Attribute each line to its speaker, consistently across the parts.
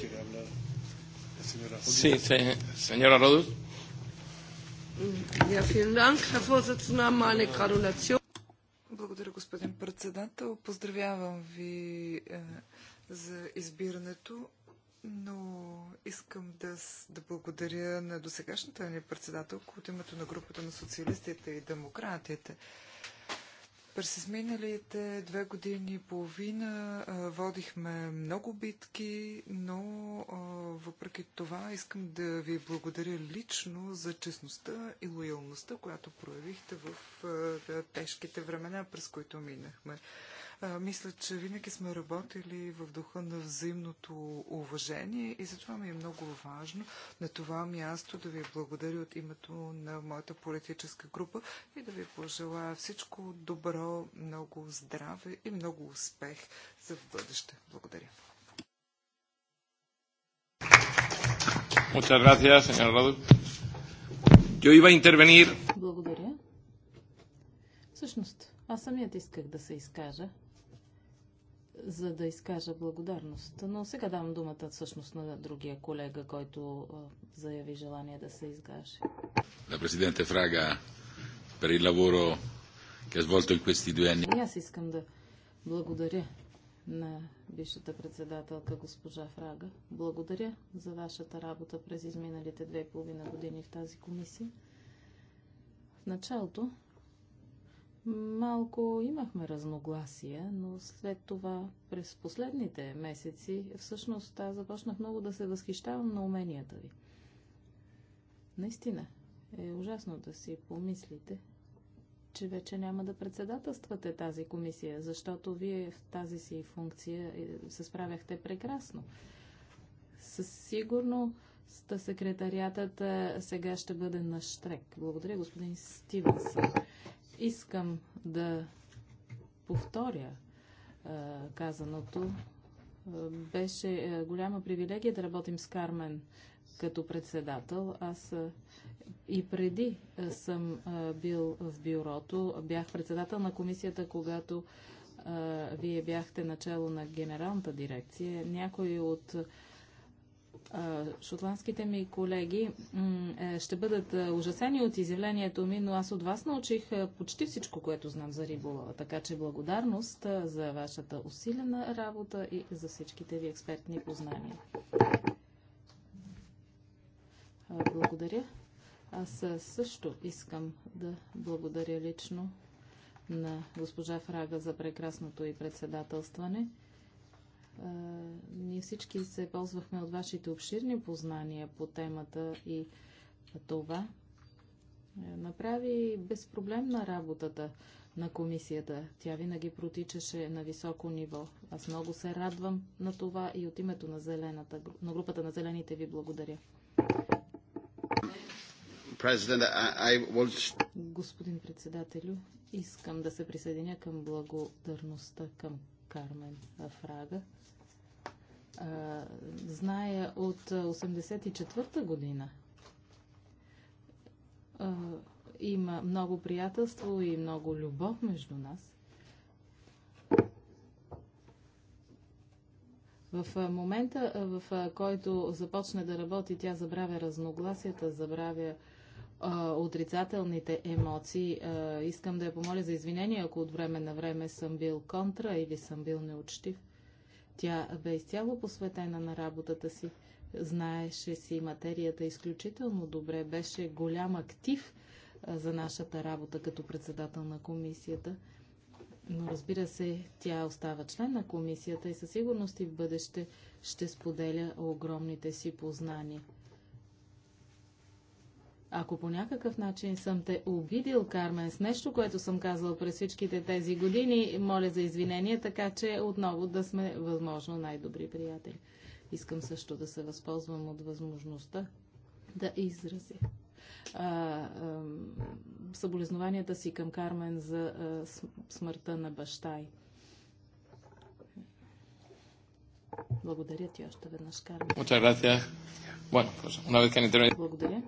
Speaker 1: quiere hablar la señora Rodríguez.
Speaker 2: Sí, señora Rodríguez.
Speaker 1: Благодаря, господин председател. Поздравявам ви е, за избирането, но искам да, да благодаря на досегашната ни председател от името на групата на социалистите и демократите. Е, през изминалите две години и половина водихме много битки, но въпреки това искам да ви благодаря лично за честността и лоялността, която проявихте в тежките времена, през които минахме. Мисля, че винаги сме работили в духа на взаимното уважение и затова ми е много важно на това място да ви благодаря от името на моята политическа група и да ви пожелая всичко добро, много здраве и много успех за в бъдеще. Благодаря.
Speaker 2: Muchas gracias, señor Rodul. Yo iba a intervenir.
Speaker 3: Благодаря. Всъщност, аз самият исках да се изкажа за да изкажа благодарност. Но сега давам думата всъщност на другия колега, който заяви желание да се изкаже.
Speaker 2: La Presidente Фрага, per il lavoro che ha svolto in questi due anni.
Speaker 3: аз искам да благодаря на бившата председателка госпожа Фрага. Благодаря за вашата работа през изминалите две и половина години в тази комисия. В началото Малко имахме разногласия, но след това, през последните месеци, всъщност аз започнах много да се възхищавам на уменията ви. Наистина е ужасно да си помислите, че вече няма да председателствате тази комисия, защото вие в тази си функция е, се справяхте прекрасно. Със сигурно ста секретариатът е, сега ще бъде на штрек. Благодаря, господин Стивенсън. Искам да повторя казаното. Беше голяма привилегия да работим с Кармен като председател. Аз и преди съм бил в бюрото. Бях председател на комисията, когато вие бяхте начало на генералната дирекция. Някои от шотландските ми колеги е, ще бъдат ужасени от изявлението ми, но аз от вас научих почти всичко, което знам за риболова. Така че благодарност за вашата усилена работа и за всичките ви експертни познания. Благодаря. Аз също искам да благодаря лично на госпожа Фрага за прекрасното и председателстване ние всички се ползвахме от вашите обширни познания по темата и това е, направи безпроблемна работата на комисията. Тя винаги протичаше на високо ниво. Аз много се радвам на това и от името на, зелената, на групата на зелените ви благодаря.
Speaker 1: Will...
Speaker 3: Господин председателю, искам да се присъединя към благодарността към Кармен Фрага. зная от 84 година. има много приятелство и много любов между нас. В момента, в който започне да работи, тя забравя разногласията, забравя а, отрицателните емоции. А, искам да я помоля за извинение, ако от време на време съм бил контра или съм бил неучтив. Тя бе изцяло посветена на работата си. Знаеше си материята изключително добре. Беше голям актив а, за нашата работа като председател на комисията. Но разбира се, тя остава член на комисията и със сигурност и в бъдеще ще споделя огромните си познания. Ако по някакъв начин съм те обидил, Кармен, с нещо, което съм казал през всичките тези години, моля за извинение, така че отново да сме възможно най-добри приятели. Искам също да се възползвам от възможността да изразя съболезнованията си към Кармен за а, смъртта на баща й. Благодаря ти още веднъж, Кармен. Благодаря.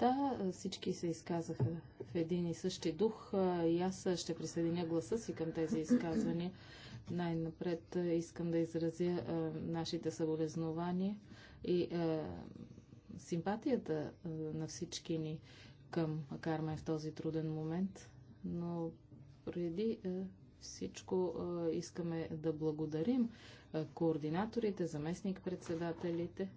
Speaker 3: Да, всички се изказаха в един и същи дух и аз ще присъединя гласа си към тези изказвания. Най-напред искам да изразя нашите съболезнования и симпатията на всички ни към Кармен в този труден момент, но преди всичко искаме да благодарим координаторите, заместник-председателите,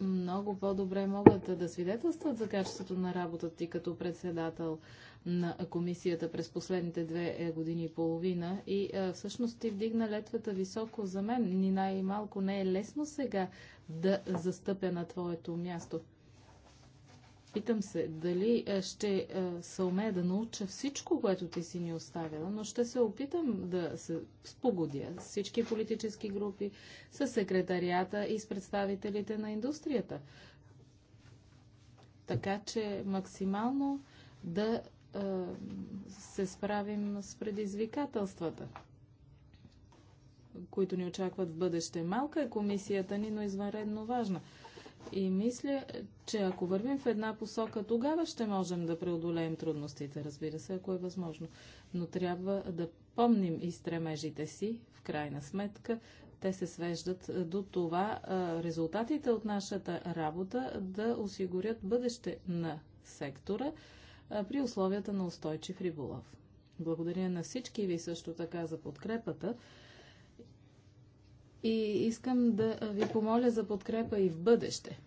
Speaker 3: много по-добре могат да свидетелстват за качеството на работата ти като председател на комисията през последните две е, години и половина. И а, всъщност ти вдигна летвата високо за мен. Ни най-малко не е лесно сега да застъпя на твоето място. Питам се дали е, ще е, се умея да науча всичко, което ти си ни оставила, но ще се опитам да се спогодя с всички политически групи, с секретарията и с представителите на индустрията. Така че максимално да е, се справим с предизвикателствата които ни очакват в бъдеще. Малка е комисията ни, но извънредно важна. И мисля, че ако вървим в една посока, тогава ще можем да преодолеем трудностите, разбира се, ако е възможно. Но трябва да помним и стремежите си, в крайна сметка, те се свеждат до това резултатите от нашата работа да осигурят бъдеще на сектора при условията на устойчив риболов. Благодаря на всички ви също така за подкрепата. И искам да ви помоля за подкрепа и в бъдеще,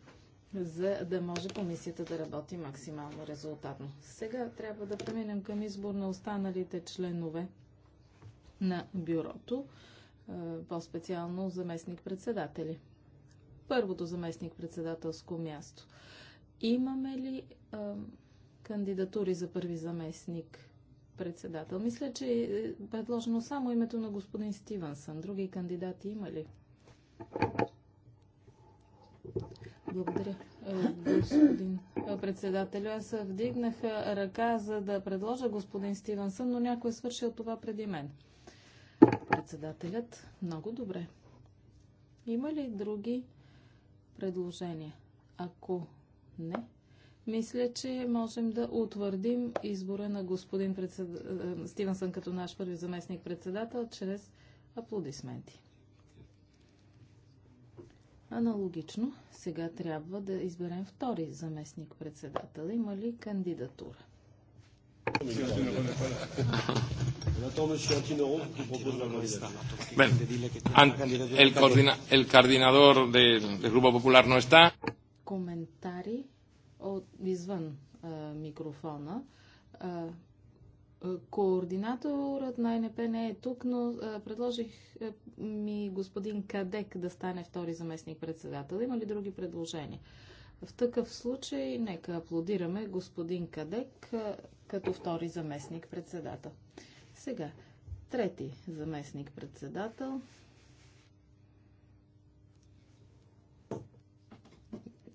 Speaker 3: за да може комисията да работи максимално резултатно. Сега трябва да преминем към избор на останалите членове на бюрото, по-специално заместник-председатели. Първото заместник-председателско място. Имаме ли а, кандидатури за първи заместник председател. Мисля, че е предложено само името на господин Стивенсън. Други кандидати има ли? Благодаря, е, господин е, председател. Аз вдигнах ръка, за да предложа господин Стивенсън, но някой е свършил това преди мен. Председателят, много добре. Има ли други предложения? Ако не, мисля, че можем да утвърдим избора на господин председ... Е, Стивенсън като наш първи заместник председател чрез аплодисменти. Аналогично, сега трябва да изберем втори заместник председател. Има ли кандидатура?
Speaker 2: Bueno, el, coordina, el coordinador del, del Grupo Popular no está
Speaker 3: от, извън а, микрофона. А, координаторът на НП не е тук, но а, предложих а, ми господин Кадек да стане втори заместник председател. Има ли други предложения? В такъв случай нека аплодираме господин Кадек а, като втори заместник председател. Сега, трети заместник
Speaker 1: председател.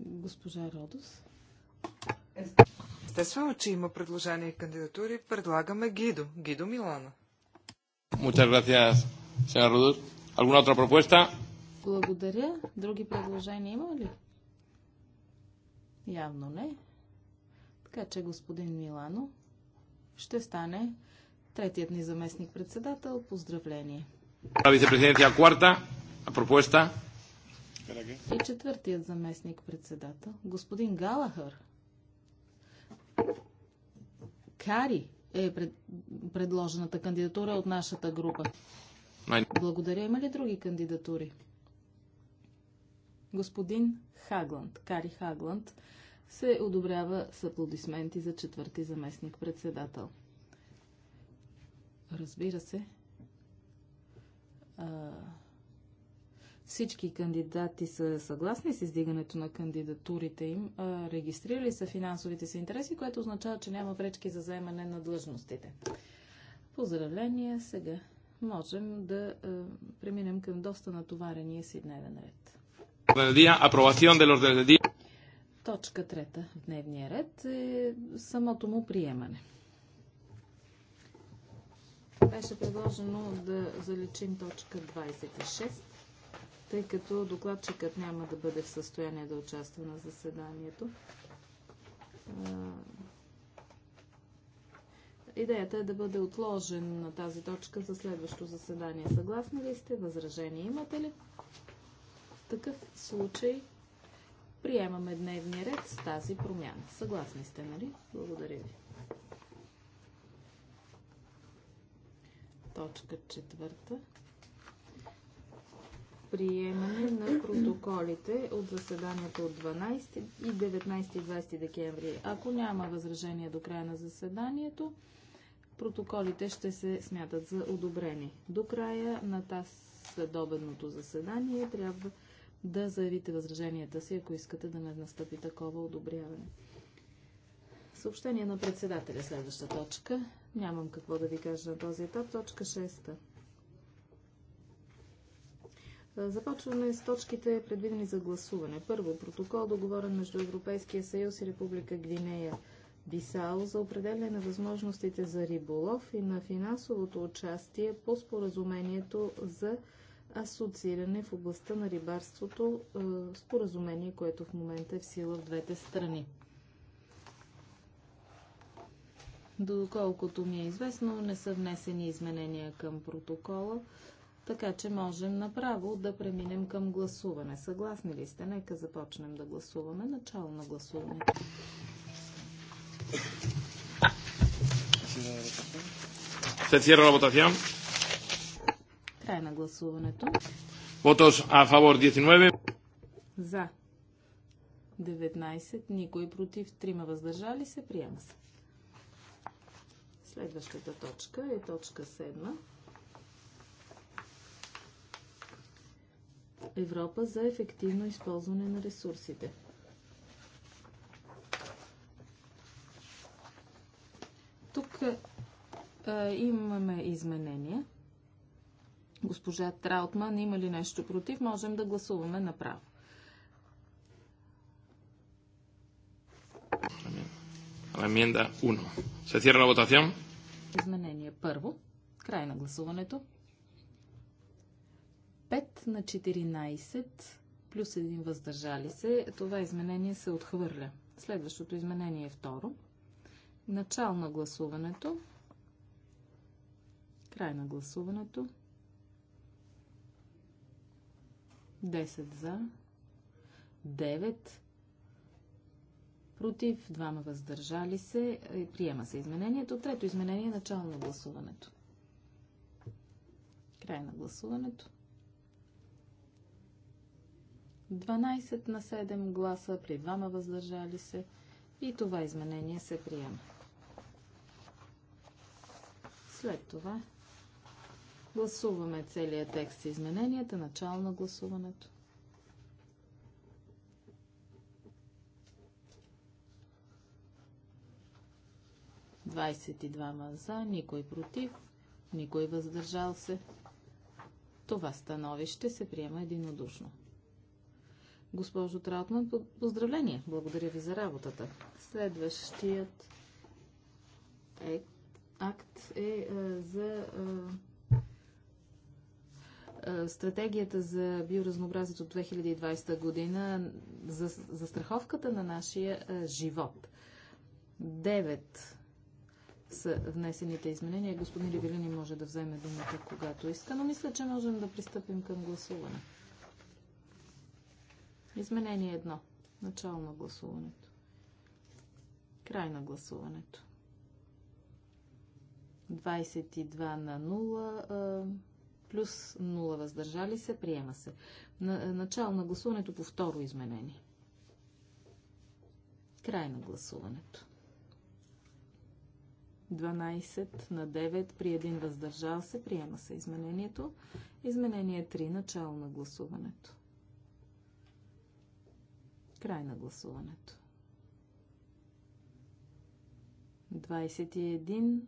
Speaker 1: Госпожа Родос. Естествено, че има предложения и кандидатури. Предлагаме Гидо. Гидо Милана.
Speaker 2: Muchas gracias, ¿Alguna otra propuesta?
Speaker 1: Благодаря. Други предложения има ли?
Speaker 3: Явно не. Така че господин Милано ще стане третият ни заместник председател. Поздравление. И четвъртият заместник председател. Господин Галахър. Кари е пред, предложената кандидатура от нашата група. Благодаря. Има ли други кандидатури? Господин Хагланд, Кари Хагланд, се одобрява с аплодисменти за четвърти заместник председател. Разбира се. А... Всички кандидати са съгласни с издигането на кандидатурите им, регистрирали са финансовите си интереси, което означава, че няма пречки за заемане на длъжностите. Поздравления, сега можем да преминем към доста натоварения си дневен ред. Точка трета в дневния ред е самото му приемане. Беше предложено да заличим точка 26 тъй като докладчикът няма да бъде в състояние да участва на заседанието. Идеята е да бъде отложен на тази точка за следващо заседание. Съгласни ли сте? Възражение имате ли? В такъв случай приемаме дневния ред с тази промяна. Съгласни сте, нали? Благодаря ви. Точка четвърта приемане на протоколите от заседанието от 12 и 19 и 20 декември. Ако няма възражение до края на заседанието, протоколите ще се смятат за одобрени. До края на тази следобедното заседание трябва да заявите възраженията си, ако искате да не настъпи такова одобряване. Съобщение на председателя, следваща точка. Нямам какво да ви кажа на този етап. Точка 6. Започваме с точките, предвидени за гласуване. Първо, протокол договорен между Европейския съюз и Република Гвинея Бисао за определяне на възможностите за риболов и на финансовото участие по споразумението за асоцииране в областта на рибарството, е, споразумение, което в момента е в сила в двете страни. Доколкото ми е известно, не са внесени изменения към протокола така че можем направо да преминем към гласуване. Съгласни ли сте? Нека започнем да гласуваме. Начало на гласуването.
Speaker 2: Се cierra la votación.
Speaker 3: Край на гласуването. Votos
Speaker 2: a favor 19.
Speaker 3: За 19, никой против, 3 въздържали се, приема се. Следващата точка е точка 7. Европа за ефективно използване на ресурсите. Тук а, е, е, имаме изменения. Госпожа Траутман, има ли нещо против? Можем да гласуваме направо.
Speaker 2: Аменда 1. Се цирна на
Speaker 3: Изменение първо. Край на гласуването. 5 на 14 плюс 1 въздържали се, това изменение се отхвърля. Следващото изменение е второ. Начал на гласуването. Край на гласуването. 10 за. 9 против, 2 въздържали се. Приема се изменението. Трето изменение е начало на гласуването. Край на гласуването. 12 на 7 гласа при двама въздържали се и това изменение се приема. След това гласуваме целия текст и измененията, начало на гласуването. Двадесет и двама за, никой против, никой въздържал се. Това становище се приема единодушно. Госпожо Траутман, поздравление. Благодаря ви за работата. Следващият е, акт е, е за е, е, стратегията за биоразнообразието 2020 година за, за страховката на нашия живот. Девет са внесените изменения. Господин Ревелини може да вземе думата, когато иска, но мисля, че можем да пристъпим към гласуване. Изменение едно. Начало на гласуването. Край на гласуването. 22 на 0 плюс 0 въздържали се, приема се. Начало на гласуването по второ изменение. Край на гласуването. 12 на 9 при един въздържал се, приема се изменението. Изменение 3, начало на гласуването. Край на гласуването. 21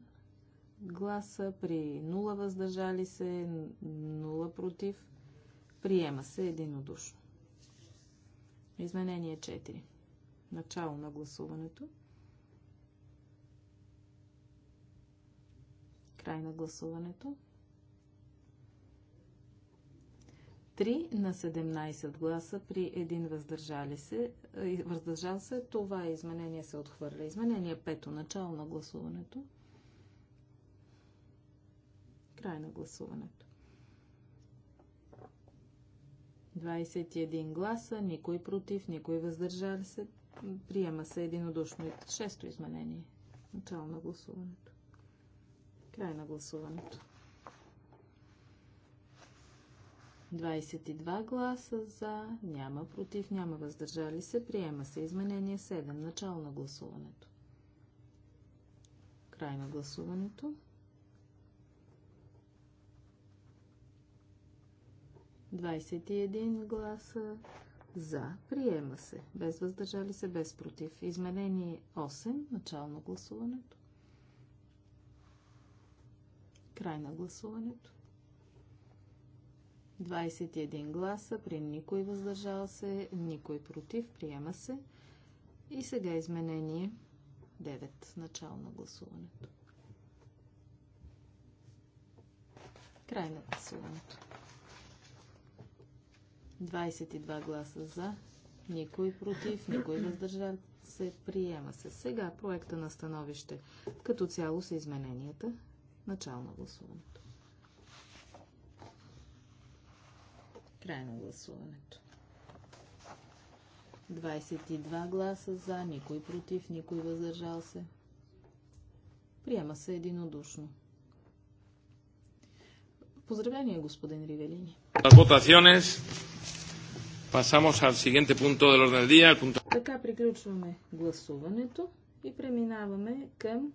Speaker 3: гласа при 0 въздържали се, 0 против. Приема се единодушно. Изменение 4. Начало на гласуването. Край на гласуването. 3 на 17 гласа при един въздържали се, е, въздържал се. Това изменение се отхвърля. Изменение 5. Начало на гласуването. Край на гласуването. 21 гласа, никой против, никой въздържали се. Приема се единодушно. Шесто изменение. Начало на гласуването. Край на гласуването. 22 гласа за, няма против, няма въздържали се. Приема се изменение 7. Начало на гласуването. Край на гласуването. 21 гласа за. Приема се. Без въздържали се, без против. Изменение 8. Начало на гласуването. Край на гласуването. 21 гласа, при никой въздържал се, никой против, приема се. И сега изменение 9, начало на гласуването. Край на гласуването. 22 гласа за, никой против, никой въздържал се, приема се. Сега проекта на становище като цяло са измененията. Начало на гласуването. трайно гласуването. 22 гласа за, никой против, никой въздържал се. Приема се единодушно. Поздравление, господин Ривелини. Така приключваме гласуването и преминаваме към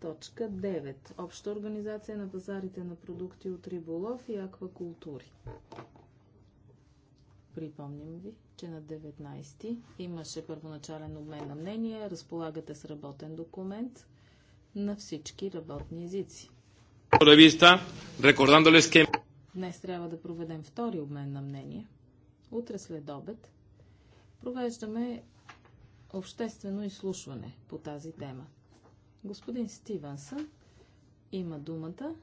Speaker 3: точка 9. Обща организация на пазарите на продукти от риболов и аквакултури. Припомням ви, че на 19 имаше първоначален обмен на мнение, разполагате с работен документ на всички работни езици. Днес трябва да проведем втори обмен на мнение. Утре след обед провеждаме обществено изслушване по тази тема. Господин Стивенсън има думата,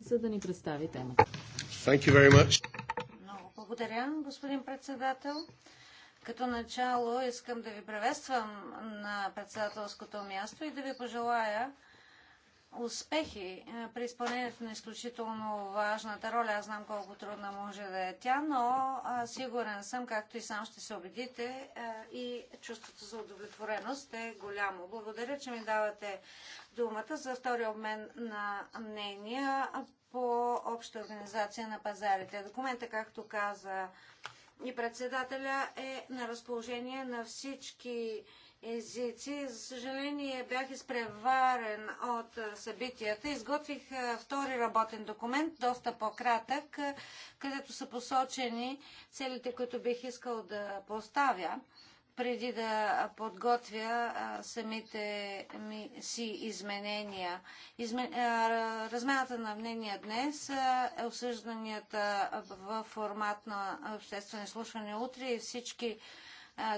Speaker 3: за да ни представи темата. Thank you very much.
Speaker 4: Благодаря, господин председател. Като начало искам да ви приветствам на председателското място и да ви пожелая успехи е, при изпълнението на изключително важната роля. Аз знам колко трудна може да е тя, но сигурен съм, както и сам ще се убедите, е, и чувството за удовлетвореност е голямо. Благодаря, че ми давате думата за втори обмен на мнения по обща организация на пазарите. Документа, както каза и председателя, е на разположение на всички езици. За съжаление бях изпреварен от събитията. Изготвих втори работен документ, доста по-кратък, където са посочени целите, които бих искал да поставя преди да подготвя а, самите ми, си изменения. Измен... А, размяната на мнения днес е осъжданията в формат на обществено изслушване утре и всички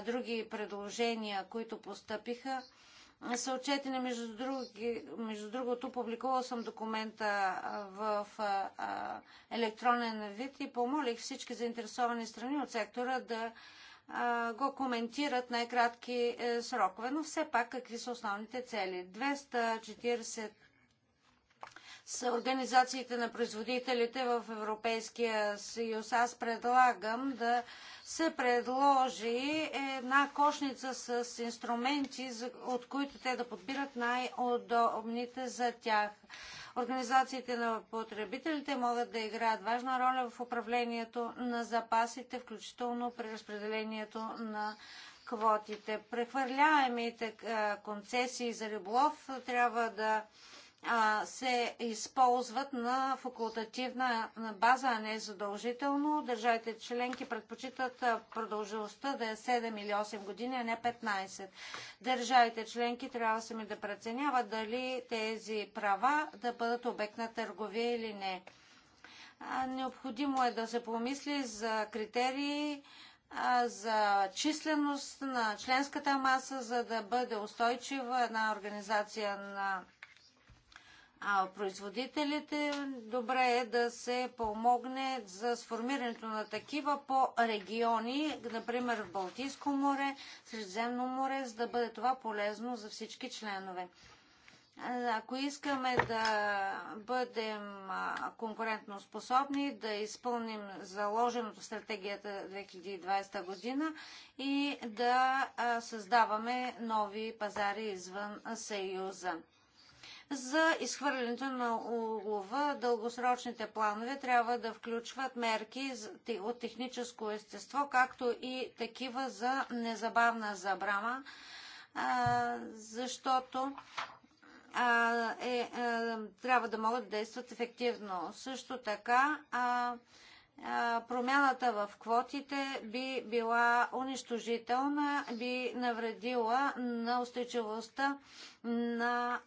Speaker 4: други предложения, които постъпиха, са отчетени. Между, други, между другото, публикувал съм документа в електронен вид и помолих всички заинтересовани страни от сектора да го коментират най-кратки е, срокове, но все пак какви са основните цели. 240 с организациите на производителите в Европейския съюз. Аз предлагам да се предложи една кошница с инструменти, от които те да подбират най-удобните за тях. Организациите на потребителите могат да играят важна роля в управлението на запасите, включително при разпределението на квотите. Прехвърляемите концесии за риболов трябва да се използват на факултативна база, а не задължително. Държавите членки предпочитат продължилостта да е 7 или 8 години, а не 15. Държавите членки трябва сами да преценяват дали тези права да бъдат обект на търговия или не. Необходимо е да се помисли за критерии, за численост на членската маса, за да бъде устойчива една организация на а производителите добре е да се помогне за сформирането на такива по региони, например в Балтийско море, Средиземно море, за да бъде това полезно за всички членове. Ако искаме да бъдем конкурентно способни, да изпълним заложеното в стратегията 2020 година и да създаваме нови пазари извън Съюза за изхвърлянето на улова. Дългосрочните планове трябва да включват мерки от техническо естество, както и такива за незабавна забрама, защото е, трябва да могат да действат ефективно. Също така промяната в квотите би била унищожителна, би навредила на устойчивостта на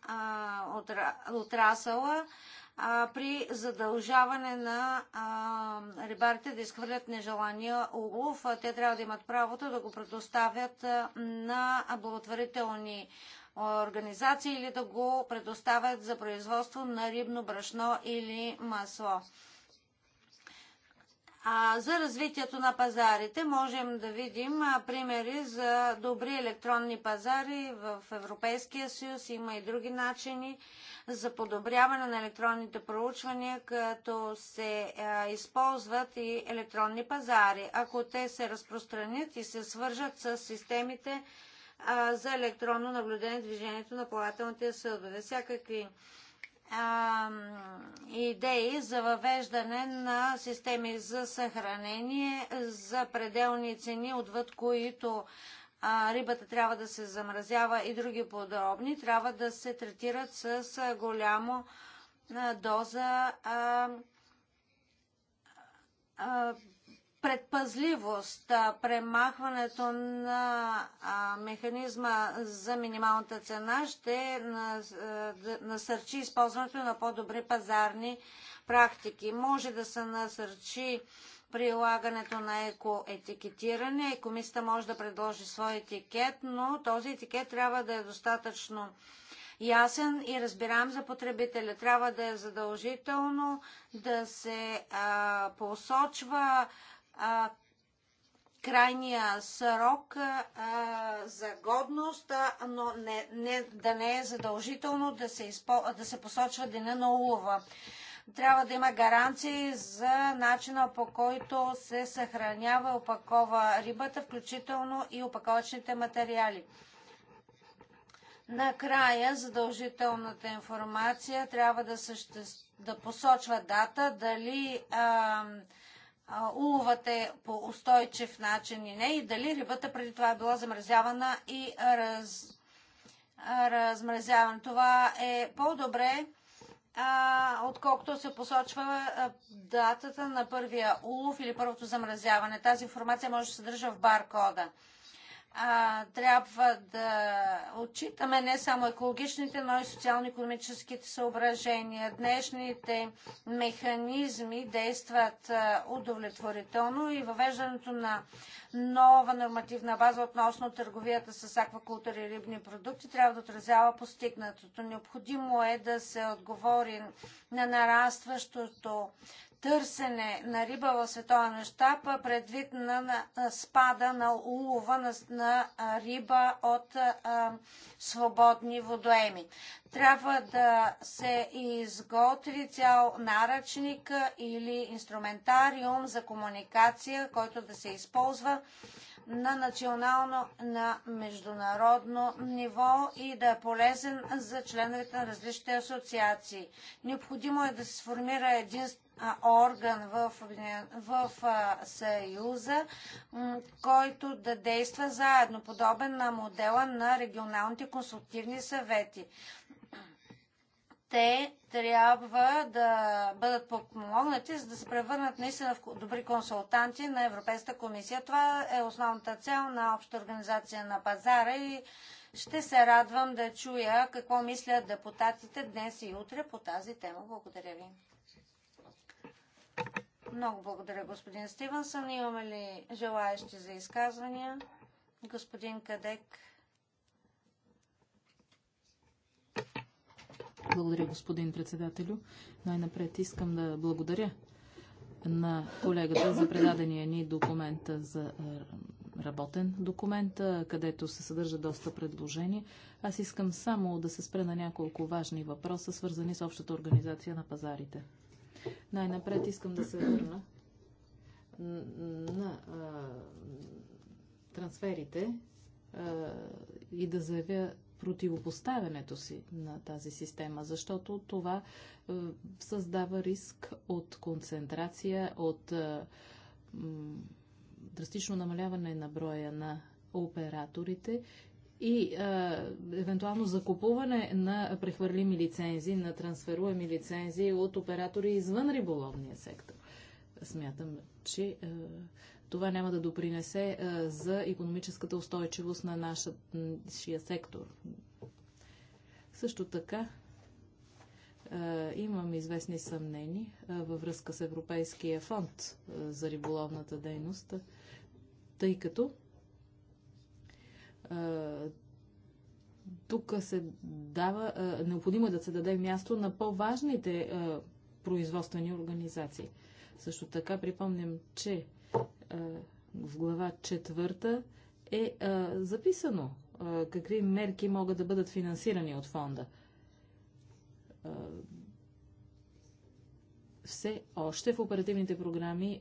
Speaker 4: отрасъла при задължаване на рибарите да изхвърлят нежелания улов. Те трябва да имат правото да го предоставят на благотворителни организации или да го предоставят за производство на рибно брашно или масло. А за развитието на пазарите можем да видим примери за добри електронни пазари в Европейския съюз. Има и други начини за подобряване на електронните проучвания, като се използват и електронни пазари. Ако те се разпространят и се свържат с системите за електронно наблюдение движението на плавателните съдове, всякакви а, идеи за въвеждане на системи за съхранение за пределни цени, отвъд които а, рибата трябва да се замразява и други подробни, трябва да се третират с голямо а, доза а, предпазливост, премахването на механизма за минималната цена ще насърчи използването на по-добри пазарни практики. Може да се насърчи прилагането на екоетикетиране. Комисията може да предложи свой етикет, но този етикет трябва да е достатъчно ясен и разбираем за потребителя. Трябва да е задължително да се а, посочва а, крайния срок а, за годност, а, но не, не, да не е задължително да се, изпо, да се посочва деня на улова. Трябва да има гаранции за начина по който се съхранява опакова рибата, включително и опаковачните материали. Накрая задължителната информация трябва да, съществ... да посочва дата, дали а, уловът е по устойчив начин и не, и дали рибата преди това е била замразявана и раз, размразявана. Това е по-добре, отколкото се посочва датата на първия улов или първото замразяване. Тази информация може да се съдържа в баркода а, трябва да отчитаме не само екологичните, но и социално-економическите съображения. Днешните механизми действат а, удовлетворително и въвеждането на нова нормативна база относно търговията с аквакултури и рибни продукти трябва да отразява постигнатото. Необходимо е да се отговори на нарастващото търсене на риба в световен мащаб предвид на, спада на улова на, риба от свободни водоеми. Трябва да се изготви цял наръчник или инструментариум за комуникация, който да се използва на национално, на международно ниво и да е полезен за членовете на различните асоциации. Необходимо е да се сформира един орган в, в Съюза, който да действа заедно, подобен на модела на регионалните консултивни съвети те трябва да бъдат подпомогнати, за да се превърнат наистина в добри консултанти на Европейската комисия. Това е основната цел на общата организация на пазара и ще се радвам да чуя какво мислят депутатите днес и утре по тази тема. Благодаря ви. Много благодаря, господин Стивенсън. Имаме ли желаящи за изказвания? Господин Кадек.
Speaker 3: Благодаря, господин председателю. Най-напред искам да благодаря на колегата за предадения ни документ за е, работен документ, е, където се съдържа доста предложения. Аз искам само да се спре на няколко важни въпроса, свързани с общата организация на пазарите. Най-напред искам да се върна на е, трансферите и да заявя противопоставянето си на тази система, защото това е, създава риск от концентрация, от е, драстично намаляване на броя на операторите и а, е, евентуално закупуване на прехвърлими лицензии, на трансферуеми лицензии от оператори извън риболовния сектор. Смятам, че е, това няма да допринесе е, за економическата устойчивост на нашия сектор. Също така, е, имам известни съмнени е, във връзка с Европейския фонд за риболовната дейност, тъй като тук се дава, необходимо е да се даде място на по-важните производствени организации. Също така припомням, че в глава четвърта е записано какви мерки могат да бъдат финансирани от фонда. Все още в оперативните програми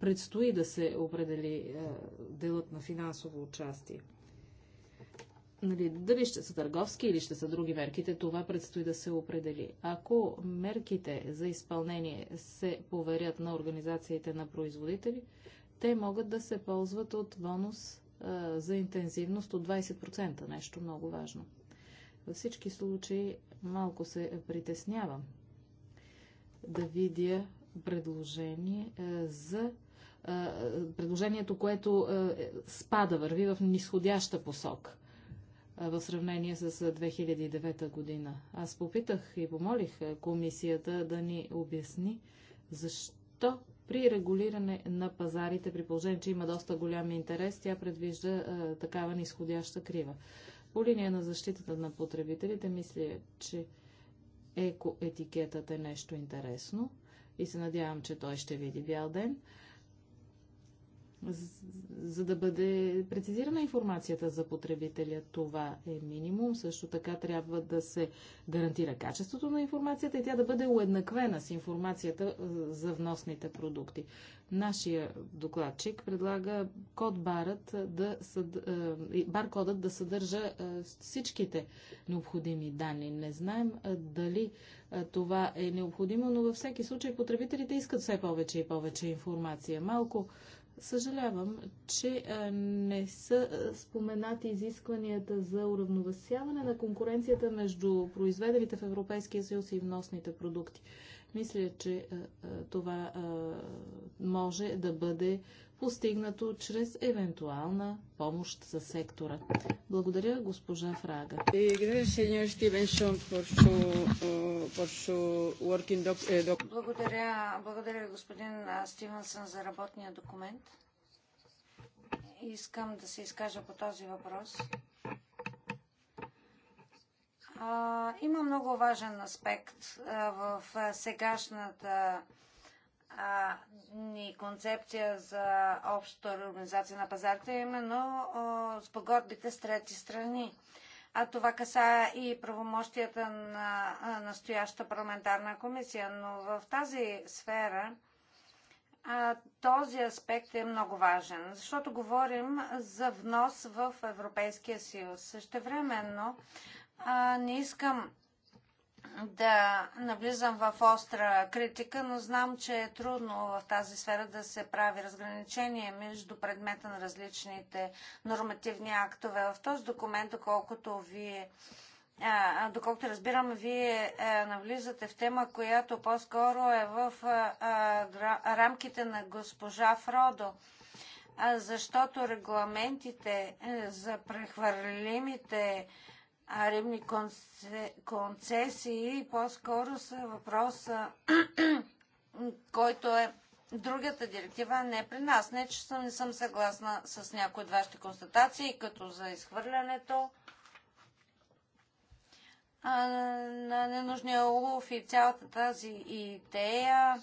Speaker 3: предстои да се определи делът на финансово участие. Нали, дали ще са търговски или ще са други мерките, това предстои да се определи. Ако мерките за изпълнение се поверят на организациите на производители, те могат да се ползват от бонус за интензивност от 20%, нещо много важно. Във всички случаи малко се притеснявам да видя предложение за предложението, което спада, върви в нисходяща посока в сравнение с 2009 година. Аз попитах и помолих комисията да ни обясни защо при регулиране на пазарите, при положение, че има доста голям интерес, тя предвижда а, такава нисходяща крива. По линия на защитата на потребителите, мисля, че екоетикетът е нещо интересно и се надявам, че той ще види бял ден за да бъде прецизирана информацията за потребителя. Това е минимум. Също така трябва да се гарантира качеството на информацията и тя да бъде уеднаквена с информацията е, за вносните продукти. Нашия докладчик предлага код барът да съд... Е, баркодът да съдържа е, всичките необходими данни. Не знаем дали това е необходимо, но във всеки случай потребителите искат все повече и повече информация. Малко Съжалявам, че не са споменати изискванията за уравновесяване на конкуренцията между произведените в Европейския съюз и вносните продукти. Мисля, че това може да бъде постигнато чрез евентуална помощ за сектора. Благодаря, госпожа Фрага. Uh, uh, благодаря,
Speaker 4: благодаря господин Стивенсън за работния документ. Искам да се изкажа по този въпрос. А, има много важен аспект а, в сегашната ни концепция за общата организация на пазарите, е именно а, спогодбите с трети страни. А това каса и правомощията на настояща парламентарна комисия. Но в тази сфера а, този аспект е много важен, защото говорим за внос в Европейския съюз. Същевременно времено не искам да навлизам в остра критика, но знам, че е трудно в тази сфера да се прави разграничение между предмета на различните нормативни актове. В този документ, доколкото вие доколкото разбирам, вие е, навлизате в тема, която по-скоро е в рамките на госпожа Фродо, защото регламентите е, за прехвърлимите рибни концесии по-скоро са въпроса, който е другата директива, не при нас. Не, че съм, не съм съгласна с някои от вашите констатации, като за изхвърлянето на ненужния улов и цялата тази идея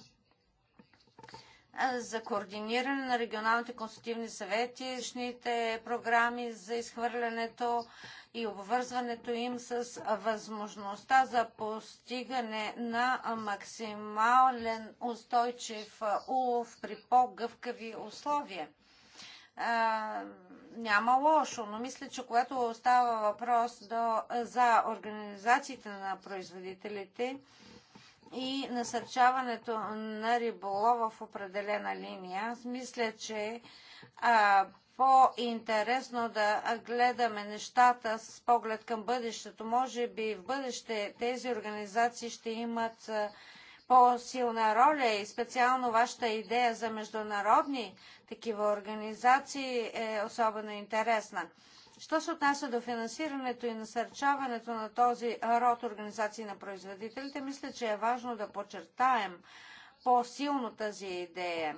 Speaker 4: за координиране на регионалните консултативни съвети, шните програми за изхвърлянето и обвързването им с възможността за постигане на максимален устойчив улов при по-гъвкави условия. А, няма лошо, но мисля, че когато става въпрос до, за организациите на производителите, и насърчаването на риболова в определена линия. Аз мисля, че а, по-интересно да гледаме нещата с поглед към бъдещето. Може би в бъдеще тези организации ще имат по-силна роля и специално вашата идея за международни такива организации е особено интересна. Що се отнася до финансирането и насърчаването на този род организации на производителите, мисля, че е важно да подчертаем по-силно тази идея.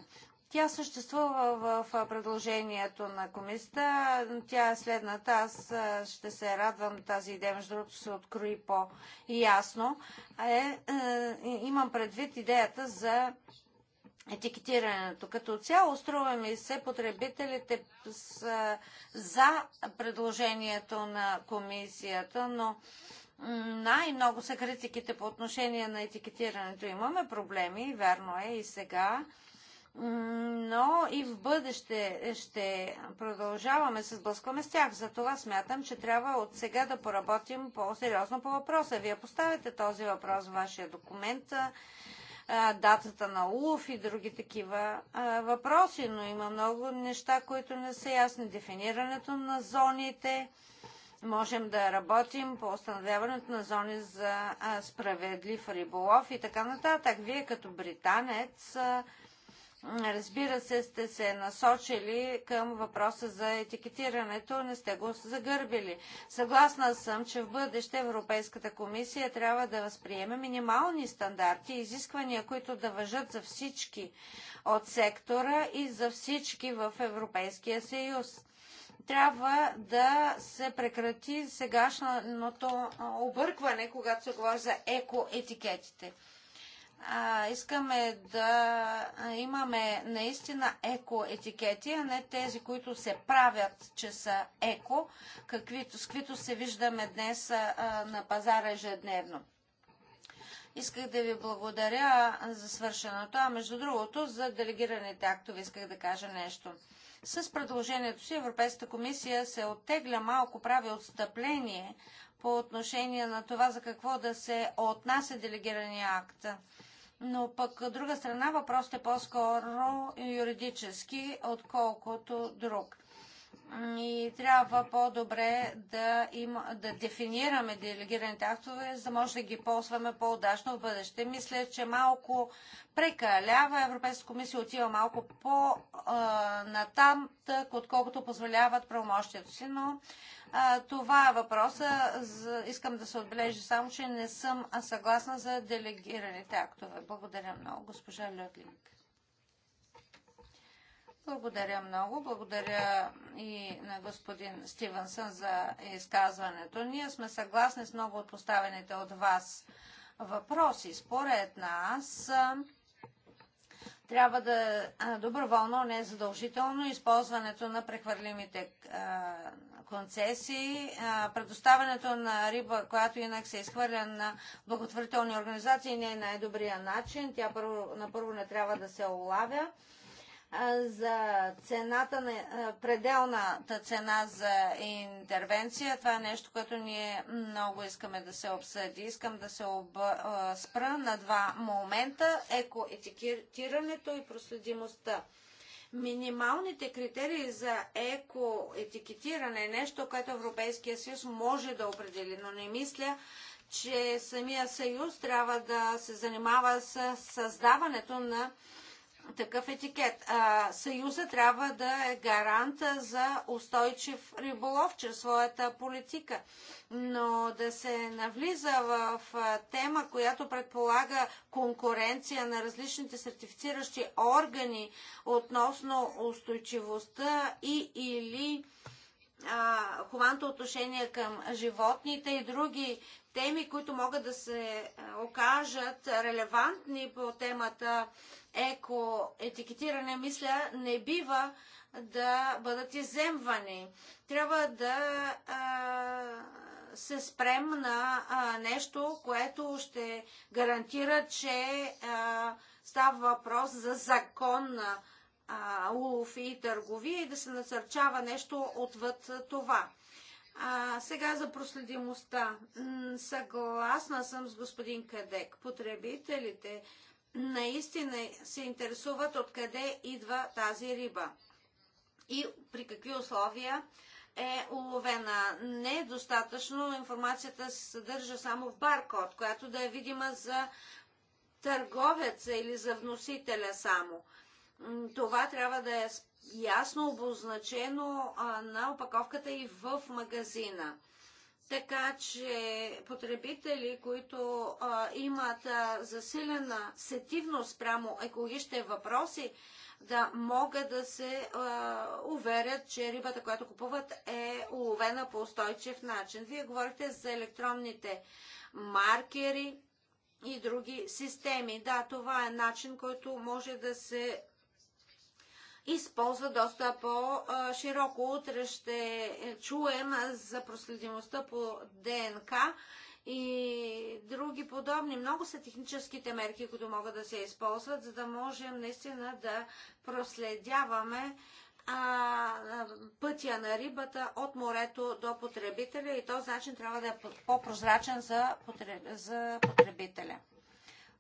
Speaker 4: Тя съществува в предложението на комисията. Тя е следната. Аз ще се радвам тази идея, между другото се открои по-ясно. Е, е, имам предвид идеята за етикетирането. Като цяло, струва ми се, потребителите са за предложението на комисията, но най-много са критиките по отношение на етикетирането. Имаме проблеми, верно е и сега, но и в бъдеще ще продължаваме се сблъскваме с тях. Затова смятам, че трябва от сега да поработим по-сериозно по въпроса. Вие поставяте този въпрос в вашия документ датата на улов и други такива въпроси, но има много неща, които не са ясни. Дефинирането на зоните, можем да работим по установяването на зони за справедлив риболов и така нататък. Вие като британец Разбира се, сте се насочили към въпроса за етикетирането, не сте го загърбили. Съгласна съм, че в бъдеще Европейската комисия трябва да възприеме минимални стандарти, изисквания, които да въжат за всички от сектора и за всички в Европейския съюз трябва да се прекрати сегашното объркване, когато се говори за екоетикетите а, искаме да имаме наистина еко-етикети, а не тези, които се правят, че са еко, каквито, с които се виждаме днес а, на пазара ежедневно. Исках да ви благодаря за свършеното, а между другото за делегираните актове исках да кажа нещо. С предложението си Европейската комисия се оттегля малко, прави отстъпление по отношение на това за какво да се отнася делегирания акт но пък от друга страна въпросът е по-скоро юридически, отколкото друг. И трябва по-добре да, има да дефинираме делегираните актове, за да може да ги ползваме по-удачно в бъдеще. Мисля, че малко прекалява. Европейската комисия отива малко по-натам, отколкото позволяват правомощието си, но това е въпроса. Искам да се отбележа само, че не съм съгласна за делегираните актове. Благодаря много, госпожа Людлинг. Благодаря много. Благодаря и на господин Стивенсън за изказването. Ние сме съгласни с много от поставените от вас въпроси. Според нас трябва да доброволно, не задължително, използването на прехвърлимите концесии, предоставянето на риба, която инак се изхвърля на благотворителни организации, не е най-добрия начин. Тя първо, на първо не трябва да се улавя. За цената, на, пределната цена за интервенция, това е нещо, което ние много искаме да се обсъди. Искам да се об, спра на два момента – екоетикетирането и проследимостта. Минималните критерии за екоетикетиране е нещо, което Европейския съюз може да определи, но не мисля, че самия съюз трябва да се занимава с създаването на такъв етикет. А, Съюза трябва да е гарант за устойчив риболов чрез своята политика. Но да се навлиза в тема, която предполага конкуренция на различните сертифициращи органи относно устойчивостта и или хуманто отношение към животните и други теми, които могат да се окажат релевантни по темата еко етикетиране, мисля, не бива да бъдат иземвани. Трябва да а, се спрем на а, нещо, което ще гарантира, че а, става въпрос за законна а, улов и търговия и да се насърчава нещо отвъд това. А, сега за проследимостта. Съгласна съм с господин Кадек. Потребителите наистина се интересуват откъде идва тази риба и при какви условия е уловена. Не е достатъчно информацията се съдържа само в баркод, която да е видима за търговеца или за вносителя само. Това трябва да е ясно обозначено на опаковката и в магазина. Така че потребители, които а, имат а, засилена сетивност прямо екологичните въпроси, да могат да се а, уверят, че рибата, която купуват, е уловена по устойчив начин. Вие говорите за електронните маркери и други системи. Да, това е начин, който може да се използва доста по-широко. Утре ще чуем за проследимостта по ДНК и други подобни. Много са техническите мерки, които могат да се използват, за да можем наистина да проследяваме а, пътя на рибата от морето до потребителя и този начин трябва да е по-прозрачен за, потреб... за потребителя.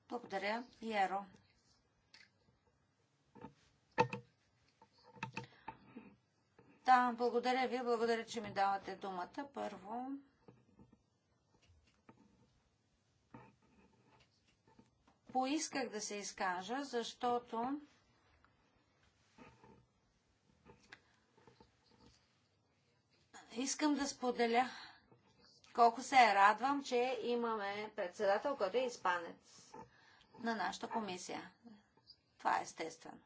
Speaker 4: Благодаря, Яро. Да, благодаря ви. Благодаря, че ми давате думата. Първо. Поисках да се изкажа, защото искам да споделя колко се радвам, че имаме председател, който е испанец на нашата комисия. Това е естествено.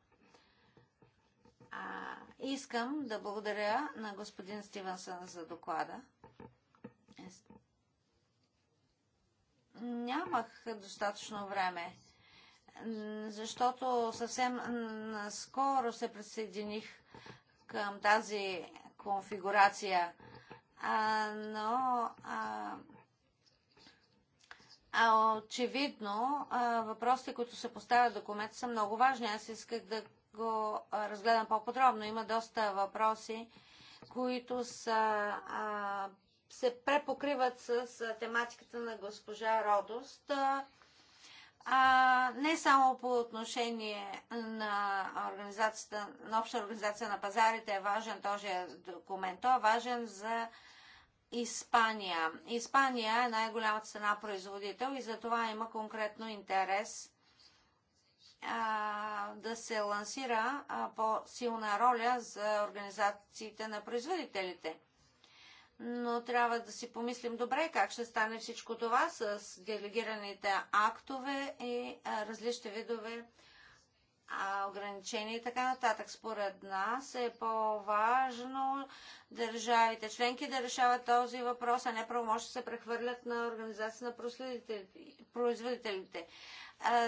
Speaker 4: А, искам да благодаря на господин Стивенсън за доклада. Нямах достатъчно време, защото съвсем скоро се присъединих към тази конфигурация, а, но а, а очевидно а, въпросите, които се поставят документ, са много важни. Аз исках да го разгледам по-подробно. Има доста въпроси, които са, а, се препокриват с, тематиката на госпожа Родост. А, не само по отношение на, организацията, на обща организация на пазарите е важен този документ. Той е важен за Испания. Испания е най-голямата страна производител и за това има конкретно интерес да се лансира по-силна роля за организациите на производителите. Но трябва да си помислим добре как ще стане всичко това с делегираните актове и различни видове ограничения и така нататък. Според нас е по-важно държавите членки да решават този въпрос, а не да се прехвърлят на организация на производителите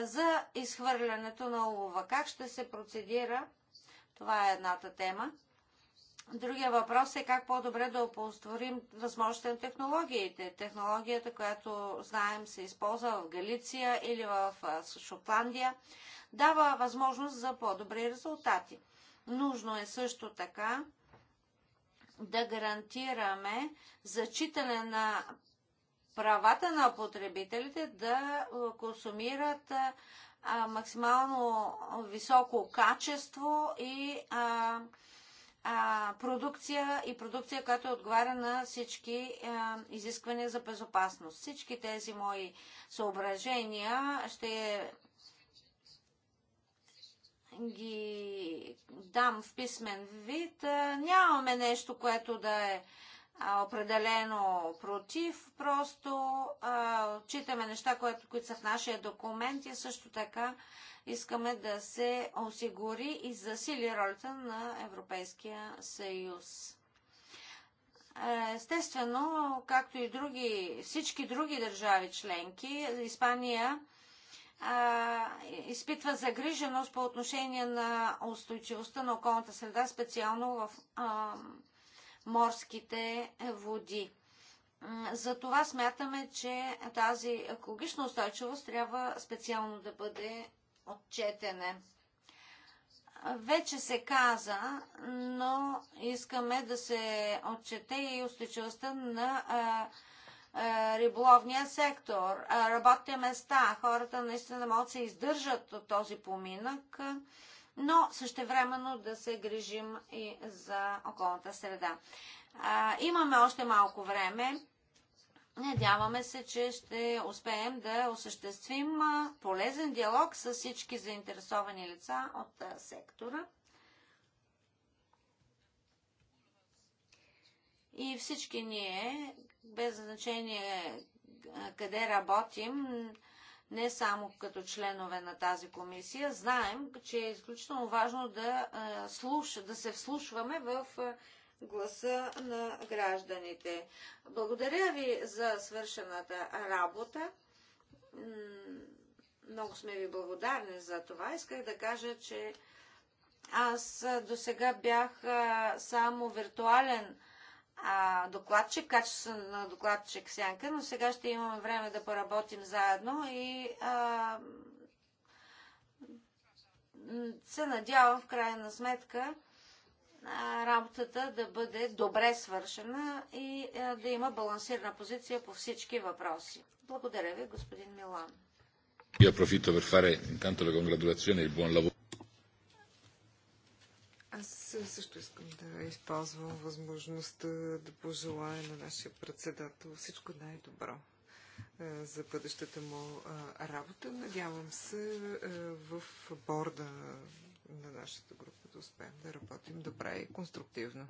Speaker 4: за изхвърлянето на улова. Как ще се процедира? Това е едната тема. Другия въпрос е как по-добре да оползотворим възможностите на технологиите. Технологията, която знаем се използва в Галиция или в Шотландия, дава възможност за по-добри резултати. Нужно е също така да гарантираме зачитане на правата на потребителите да консумират максимално високо качество и продукция и продукция, която отговаря на всички изисквания за безопасност. Всички тези мои съображения ще ги дам в писмен вид. Нямаме нещо, което да е а, определено против, просто а, неща, които, които са в нашия документ и също така искаме да се осигури и засили ролята на Европейския съюз. Естествено, както и други, всички други държави членки, Испания а, изпитва загриженост по отношение на устойчивостта на околната среда, специално в а, морските води. Затова смятаме, че тази екологична устойчивост трябва специално да бъде отчетена. Вече се каза, но искаме да се отчете и устойчивостта на риболовния сектор, работните места. Хората наистина могат да се издържат от този поминък но същевременно да се грижим и за околната среда. А, имаме още малко време. Надяваме се, че ще успеем да осъществим полезен диалог с всички заинтересовани лица от сектора. И всички ние, без значение къде работим, не само като членове на тази комисия. Знаем, че е изключително важно да, е, слуша, да се вслушваме в е, гласа на гражданите. Благодаря ви за свършената работа. Много сме ви благодарни за това. Исках да кажа, че аз до сега бях е, само виртуален а, докладчик, качество на докладчик Сянка, но сега ще имаме време да поработим заедно и а, се надявам в крайна сметка а, работата да бъде добре свършена и а, да има балансирана позиция по всички въпроси. Благодаря ви, господин Милан.
Speaker 2: per fare intanto le congratulazioni e il buon lavoro.
Speaker 1: Аз също искам да използвам възможността да пожелая на нашия председател всичко най-добро е, за бъдещата му е, работа. Надявам се е, в борда на нашата група да успеем да работим добре и конструктивно.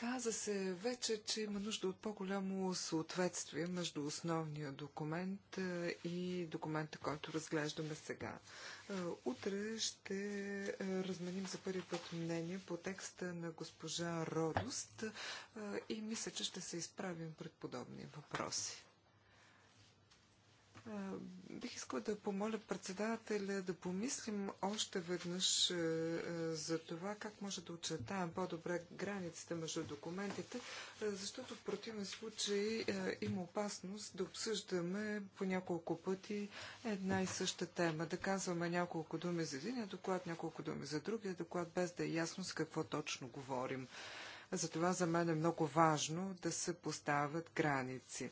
Speaker 1: Каза се вече, че има нужда от по-голямо съответствие между основния документ е, и документа, който разглеждаме сега. Е, утре ще е, разменим за първи път мнение по текста на госпожа Родост и мисля, че ще се изправим пред подобни въпроси. Бих искала да помоля председателя да помислим още веднъж за това как може да очертаем по-добре границите между документите, защото в противен случай има опасност да обсъждаме по няколко пъти една и съща тема. Да казваме няколко думи за един доклад, няколко думи за другия доклад, без да е ясно с какво точно говорим. Затова за мен е много важно да се поставят граници.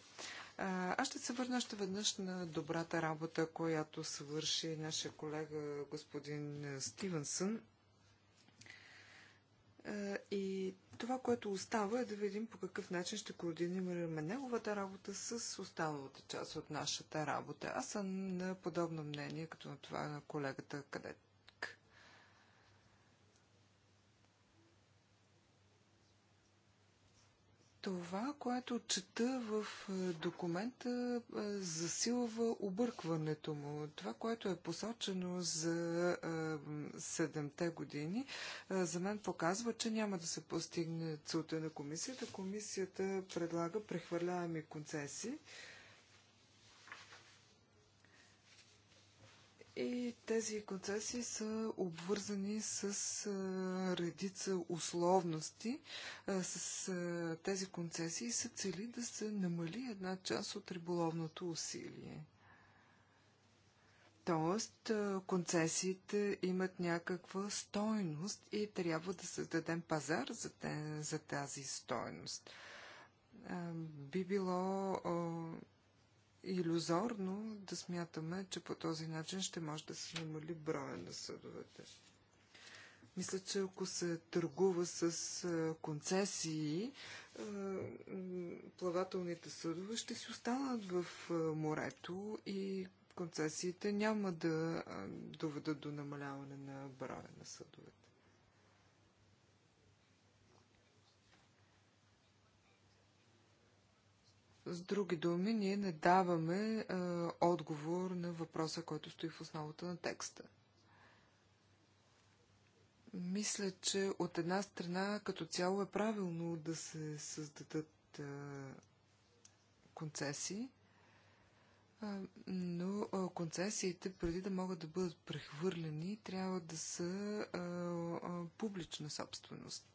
Speaker 1: Аз ще се върна още веднъж на добрата работа, която свърши нашия колега господин Стивенсън. И това, което остава е да видим по какъв начин ще координираме неговата работа с останалата част от нашата работа. Аз съм на подобно мнение, като на това на колегата, където Това, което чета в е, документа, е, засилва объркването му. Това, което е посочено за 7-те е, години, за мен показва, че няма да се постигне целта на комисията. Комисията предлага прехвърляеми концесии. И тези концесии са обвързани с редица условности. С тези концесии се цели да се намали една част от риболовното усилие. Тоест, концесиите имат някаква стойност и трябва да създадем пазар за, за тази стойност. Би било иллюзорно да смятаме, че по този начин ще може да се намали броя на съдовете. Мисля, че ако се търгува с концесии, плавателните съдове ще си останат в морето и концесиите няма да доведат до намаляване на броя на съдовете. С други думи, ние не даваме а, отговор на въпроса, който стои в основата на текста. Мисля, че от една страна като цяло е правилно да се създадат а, концесии, а, но а, концесиите, преди да могат да бъдат прехвърлени, трябва да са а, а, публична собственост.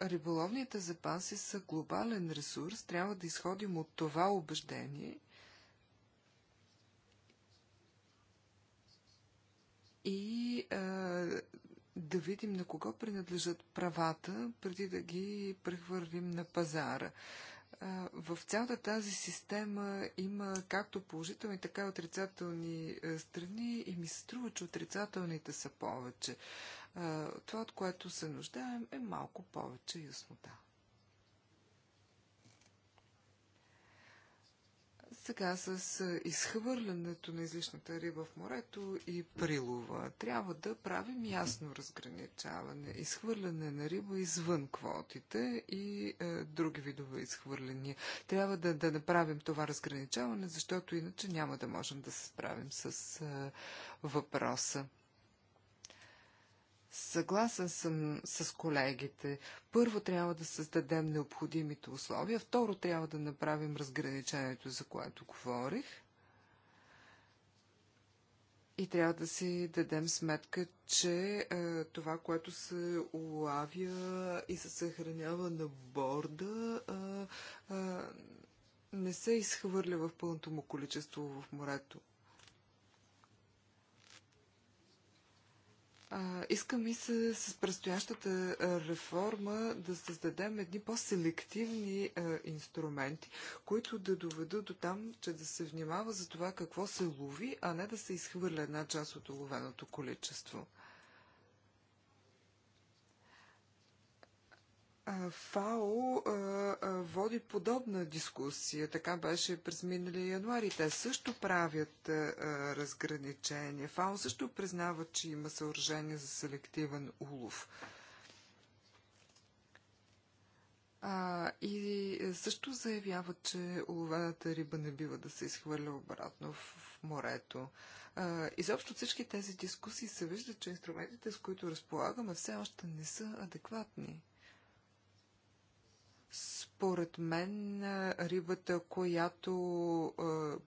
Speaker 1: риболовните запаси са глобален ресурс, трябва да изходим от това убеждение и а, да видим на кого принадлежат правата, преди да ги прехвърлим на пазара. В цялата тази система има както положителни, така и отрицателни е, страни и ми се струва, че отрицателните са повече. Това, от което се нуждаем, е малко повече яснота. Сега с е, изхвърлянето на излишната риба в морето и прилова трябва да правим ясно разграничаване. Изхвърляне на риба извън квотите и е, други видове изхвърляния. Трябва да, да направим това разграничаване, защото иначе няма да можем да се справим с е, въпроса. Съгласен съм с колегите. Първо трябва да създадем необходимите условия, второ трябва да направим разграничението, за което говорих. И трябва да си дадем сметка, че е, това, което се улавя и се съхранява на борда, е, е, не се изхвърля в пълното му количество в морето. Иска ми се с предстоящата реформа да създадем едни по-селективни инструменти, които да доведат до там, че да се внимава за това какво се лови, а не да се изхвърля една част от уловеното количество. ФАО води подобна дискусия. Така беше през миналия януари. Те също правят разграничение. ФАО също признава, че има съоръжение за селективен улов. А, и също заявява, че уловената риба не бива да се изхвърля обратно в, в морето. А, изобщо всички тези дискусии се вижда, че инструментите, с които разполагаме, все още не са адекватни. Според мен рибата, която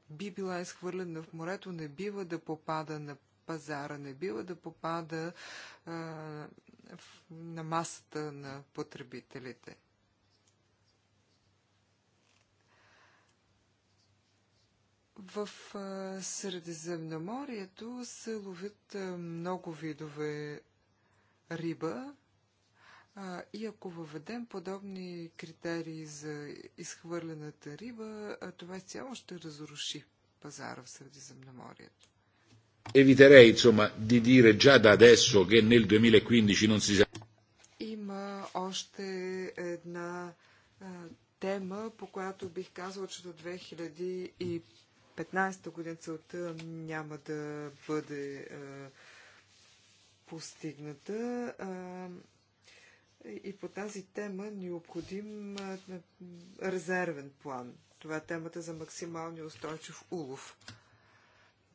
Speaker 1: би била изхвърлена в морето, не бива да попада на пазара, не бива да попада на масата на потребителите. В Средиземноморието се ловят много видове риба. И ако въведем подобни критерии за изхвърлената риба, това цяло ще разруши пазара в Средиземноморието.
Speaker 2: Eviterei insomma di dire già da adesso che nel 2015 non si sa.
Speaker 1: Има още една а, тема, по която бих казал, че до 2015 година целта няма да бъде а, постигната. А, и по тази тема необходим резервен план. Това е темата за максималния устойчив улов.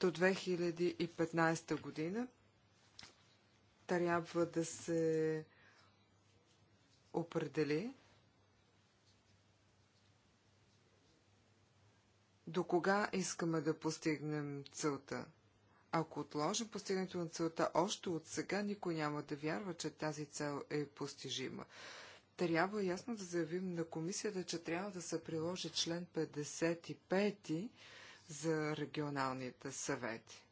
Speaker 1: До 2015 година трябва да се определи до кога искаме да постигнем целта. Ако отложим постигането на целта още от сега, никой няма да вярва, че тази цел е постижима. Трябва ясно да заявим на комисията, че трябва да се приложи член 55 за регионалните съвети.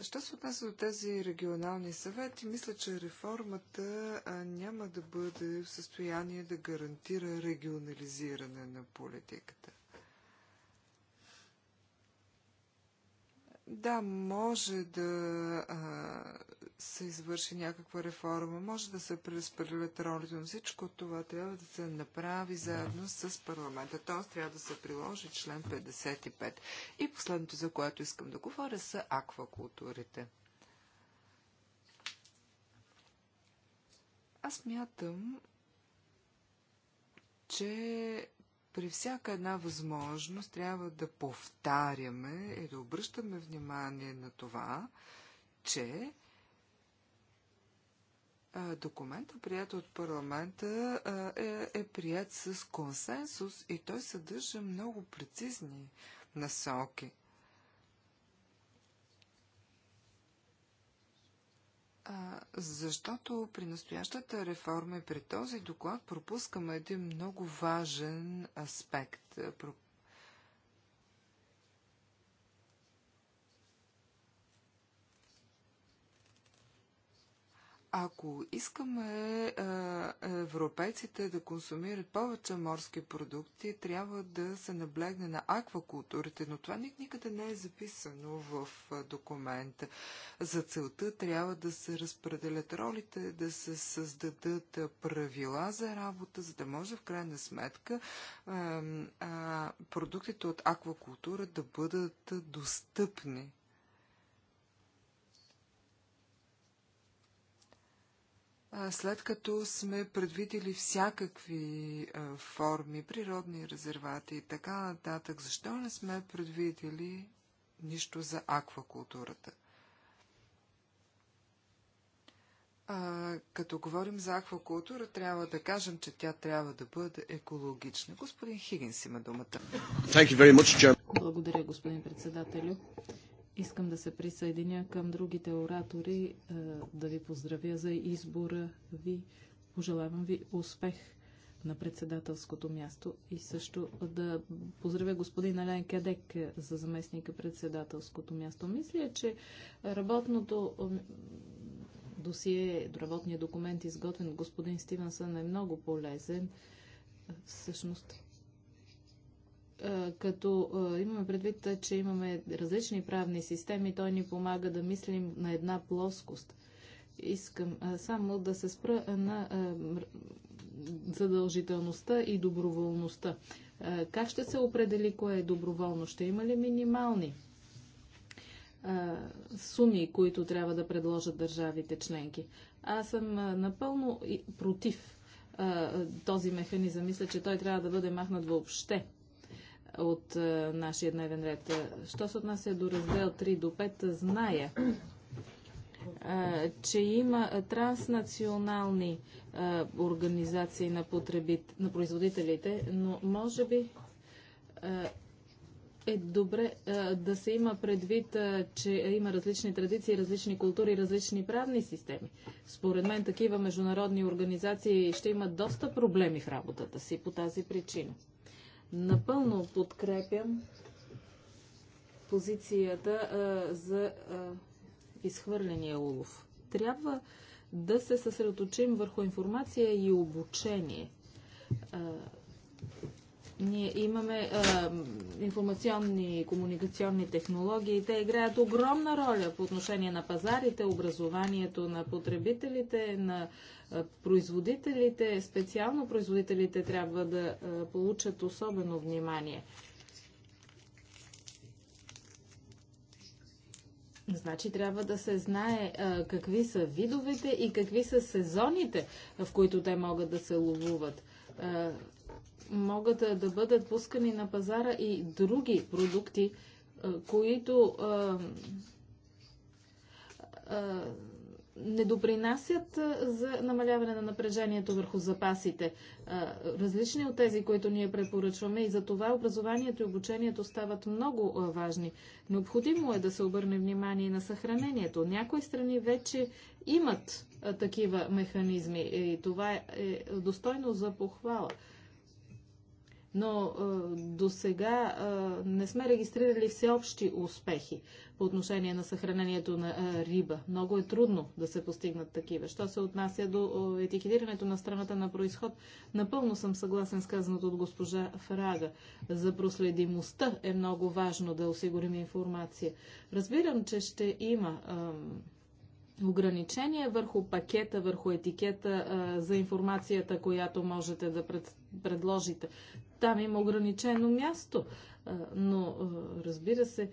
Speaker 1: Що се отнася до тези регионални съвети, мисля, че реформата няма да бъде в състояние да гарантира регионализиране на политиката. Да, може да се извърши някаква реформа, може да се преразпределят ролите, но всичко това трябва да се направи заедно с парламента. Тоест трябва да се приложи член 55. И последното, за което искам да говоря, са аквакултурите. Аз мятам, че при всяка една възможност трябва да повтаряме и да обръщаме внимание на това, че документа, прият от парламента, е, е прият с консенсус и той съдържа много прецизни насоки. защото при настоящата реформа и при този доклад пропускаме един много важен аспект. Ако искаме европейците да консумират повече морски продукти, трябва да се наблегне на аквакултурите, но това никъде не е записано в документа. За целта трябва да се разпределят ролите, да се създадат правила за работа, за да може в крайна сметка продуктите от аквакултура да бъдат достъпни след като сме предвидели всякакви форми, природни резервати и така нататък, защо не сме предвидели нищо за аквакултурата? А, като говорим за аквакултура, трябва да кажем, че тя трябва да бъде екологична. Господин Хигинс има думата.
Speaker 3: Благодаря, господин председателю. Искам да се присъединя към другите оратори, е, да ви поздравя за избора ви. Пожелавам ви успех на председателското място и също да поздравя господин Ален Кадек е, за заместника председателското място. Мисля, че работното досие, работният документ, изготвен от господин Стивенсън, е много полезен. Всъщност, като имаме предвид, че имаме различни правни системи, той ни помага да мислим на една плоскост. Искам само да се спра на задължителността и доброволността. Как ще се определи кое е доброволно? Ще има ли минимални суми, които трябва да предложат държавите членки? Аз съм напълно против този механизъм. Мисля, че той трябва да бъде махнат въобще от е, нашия дневен ред. Е, що се отнася до раздел 3 до 5, зная, е, че има транснационални организации на, потребит... на производителите, но може би е добре да се има предвид, че има различни традиции, различни култури, различни правни системи. Според мен такива международни организации ще имат доста проблеми в работата си по тази причина. Напълно подкрепям позицията а, за а, изхвърления улов. Трябва да се съсредоточим върху информация и обучение. А, ние имаме а, информационни и комуникационни технологии. Те играят огромна роля по отношение на пазарите, образованието на потребителите, на Производителите, специално производителите, трябва да получат особено внимание. Значи трябва да се знае а, какви са видовете и какви са сезоните, в които те могат да се ловуват. А, могат а, да бъдат пускани на пазара и други продукти, а, които а, а, не допринасят за намаляване на напрежението върху запасите, различни от тези, които ние препоръчваме и за това образованието и обучението стават много важни. Необходимо е да се обърне внимание на съхранението. Някои страни вече имат такива механизми и това е, е достойно за похвала но до сега не сме регистрирали всеобщи успехи по отношение на съхранението на риба. Много е трудно да се постигнат такива. Що се отнася до етикетирането на страната на происход, напълно съм съгласен с казаното от госпожа Фрага. За проследимостта е много важно да осигурим информация. Разбирам, че ще има А, ограничение върху пакета, върху етикета а, за информацията, която можете да пред, предложите. Там има ограничено място, а, но а, разбира се,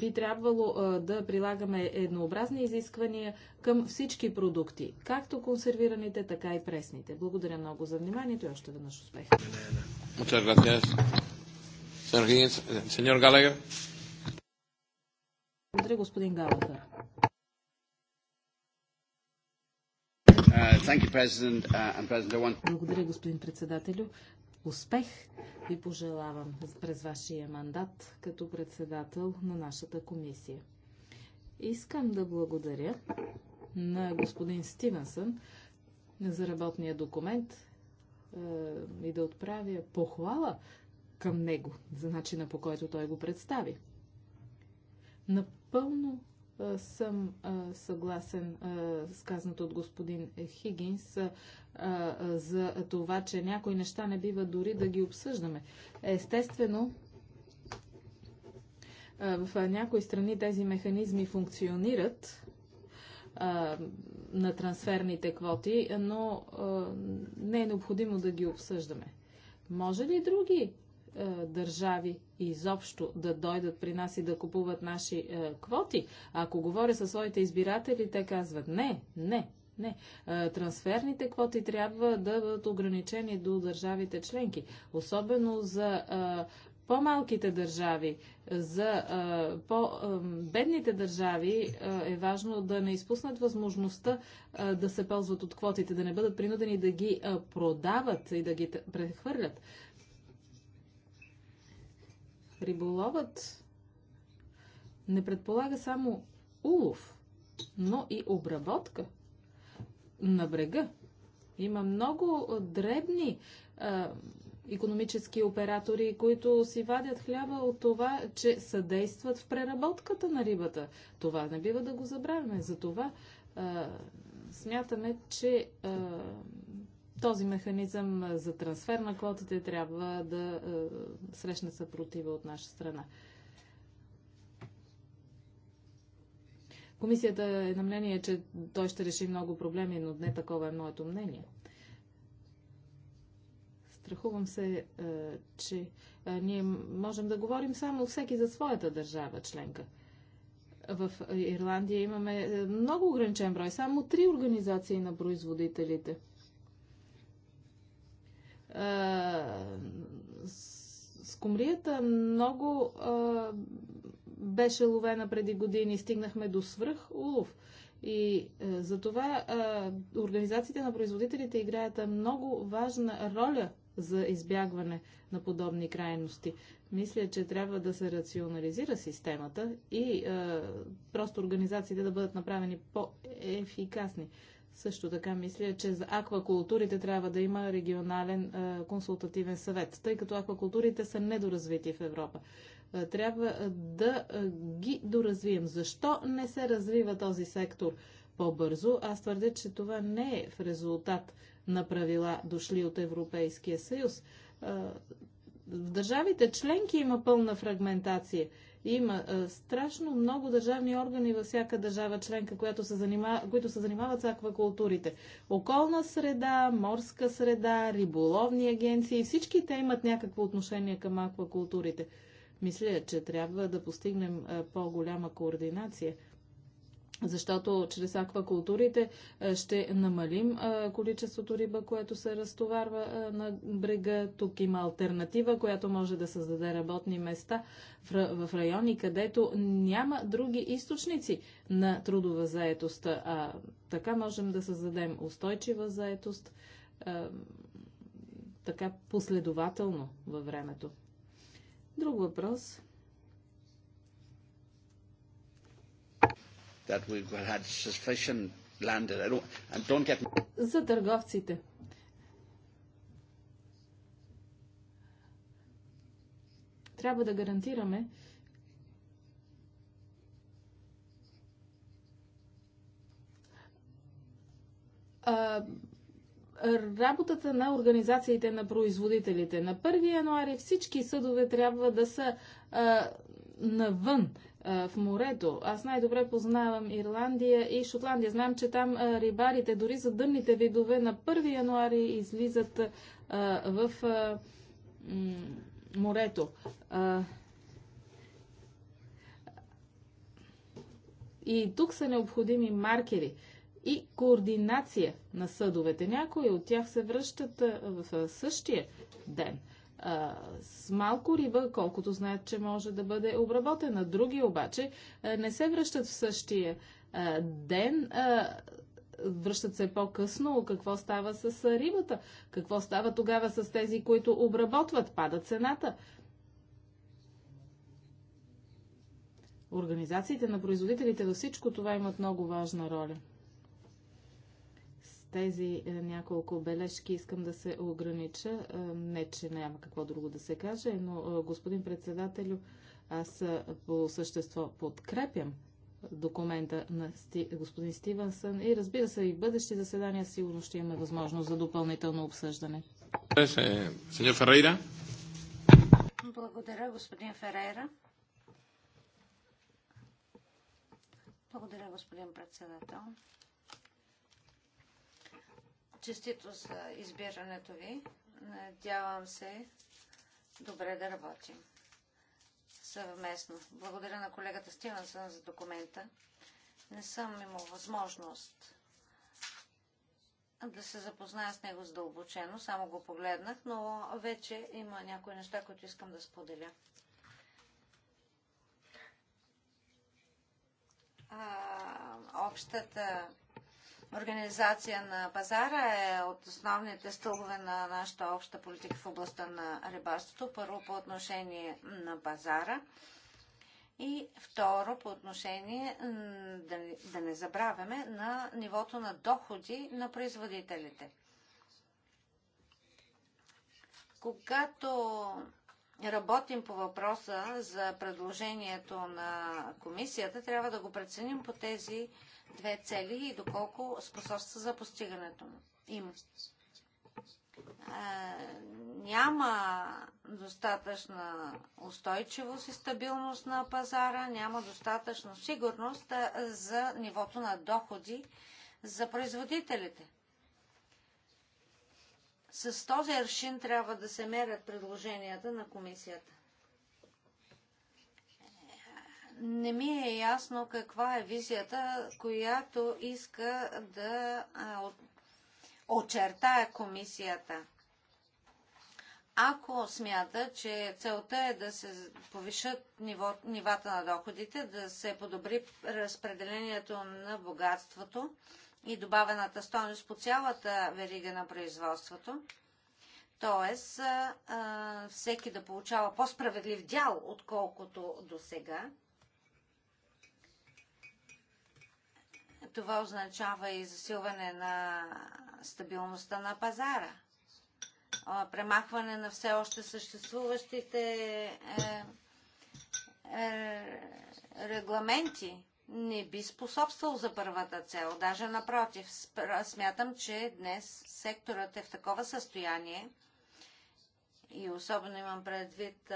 Speaker 3: би трябвало да прилагаме еднообразни изисквания към всички продукти, както консервираните, така и пресните. Благодаря много за вниманието и още веднъж успех. Благодаря, господин Галахър.
Speaker 2: Uh, uh,
Speaker 3: благодаря, господин председателю. Успех ви пожелавам през вашия мандат като председател на нашата комисия. Искам да благодаря на господин Стивенсън за работния документ е, и да отправя похвала към него за начина по който той го представи. Напълно съм съгласен с казаното от господин Хигинс за това, че някои неща не бива дори да ги обсъждаме. Естествено, в някои страни тези механизми функционират на трансферните квоти, но не е необходимо да ги обсъждаме. Може ли други е, държави изобщо да дойдат при нас и да купуват наши е, квоти. Ако говоря със своите избиратели, те казват не, не, не. Е, трансферните квоти трябва да бъдат ограничени до държавите членки, особено за е, по-малките държави, за по-бедните държави е важно да не изпуснат възможността да се ползват от квотите, да не бъдат принудени да ги продават и да ги прехвърлят. Риболовът не предполага само улов, но и обработка на брега. Има много дребни а, економически оператори, които си вадят хляба от това, че съдействат в преработката на рибата. Това не бива да го забравяме. Затова а, смятаме, че а, този механизъм за трансфер на квотите трябва да срещне съпротива от наша страна. Комисията е на мнение, че той ще реши много проблеми, но не такова е моето мнение. Страхувам се, че ние можем да говорим само всеки за своята държава членка. В Ирландия имаме много ограничен брой, само три организации на производителите – е, с комрията много е, беше ловена преди години. Стигнахме до свръх улов. И а, е, за това а, организациите на производителите играят много важна роля за избягване на подобни крайности. Мисля, че трябва да се рационализира системата и а, просто организациите да бъдат направени по-ефикасни. Също така мисля, че за аквакултурите трябва да има регионален а, консултативен съвет, тъй като аквакултурите са недоразвити в Европа. А, трябва да а, ги доразвием. Защо не се развива този сектор по-бързо? Аз твърдя, че това не е в резултат на правила, дошли от Европейския съюз. В държавите членки има пълна фрагментация – има а, страшно много държавни органи във всяка държава членка, която се занимава, които се занимават с аквакултурите. Околна среда, морска среда, риболовни агенции, всички те имат някакво отношение към аквакултурите. Мисля, че трябва да постигнем по-голяма координация – защото чрез аквакултурите е, ще намалим е, количеството риба, което се разтоварва е, на брега. Тук има альтернатива, която може да създаде работни места в райони, където няма други източници на трудова заетост. А така можем да създадем устойчива заетост така последователно във времето. Друг въпрос – that had sufficient land. I don't, and don't get... За търговците. Трябва да гарантираме, а, работата на организациите на производителите. На 1 януари всички съдове трябва да са а, навън, в морето. Аз най-добре познавам Ирландия и Шотландия. Знам, че там рибарите, дори за дънните видове, на 1 януари излизат в морето. И тук са необходими маркери и координация на съдовете. Някои от тях се връщат в същия ден – а, с малко риба, колкото знаят, че може да бъде обработена. Други обаче а, не се връщат в същия а, ден. А, връщат се по-късно, какво става с рибата, какво става тогава с тези, които обработват, пада цената. Организациите на производителите във всичко това имат много важна роля тези е, няколко бележки искам да се огранича. Е, не, че няма какво друго да се каже, но е, господин председателю, аз по същество подкрепям документа на господин Стивенсън и разбира се и в бъдещи заседания сигурно ще имаме възможност за допълнително обсъждане.
Speaker 2: Сеньор Ферейра.
Speaker 4: Благодаря, господин Ферейра. Благодаря, господин председател. Честито за избирането ви. Надявам се добре да работим съвместно. Благодаря на колегата Стивенсън за документа. Не съм имал възможност да се запозная с него задълбочено, само го погледнах, но вече има някои неща, които искам да споделя. А, общата организация на пазара е от основните стълбове на нашата обща политика в областта на рибарството. Първо по отношение на пазара и второ по отношение, да не забравяме, на нивото на доходи на производителите. Когато работим по въпроса за предложението на комисията, трябва да го преценим по тези две цели и доколко способства за постигането им. А, няма достатъчна устойчивост и стабилност на пазара, няма достатъчно сигурност за нивото на доходи за производителите. С този аршин трябва да се мерят предложенията на комисията не ми е ясно каква е визията, която иска да очертая комисията. Ако смята, че целта е да се повишат ниво, нивата на доходите, да се подобри разпределението на богатството и добавената стойност по цялата верига на производството, т.е. всеки да получава по-справедлив дял, отколкото до сега, Това означава и засилване на стабилността на пазара, премахване на все още съществуващите е, е, регламенти. Не би способствал за първата цел, даже напротив. Смятам, че днес секторът е в такова състояние и особено имам предвид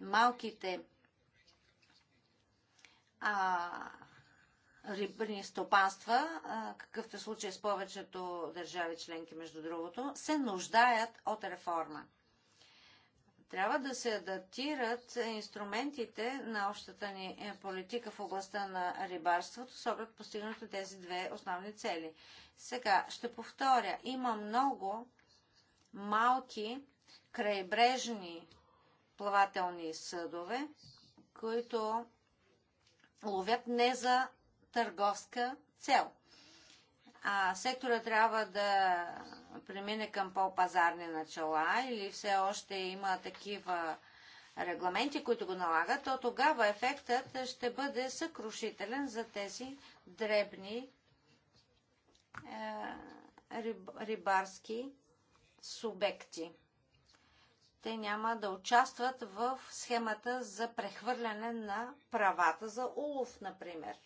Speaker 4: малките рибни стопанства, какъвто е случай с повечето държави членки, между другото, се нуждаят от реформа. Трябва да се адаптират инструментите на общата ни е, политика в областта на рибарството с оглед постигнато тези две основни цели. Сега ще повторя, има много малки крайбрежни плавателни съдове, които ловят не за търговска цел. А сектора трябва да премине към по-пазарни начала или все още има такива регламенти, които го налагат, то тогава ефектът ще бъде съкрушителен за тези дребни е, риб, рибарски субекти. Те няма да участват в схемата за прехвърляне на правата за улов, например.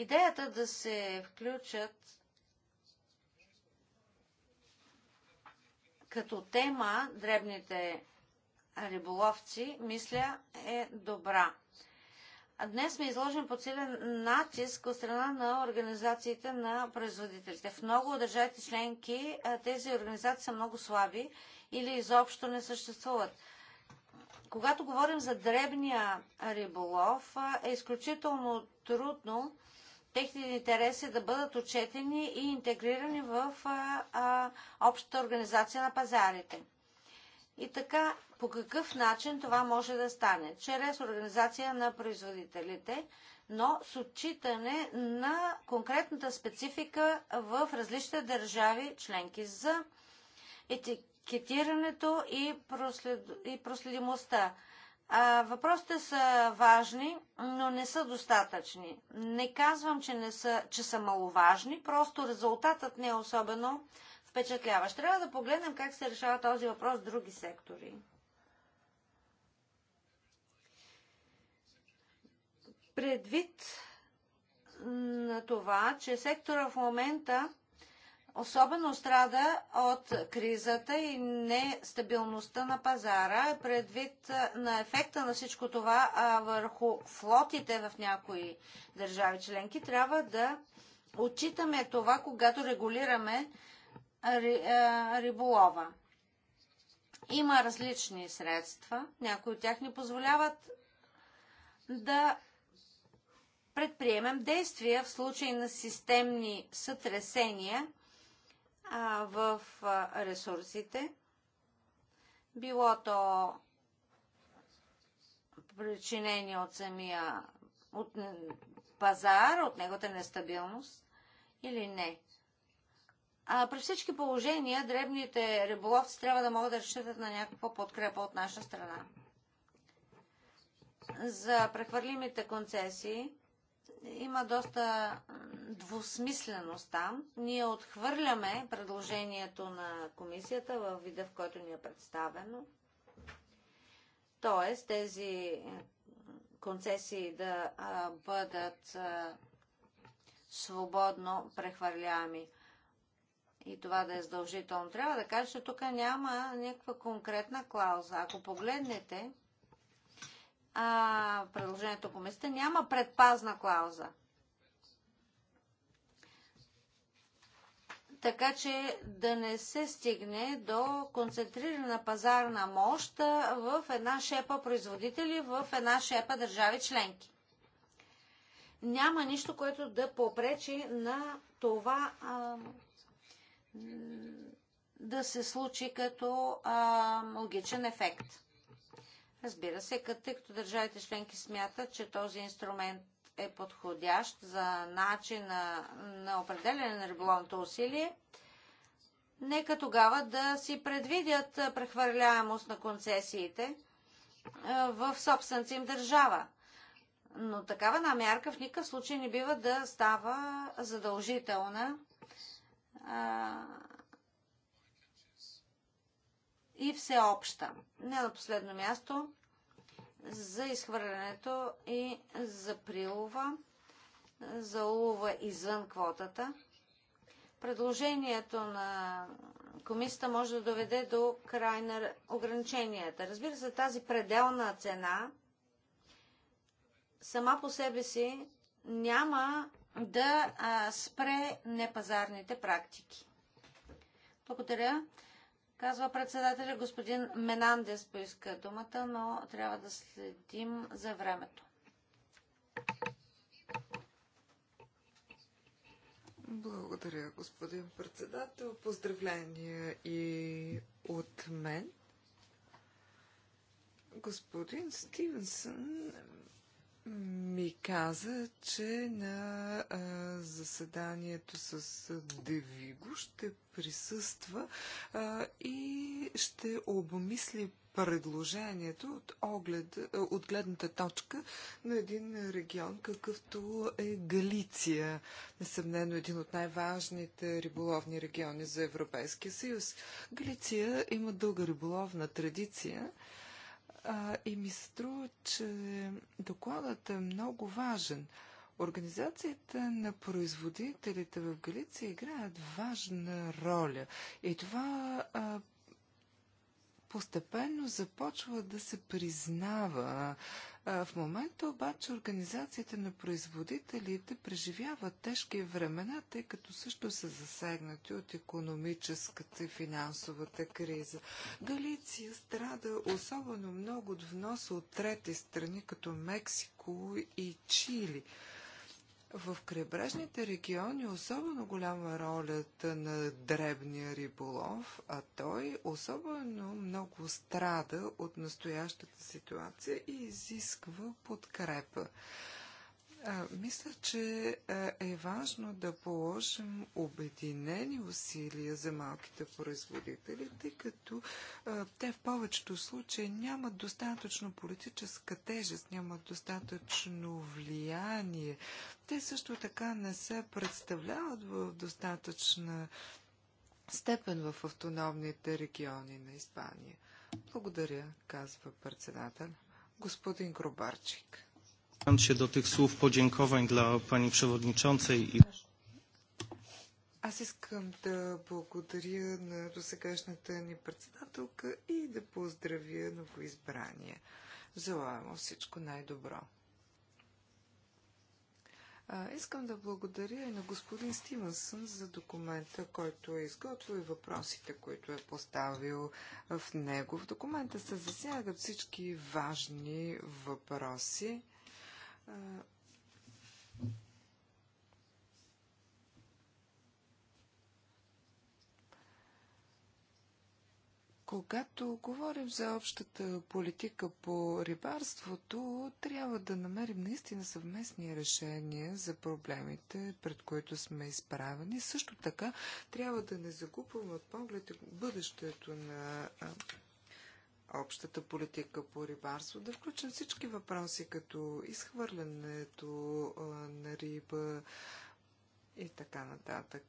Speaker 4: Идеята да се включат като тема дребните риболовци, мисля, е добра. Днес сме изложен по силен натиск от страна на организациите на производителите. В много от държавите членки тези организации са много слаби или изобщо не съществуват. Когато говорим за дребния риболов, е изключително трудно техните интереси да бъдат отчетени и интегрирани в а, а, общата организация на пазарите. И така, по какъв начин това може да стане? Чрез организация на производителите, но с отчитане на конкретната специфика в различните държави членки за етикетирането и, прослед... и проследимостта. Въпросите са важни, но не са достатъчни. Не казвам, че, не са, че са маловажни, просто резултатът не е особено впечатляващ. Трябва да погледнем как се решава този въпрос в други сектори. Предвид на това, че сектора в момента особено страда от кризата и нестабилността на пазара, предвид на ефекта на всичко това а върху флотите в някои държави членки. Трябва да отчитаме това, когато регулираме риболова. Има различни средства, някои от тях ни позволяват да предприемем действия в случай на системни сътресения – а, в а, ресурсите, било то причинение от самия от пазар, от неговата нестабилност или не. А при всички положения, дребните риболовци трябва да могат да разчитат на някаква подкрепа от наша страна. За прехвърлимите концесии има доста двусмисленост там. Ние отхвърляме предложението на комисията във вида, в който ни е представено. Тоест, тези концесии да бъдат свободно прехвърлями и това да е задължително. Трябва да кажа, че тук няма някаква конкретна клауза. Ако погледнете а, предложението комисията, няма предпазна клауза. така че да не се стигне до концентрирана пазарна мощ в една шепа производители, в една шепа държави членки. Няма нищо, което да попречи на това а, да се случи като а, логичен ефект. Разбира се, тъй като държавите членки смятат, че този инструмент е подходящ за начин на определене на риболовното усилие, нека тогава да си предвидят прехвърляемост на концесиите е, в собствената им държава. Но такава намярка в никакъв случай не бива да става задължителна и всеобща. Не на последно място, за изхвърлянето и за прилова, за улова извън квотата. Предложението на комисията може да доведе до край на ограниченията. Разбира се, тази пределна цена сама по себе си няма да спре непазарните практики. Благодаря. Казва председателя, господин Менандес поиска думата, но трябва да следим за времето.
Speaker 1: Благодаря, господин председател. Поздравления и от мен. Господин Стивенсън ми каза, че на а, заседанието с Девиго ще присъства а, и ще обмисли предложението от, оглед, от гледната точка на един регион, какъвто е Галиция. Несъмнено един от най-важните риболовни региони за Европейския съюз. Галиция има дълга риболовна традиция а, и ми се струва, че докладът е много важен. Организацията на производителите в Галиция играят важна роля и това а, постепенно започва да се признава. В момента обаче организациите на производителите преживяват тежки времена, тъй като също са засегнати от економическата и финансовата криза. Галиция страда особено много от вноса от трети страни, като Мексико и Чили. В крайбрежните региони особено голяма ролята на дребния риболов, а той особено много страда от настоящата ситуация и изисква подкрепа мисля, че е важно да положим обединени усилия за малките производители, тъй като те в повечето случаи нямат достатъчно политическа тежест, нямат достатъчно влияние. Те също така не се представляват в достатъчна степен в автономните региони на Испания. Благодаря, казва председател. Господин Гробарчик
Speaker 3: się do tych słów podziękowań dla pani przewodniczącej. I...
Speaker 1: Аз искам да благодаря на досегашната ни председателка и да поздравя новоизбрание. Желая му всичко най-добро. искам да благодаря и на господин Стивенсън за документа, който е изготвил и въпросите, които е поставил в него. В документа се засягат всички важни въпроси когато говорим за общата политика по рибарството, трябва да намерим наистина съвместни решения за проблемите, пред които сме изправени. Също така трябва да не загубваме от поглед бъдещето на общата политика по рибарство, да включим всички въпроси, като изхвърлянето на риба и така нататък.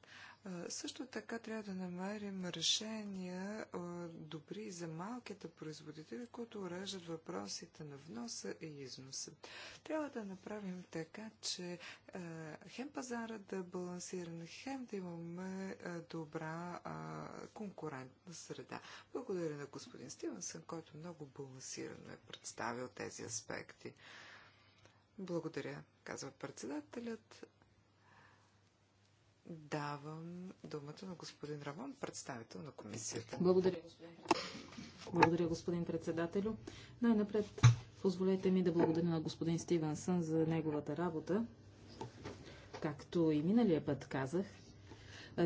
Speaker 1: Също така трябва да намерим решения добри за малките производители, които уреждат въпросите на вноса и износа. Трябва да направим така, че хем пазара да е балансиран, хем да имаме добра конкурентна среда. Благодаря на господин Стивенсън, който много балансирано е представил тези аспекти. Благодаря, казва председателят. Давам думата на господин Равон, представител на комисията. Благодаря, господин. Благодаря, господин председателю.
Speaker 3: Най-напред
Speaker 1: позволете ми да благодаря
Speaker 3: на господин Стивенсън за неговата работа. Както и миналия път казах,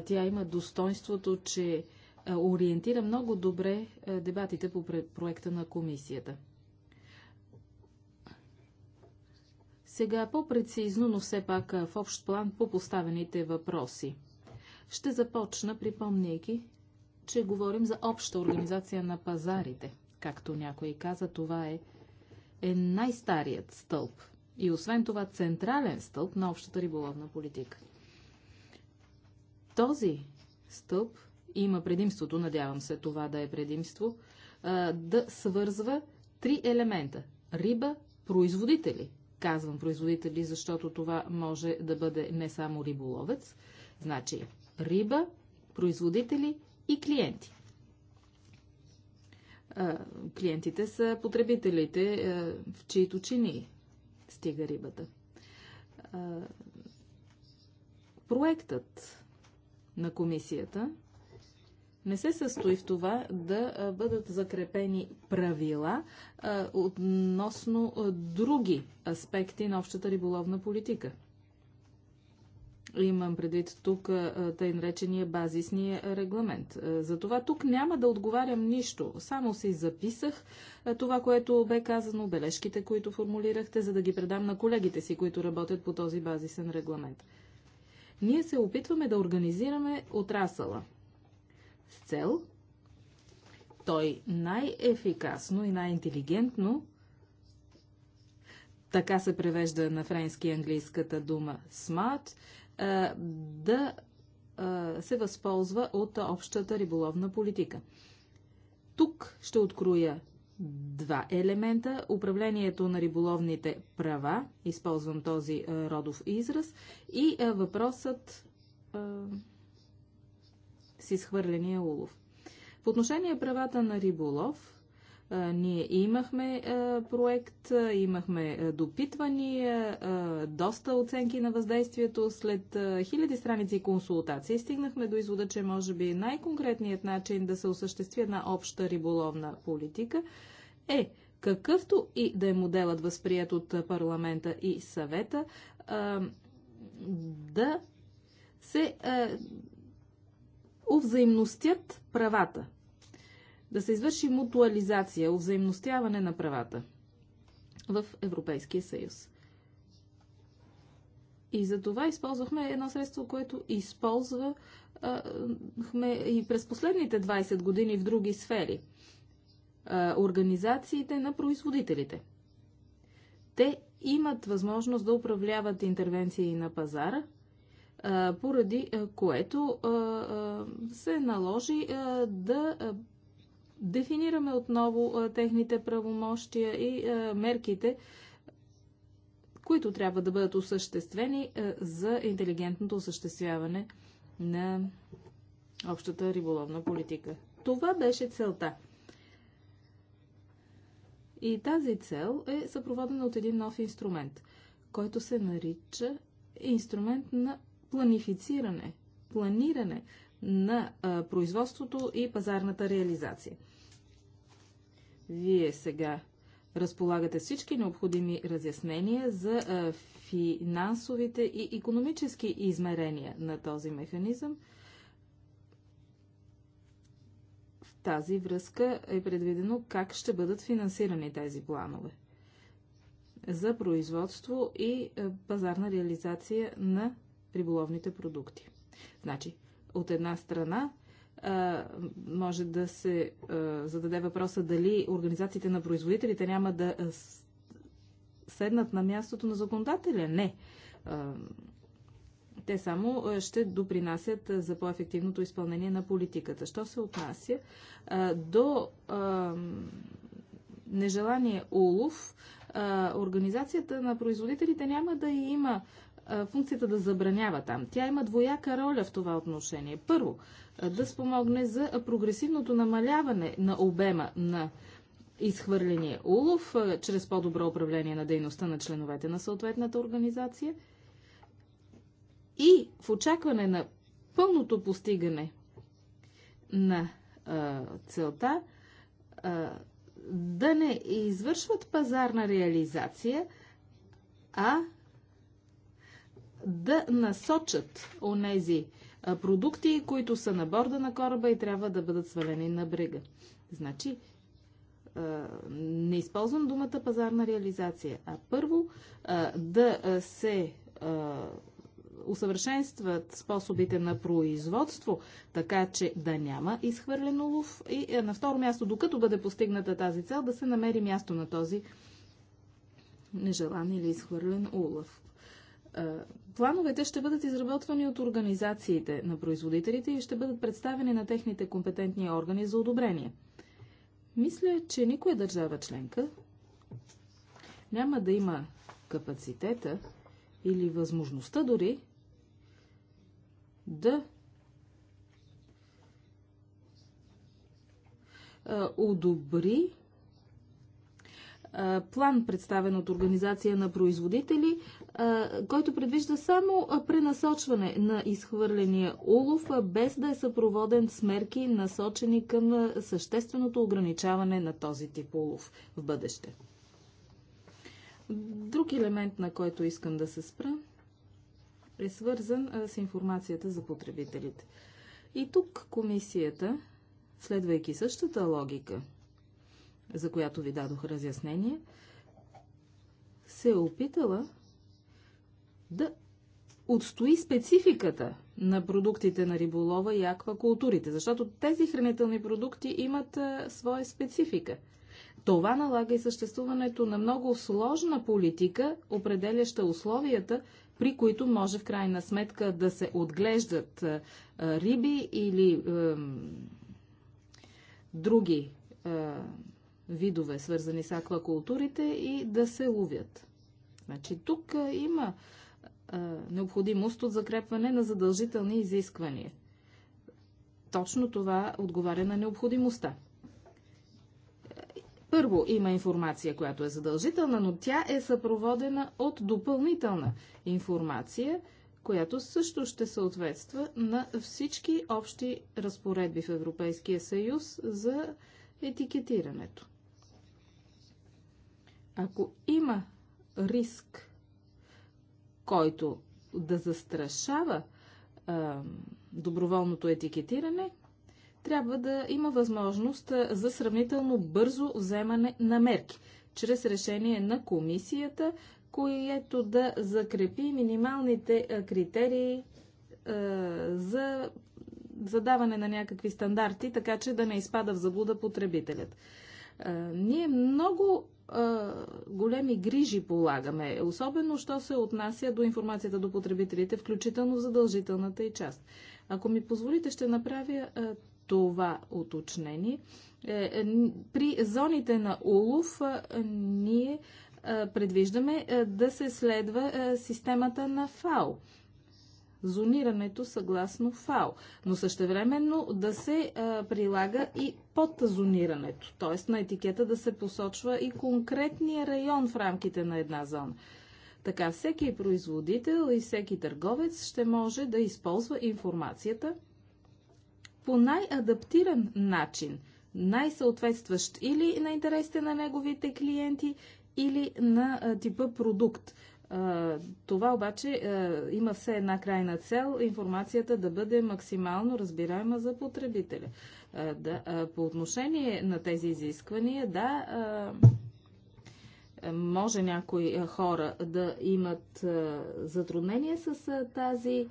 Speaker 3: тя има достоинството, че ориентира много добре дебатите по проекта на комисията. Сега по-прецизно, но все пак в общ план по поставените въпроси. Ще започна, припомняйки, че говорим за обща организация на пазарите. Както някой каза, това е, е най-старият стълб и освен това централен стълб на общата риболовна политика. Този стълб има предимството, надявам се това да е предимство, да свързва три елемента – риба, производители казвам производители, защото това може да бъде не само риболовец. Значи риба, производители и клиенти. Клиентите са потребителите, в чието чини стига рибата. Проектът на комисията не се състои в това да бъдат закрепени правила относно други аспекти на общата риболовна политика. Имам предвид тук тъй наречения базисния регламент. Затова тук няма да отговарям нищо. Само си записах това, което бе казано, бележките, които формулирахте, за да ги предам на колегите си, които работят по този базисен регламент. Ние се опитваме да организираме отрасъла с цел той най-ефикасно и най-интелигентно така се превежда на френски и английската дума smart, да се възползва от общата риболовна политика. Тук ще откроя два елемента. Управлението на риболовните права, използвам този родов израз, и въпросът с изхвърления улов. По отношение правата на риболов, ние имахме проект, имахме допитвания, доста оценки на въздействието. След хиляди страници консултации стигнахме до извода, че може би най-конкретният начин да се осъществи една обща риболовна политика е какъвто и да е моделът възприят от парламента и съвета, да се овзаимностят правата. Да се извърши мутуализация, овзаимностяване на правата в Европейския съюз. И за това използвахме едно средство, което използвахме и през последните 20 години в други сфери. Организациите на производителите. Те имат възможност да управляват интервенции на пазара – поради което се наложи да дефинираме отново техните правомощия и мерките, които трябва да бъдат осъществени за интелигентното осъществяване на общата риболовна политика. Това беше целта. И тази цел е съпроводена от един нов инструмент, който се нарича инструмент на планифициране, планиране на а, производството и пазарната реализация. Вие сега разполагате всички необходими разяснения за а, финансовите и економически измерения на този механизъм. В тази връзка е предвидено как ще бъдат финансирани тези планове за производство и пазарна реализация на риболовните продукти. Значи, от една страна, може да се зададе въпроса дали организациите на производителите няма да седнат на мястото на законодателя. Не. Те само ще допринасят за по-ефективното изпълнение на политиката. Що се отнася до нежелание улов, организацията на производителите няма да има функцията да забранява там. Тя има двояка роля в това отношение. Първо, да спомогне за прогресивното намаляване на обема на изхвърления улов чрез по-добро управление на дейността на членовете на съответната организация и в очакване на пълното постигане на а, целта а, да не извършват пазарна реализация, а да насочат онези продукти, които са на борда на кораба и трябва да бъдат свалени на брега. Значи, не използвам думата пазарна реализация, а първо да се усъвършенстват способите на производство, така че да няма изхвърлен улов. И на второ място, докато бъде постигната тази цел, да се намери място на този нежелан или изхвърлен улов. Е, плановете ще бъдат изработвани от организациите на производителите и ще бъдат представени на техните компетентни органи за одобрение. Мисля, че никоя държава членка няма да има капацитета или възможността дори да е, одобри план, представен от Организация на производители, който предвижда само пренасочване на изхвърления улов, без да е съпроводен с мерки, насочени към същественото ограничаване на този тип улов в бъдеще. Друг елемент, на който искам да се спра, е свързан с информацията за потребителите. И тук комисията, следвайки същата логика – за която ви дадох разяснение, се е опитала да отстои спецификата на продуктите на риболова и аквакултурите, защото тези хранителни продукти имат своя специфика. Това налага и съществуването на много сложна политика, определяща условията, при които може в крайна сметка да се отглеждат риби или е, други видове, свързани с аквакултурите и да се ловят. Значи тук има а, необходимост от закрепване на задължителни изисквания. Точно това отговаря на необходимостта. Първо, има информация, която е задължителна, но тя е съпроводена от допълнителна информация, която също ще съответства на всички общи разпоредби в Европейския съюз за етикетирането. Ако има риск, който да застрашава а, доброволното етикетиране, трябва да има възможност за сравнително бързо вземане на мерки чрез решение на комисията, което да закрепи минималните критерии а, за задаване на някакви стандарти, така че да не изпада в заблуда потребителят. Ние много големи грижи полагаме, особено що се отнася до информацията до потребителите, включително задължителната и част. Ако ми позволите, ще направя това уточнение. Е, е, при зоните на улов ние предвиждаме да се следва системата на ФАО зонирането съгласно ФАО, но същевременно да се прилага и под зонирането, т.е. на етикета да се посочва и конкретния район в рамките на една зона. Така всеки производител и всеки търговец ще може да използва информацията по най-адаптиран начин, най-съответстващ или на интересите на неговите клиенти, или на типа продукт. Това обаче има все една крайна цел информацията да бъде максимално разбираема за потребителя. по отношение на тези изисквания, да, може някои хора да имат затруднение с тази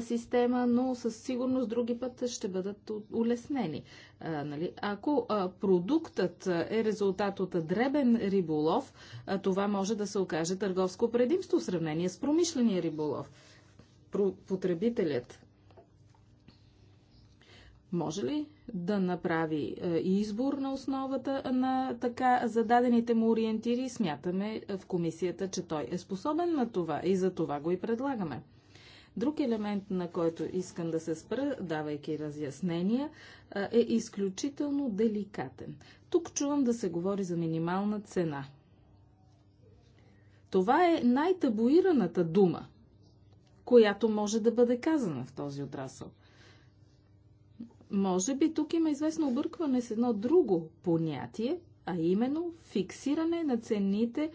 Speaker 3: система, но със сигурност други път ще бъдат улеснени. Нали? Ако продуктът е резултат от дребен риболов, това може да се окаже търговско предимство в сравнение с промишления риболов. потребителят може ли да направи избор на основата на така зададените му ориентири? Смятаме в комисията, че той е способен на това и за това го и предлагаме. Друг елемент, на който искам да се спра, давайки разяснения, е изключително деликатен. Тук чувам да се говори за минимална цена. Това е най-табуираната дума, която може да бъде казана в този отрасъл. Може би тук има известно объркване с едно друго понятие, а именно фиксиране на цените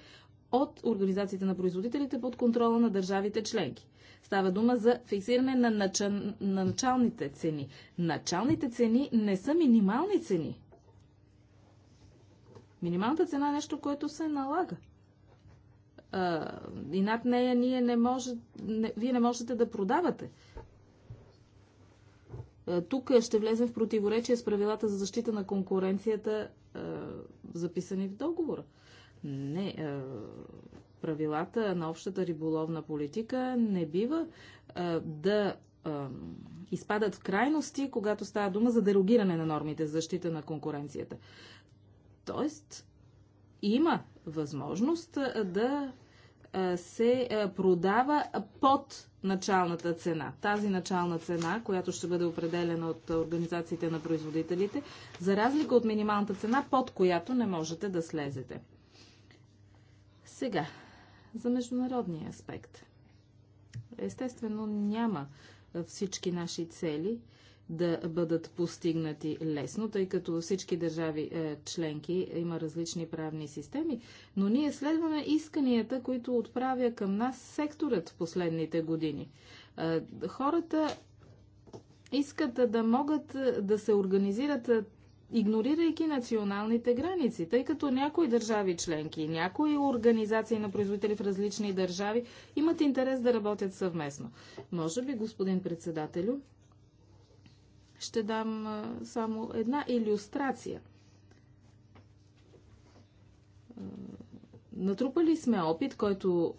Speaker 3: от организацията на производителите под контрола на държавите членки. Става дума за фиксиране на, начал... на началните цени. Началните цени не са минимални цени. Минималната цена е нещо, което се налага. А, и над нея ние не може, не, вие не можете да продавате. А, тук ще влезем в противоречие с правилата за защита на конкуренцията, а, записани в договора. Не, правилата на общата риболовна политика не бива а, да а, изпадат в крайности, когато става дума за дерогиране на нормите за защита на конкуренцията. Тоест, има възможност да се продава под началната цена. Тази начална цена, която ще бъде определена от организациите на производителите, за разлика от минималната цена, под която не можете да слезете. Сега, за международния аспект. Естествено, няма всички наши цели да бъдат постигнати лесно, тъй като всички държави е, членки има различни правни системи, но ние следваме исканията, които отправя към нас секторът в последните години. Е, хората искат да могат е, да се организират е, игнорирайки националните граници, тъй като някои държави членки и някои организации на производители в различни държави имат интерес да работят съвместно. Може би, господин председателю, ще дам само една иллюстрация. Натрупали сме опит, който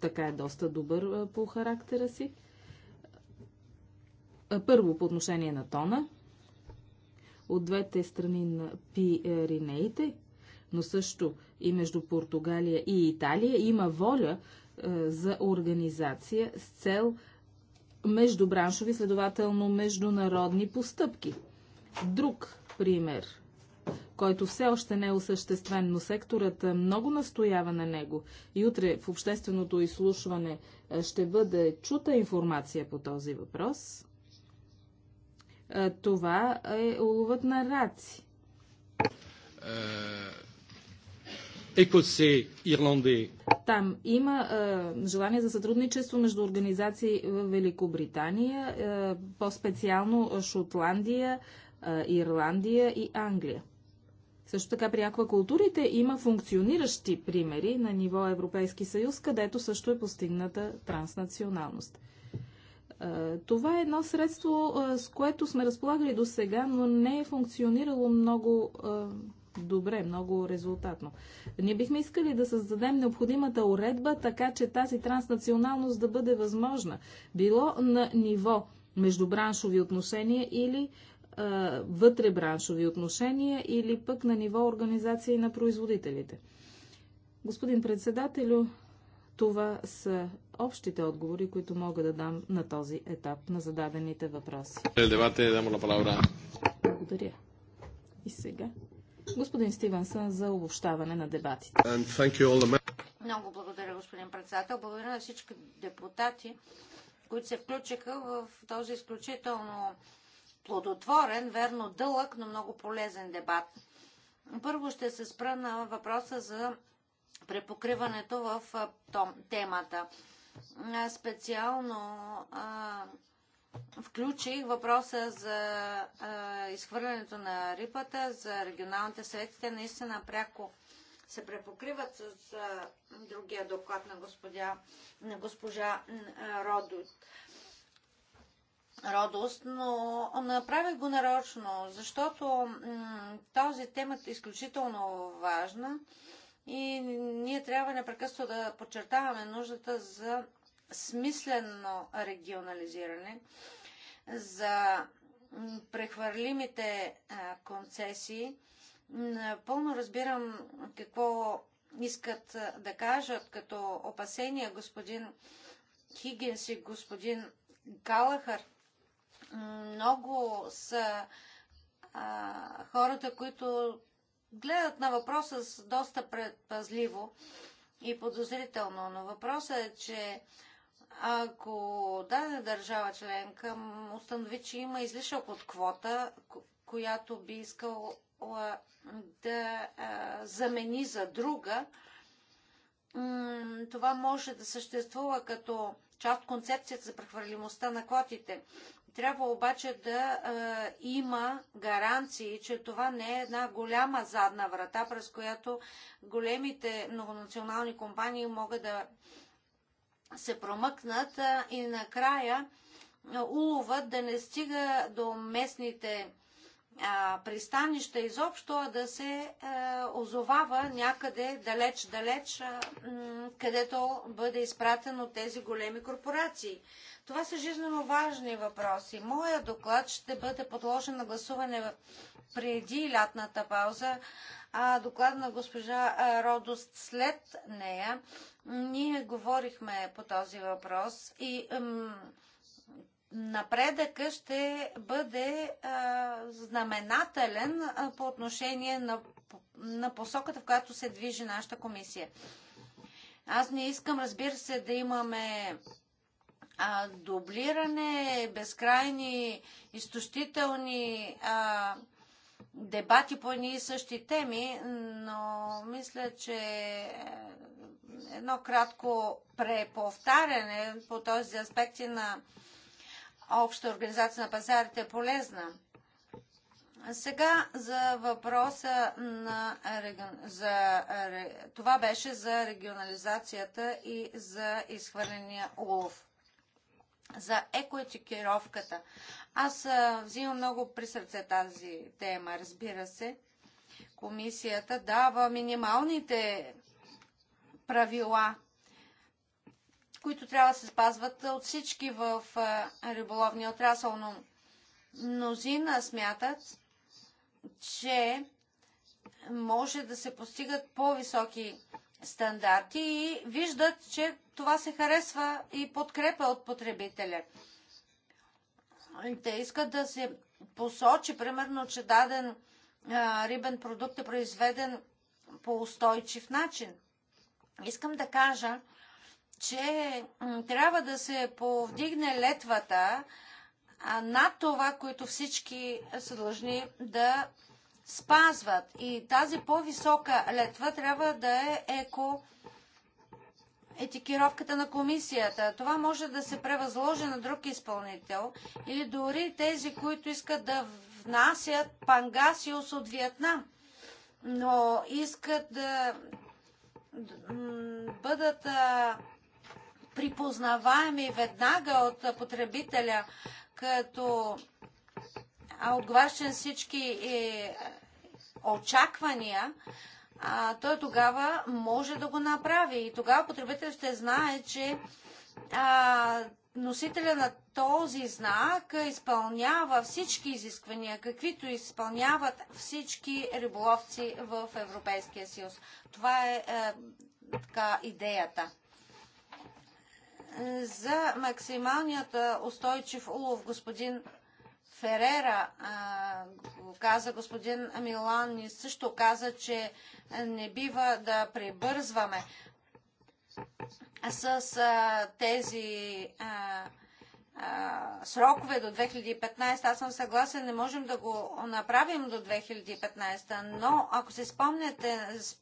Speaker 3: така е доста добър по характера си. Първо по отношение на тона, от двете страни на Пиринеите, е но също и между Португалия и Италия, има воля е, за организация с цел междубраншови, следователно международни постъпки. Друг пример, който все още не е осъществен, но секторът е, много настоява на него и утре в общественото изслушване ще бъде чута информация по този въпрос. Това е уловът на раци.
Speaker 2: Е, Екосе, Ирландия.
Speaker 3: Там има е, желание за сътрудничество между организации в Великобритания, е, по-специално Шотландия, е, Ирландия и Англия. Също така при аквакултурите има функциониращи примери на ниво Европейски съюз, където също е постигната транснационалност. Е, това е едно средство, е, с което сме разполагали до сега, но не е функционирало много е, добре, много резултатно. Ние бихме искали да създадем необходимата уредба, така че тази транснационалност да бъде възможна. Било на ниво междубраншови отношения или а, вътребраншови отношения или пък на ниво организации на производителите. Господин председателю, това са общите отговори, които мога да дам на този етап на зададените въпроси. Благодаря. И сега господин Стивенсън за обобщаване на дебатите. Много благодаря,
Speaker 4: господин председател. Благодаря на всички депутати, които се включиха в този изключително плодотворен, верно дълъг, но много полезен дебат. Първо ще се спра на въпроса за препокриването в темата. Специално включих въпроса за изхвърлянето на рипата за регионалните съветите. наистина пряко се препокриват с другия доклад на, господя, на госпожа Родот. Родост, но направих го нарочно, защото този темата е изключително важна и ние трябва непрекъсто да подчертаваме нуждата за смислено регионализиране, за прехвърлимите концесии. Пълно разбирам какво искат да кажат като опасения господин Хигинс и господин Галахър. Много са а, хората, които гледат на въпроса с доста предпазливо и подозрително, но въпросът е, че ако дадена държава членка установи, че има излишък от квота, която би искала да замени за друга, това може да съществува като част от концепцията за прехвърлимостта на квотите. Трябва обаче да а, има гаранции, че това не е една голяма задна врата, през която големите многонационални компании могат да се промъкнат а, и накрая а, уловът да не стига до местните а, пристанища изобщо, а да се а, озовава някъде далеч-далеч, където бъде изпратено тези големи корпорации. Това са жизненно важни въпроси. Моя доклад ще бъде подложен на гласуване преди лятната пауза, а доклад на госпожа Родост след нея. Ние говорихме по този въпрос и напредъка ще бъде е, знаменателен по отношение на, на посоката, в която се движи нашата комисия. Аз не искам, разбира се, да имаме а, дублиране, безкрайни, изтощителни а, дебати по едни и същи теми, но мисля, че е, едно кратко преповтаряне по този аспекти на обща организация на пазарите е полезна. Сега за въпроса на за, това беше за регионализацията и за изхвърления улов за екоетикировката. Аз взимам много при сърце тази тема, разбира се. Комисията дава минималните правила, които трябва да се спазват от всички в риболовния отрасъл, но мнозина смятат, че може да се постигат по-високи стандарти и виждат, че това се харесва и подкрепа от потребителя. Те искат да се посочи, примерно, че даден а, рибен продукт е произведен по устойчив начин. Искам да кажа, че трябва да се повдигне летвата над това, което всички са длъжни да спазват. И тази по-висока летва трябва да е еко етикировката на комисията. Това може да се превъзложи на друг изпълнител или дори тези, които искат да внасят пангасиус от Виетнам, но искат да бъдат припознаваеми веднага от потребителя като отговарящи на всички е, очаквания, а, той тогава може да го направи. И тогава потребителят ще знае, че а, носителя на този знак изпълнява всички изисквания, каквито изпълняват всички риболовци в Европейския съюз. Това е, е така идеята. За максималният устойчив улов господин Ферера го каза, господин Милан и също каза, че не бива да прибързваме с тези срокове до 2015, аз съм съгласен, не можем да го направим до 2015, но ако се спомняте с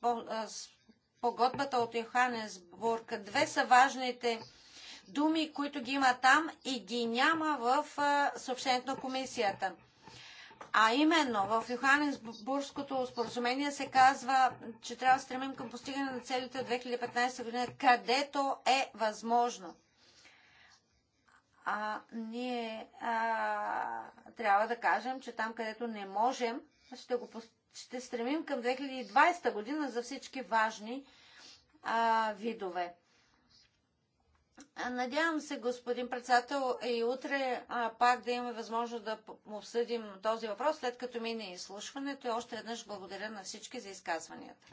Speaker 4: погодбата от Йоханесбург, две са важните думи, които ги има там и ги няма в съобщението на комисията. А именно, в Йоханнесбургското споразумение се казва, че трябва да стремим към постигане на целите от 2015 година, където е възможно. А ние а, трябва да кажем, че там, където не можем, ще, го, ще стремим към 2020 година за всички важни а, видове. Надявам се, господин председател, и утре а, пак да имаме възможност да обсъдим този въпрос, след като мине изслушването. И още еднъж благодаря на всички за изказванията.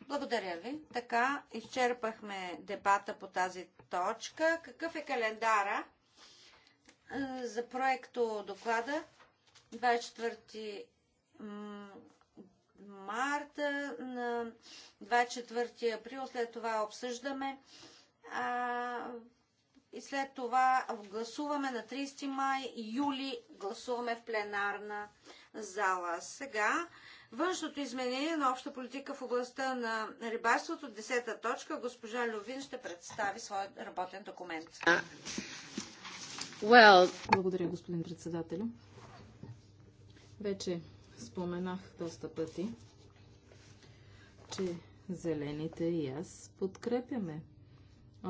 Speaker 4: Благодаря ви. Така, изчерпахме дебата по тази точка. Какъв е календара за проекто доклада? 24 марта на 24 април. След това обсъждаме а, и след това гласуваме на 30 май, юли гласуваме в пленарна зала. Сега външното изменение на обща политика в областта на рибарството, 10 точка, госпожа Лювин ще представи своят работен документ.
Speaker 3: Well... Благодаря, господин председател. Вече споменах доста пъти, че зелените и аз подкрепяме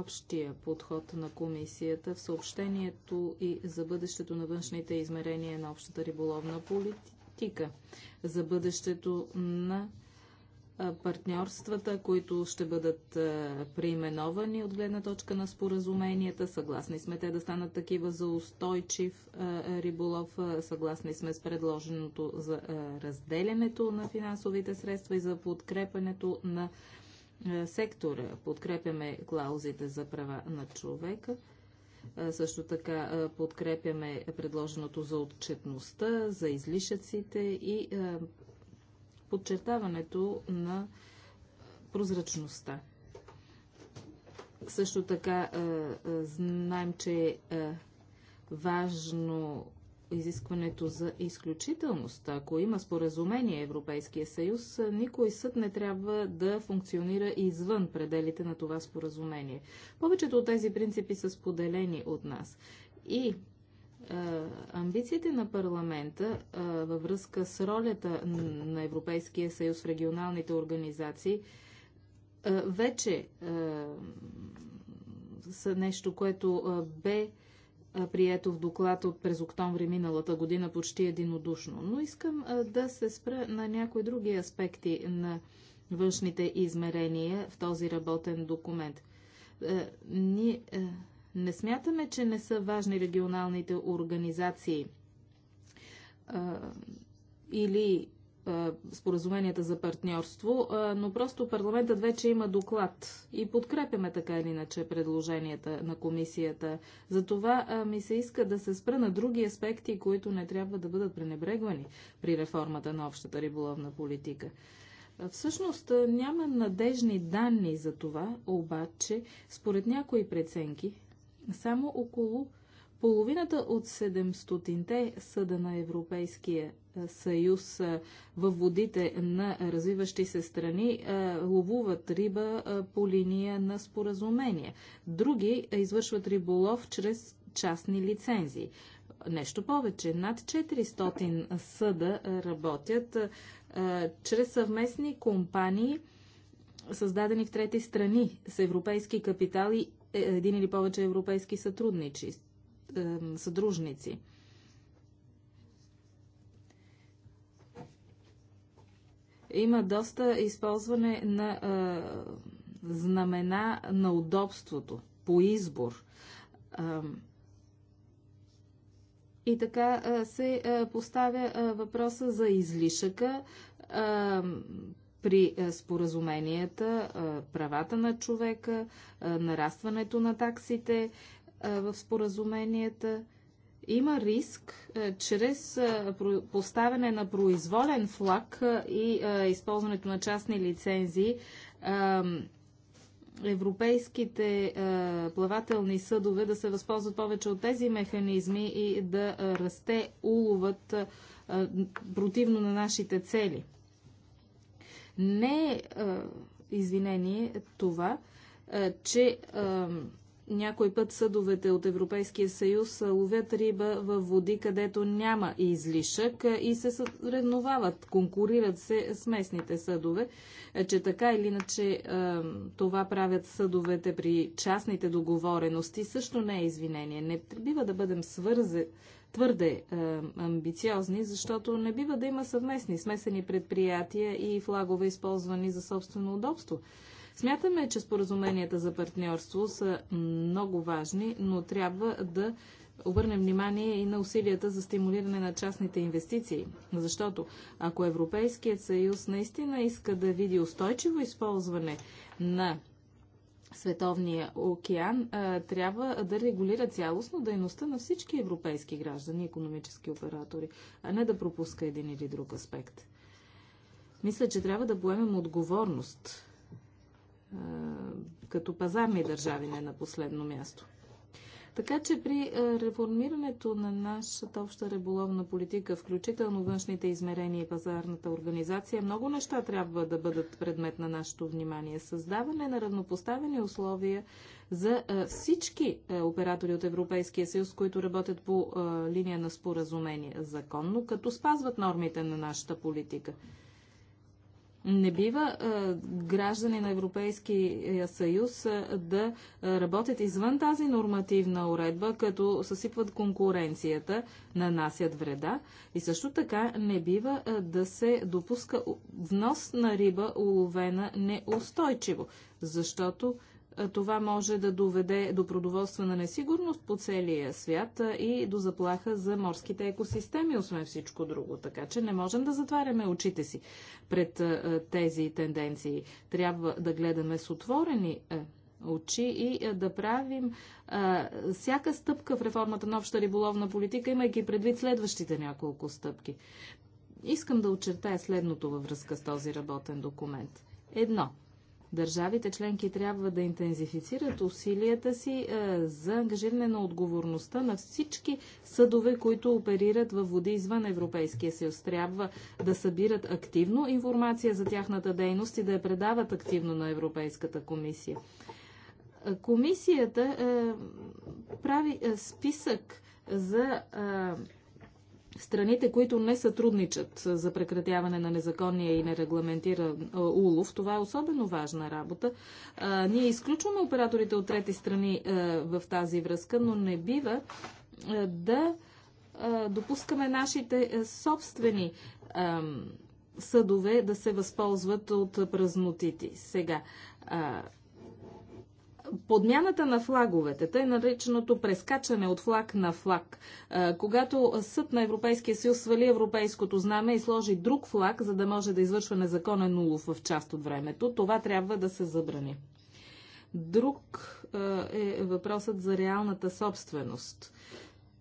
Speaker 3: общия подход на комисията в съобщението и за бъдещето на външните измерения на общата риболовна политика, за бъдещето на партньорствата, които ще бъдат преименовани от гледна точка на споразуменията. Съгласни сме те да станат такива за устойчив риболов. Съгласни сме с предложеното за разделянето на финансовите средства и за подкрепането на е, сектора. Подкрепяме клаузите за права на човека. Е, също така е, подкрепяме предложеното за отчетността, за излишъците и подчертаването на прозрачността. Също така знаем, че е важно изискването за изключителност. Ако има споразумение Европейския съюз, никой съд не трябва да функционира извън пределите на това споразумение. Повечето от тези принципи са споделени от нас. И амбициите на парламента а, във връзка с ролята на Европейския съюз в регионалните организации а, вече а, са нещо, което бе прието в доклад от през октомври миналата година почти единодушно. Но искам да се спра на някои други аспекти на външните измерения в този работен документ. Ние не смятаме, че не са важни регионалните организации или е, споразуменията за партньорство, е, но просто парламентът вече има доклад и подкрепяме така или иначе предложенията на комисията. Затова е, ми се иска да се спра на други аспекти, които не трябва да бъдат пренебрегвани при реформата на общата риболовна политика. Всъщност няма надежни данни за това, обаче според някои преценки само около Половината от 700-те съда на Европейския съюз в водите на развиващи се страни ловуват риба по линия на споразумение. Други извършват риболов чрез частни лицензии. Нещо повече, над 400 съда работят чрез съвместни компании, създадени в трети страни с европейски капитали е, един или повече европейски сътрудничи съдружници. Има доста използване на е, знамена на удобството по избор. Е, и така е, се е, поставя е, въпроса за излишъка. е, при е, споразуменията, е, правата на човека, е, нарастването на таксите в споразуменията. Има риск чрез поставяне на произволен флаг и използването на частни лицензии европейските плавателни съдове да се възползват повече от тези механизми и да расте уловът противно на нашите цели. Не е извинение това, че някой път съдовете от Европейския съюз ловят риба в води, където няма излишък и се съревновават, конкурират се с местните съдове, е, че така или иначе е, това правят съдовете при частните договорености също не е извинение. Не бива да бъдем свързе, твърде е, амбициозни, защото не бива да има съвместни смесени предприятия и флагове, използвани за собствено удобство. Смятаме, че споразуменията за партньорство са много важни, но трябва да обърнем внимание и на усилията за стимулиране на частните инвестиции. Защото ако Европейският съюз наистина иска да види устойчиво използване на Световния океан, а, трябва да регулира цялостно дейността на всички европейски граждани, економически оператори, а не да пропуска един или друг аспект. Мисля, че трябва да поемем отговорност като пазарни държави, не на последно място. Така че при реформирането на нашата обща риболовна политика, включително външните измерения и пазарната организация, много неща трябва да бъдат предмет на нашето внимание. Създаване на равнопоставени условия за всички оператори от Европейския съюз, които работят по линия на споразумение законно, като спазват нормите на нашата политика. Не бива граждани на Европейския съюз да работят извън тази нормативна уредба, като съсипват конкуренцията, нанасят вреда. И също така не бива да се допуска внос на риба, уловена неустойчиво, защото това може да доведе до продоволствена несигурност по целия свят и до заплаха за морските екосистеми, освен всичко друго. Така че не можем да затваряме очите си пред тези тенденции. Трябва да гледаме с отворени очи и да правим а, всяка стъпка в реформата на обща риболовна политика, имайки предвид следващите няколко стъпки. Искам да очертая следното във връзка с този работен документ. Едно – Държавите членки трябва да интензифицират усилията си е, за ангажиране на отговорността на всички съдове, които оперират във води извън Европейския съюз. Трябва да събират активно информация за тяхната дейност и да я предават активно на Европейската комисия. Е, комисията е, прави е, списък за е, страните, които не сътрудничат за прекратяване на незаконния и нерегламентиран улов. Това е особено важна работа. ние изключваме операторите от трети страни в тази връзка, но не бива да допускаме нашите собствени съдове да се възползват от празнотити. Сега, подмяната на флаговете, тъй нареченото прескачане от флаг на флаг, когато съд на Европейския съюз свали европейското знаме и сложи друг флаг, за да може да извършва незаконен улов в част от времето, това трябва да се забрани. Друг е въпросът за реалната собственост.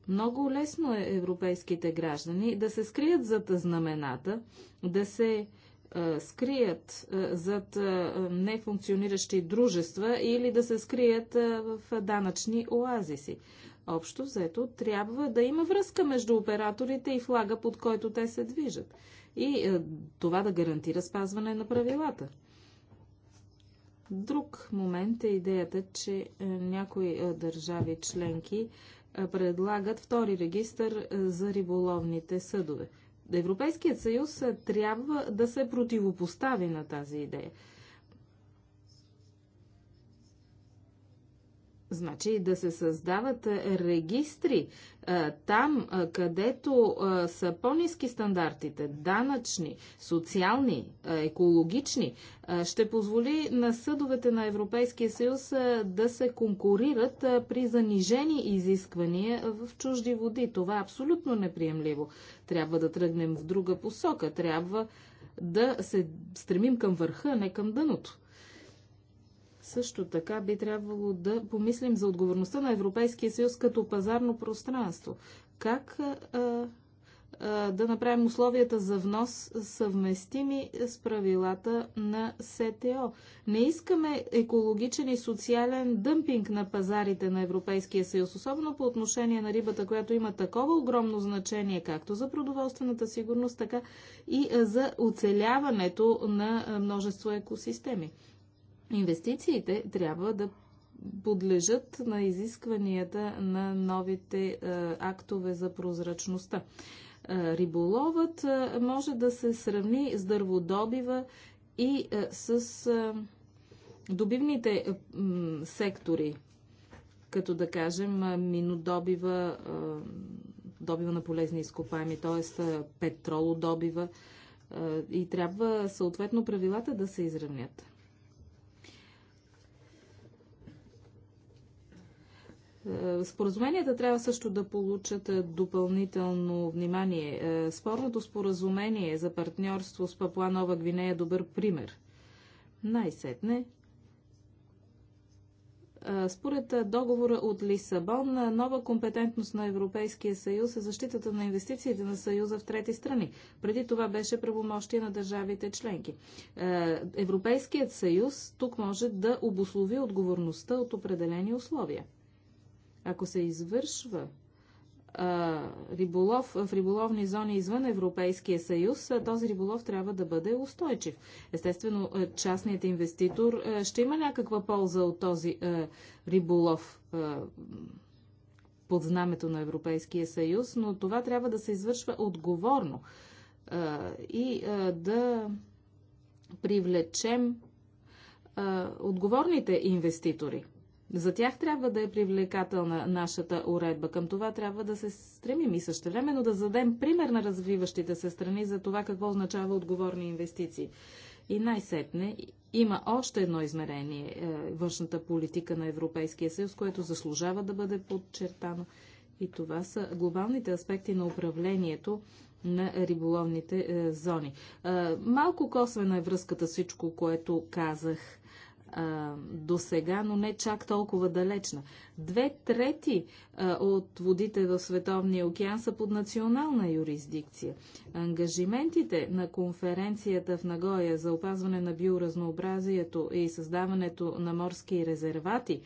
Speaker 3: Много лесно е европейските граждани да се скрият зад знамената, да се скрият зад нефункциониращи дружества или да се скрият в данъчни оазиси. Общо взето трябва да има връзка между операторите и флага, под който те се движат. И това да гарантира спазване на правилата. Друг момент е идеята, че някои държави членки предлагат втори регистър за риболовните съдове – Европейският съюз е, трябва да се противопостави на тази идея. Значи да се създават е, регистри е, там, е, където са по-низки стандартите, данъчни, социални, екологични, ще позволи на съдовете на Европейския съюз да се конкурират при занижени изисквания в чужди води. Това е абсолютно неприемливо. Трябва да тръгнем в друга посока. Трябва да се стремим към върха, не към дъното. Също така би трябвало да помислим за отговорността на Европейския съюз като пазарно пространство. Как а, а, да направим условията за внос съвместими с правилата на СТО? Не искаме екологичен и социален дъмпинг на пазарите на Европейския съюз, особено по отношение на рибата, която има такова огромно значение както за продоволствената сигурност, така и за оцеляването на множество екосистеми инвестициите трябва да подлежат на изискванията на новите е, актове за прозрачността. Е, риболовът е, може да се сравни с дърводобива и с добивните сектори, като да кажем минодобива, добива на полезни изкопаеми, т.е. петролодобива и трябва съответно правилата да се изравнят. Е, споразуменията трябва също да получат е, допълнително внимание. Е, спорното споразумение за партньорство с Папуа Нова Гвинея е добър пример. Най-сетне. Според договора от Лисабон, нова компетентност на Европейския съюз е защитата на инвестициите на съюза в трети страни. Преди това беше правомощие на държавите членки. Европейският съюз тук може да обослови отговорността от определени условия. Ако се извършва а, риболов в риболовни зони извън Европейския съюз, а, този риболов трябва да бъде устойчив. Естествено, частният инвеститор а, ще има някаква полза от този риболов под знамето на Европейския съюз, но това трябва да се извършва отговорно и да привлечем отговорните инвеститори. За тях трябва да е привлекателна нашата уредба. Към това трябва да се стремим и също времено да задем пример на развиващите се страни за това какво означава отговорни инвестиции. И най-сетне има още едно измерение е, външната политика на Европейския съюз, което заслужава да бъде подчертано. И това са глобалните аспекти на управлението на риболовните е, зони. Е, малко косвена е връзката с всичко, което казах до сега, но не чак толкова далечна. Две трети а, от водите в Световния океан са под национална юрисдикция. Ангажиментите на конференцията в Нагоя за опазване на биоразнообразието и създаването на морски резервати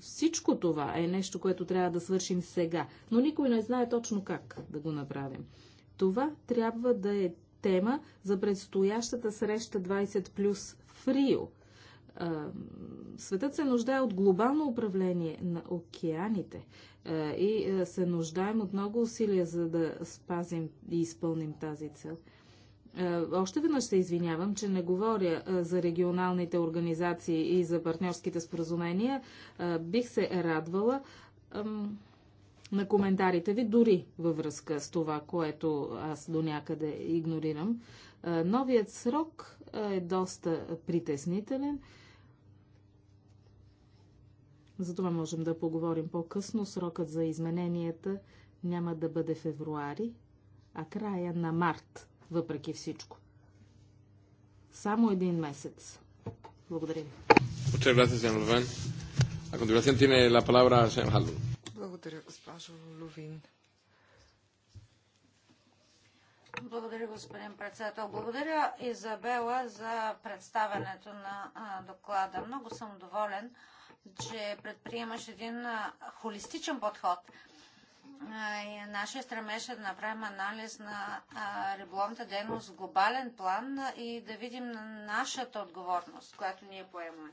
Speaker 3: всичко това е нещо, което трябва да свършим сега, но никой не знае точно как да го направим. Това трябва да е тема за предстоящата среща 20 плюс в Рио – Светът се нуждае от глобално управление на океаните и се нуждаем от много усилия, за да спазим и изпълним тази цел. Още веднъж се извинявам, че не говоря за регионалните организации и за партньорските споразумения. Бих се радвала на коментарите ви, дори във връзка с това, което аз до някъде игнорирам. Новият срок е доста притеснителен. За това можем да поговорим по-късно. Срокът за измененията няма да бъде февруари, а края на март, въпреки всичко. Само един месец. Благодаря ви. Благодаря, госпожо Лувин.
Speaker 4: Благодаря, господин председател. Благодаря, Изабела, за представенето на доклада. Много съм доволен че предприемаш един холистичен подход. Нашия стремеж е да направим анализ на риболовната дейност в глобален план и да видим нашата отговорност, която ние поемаме.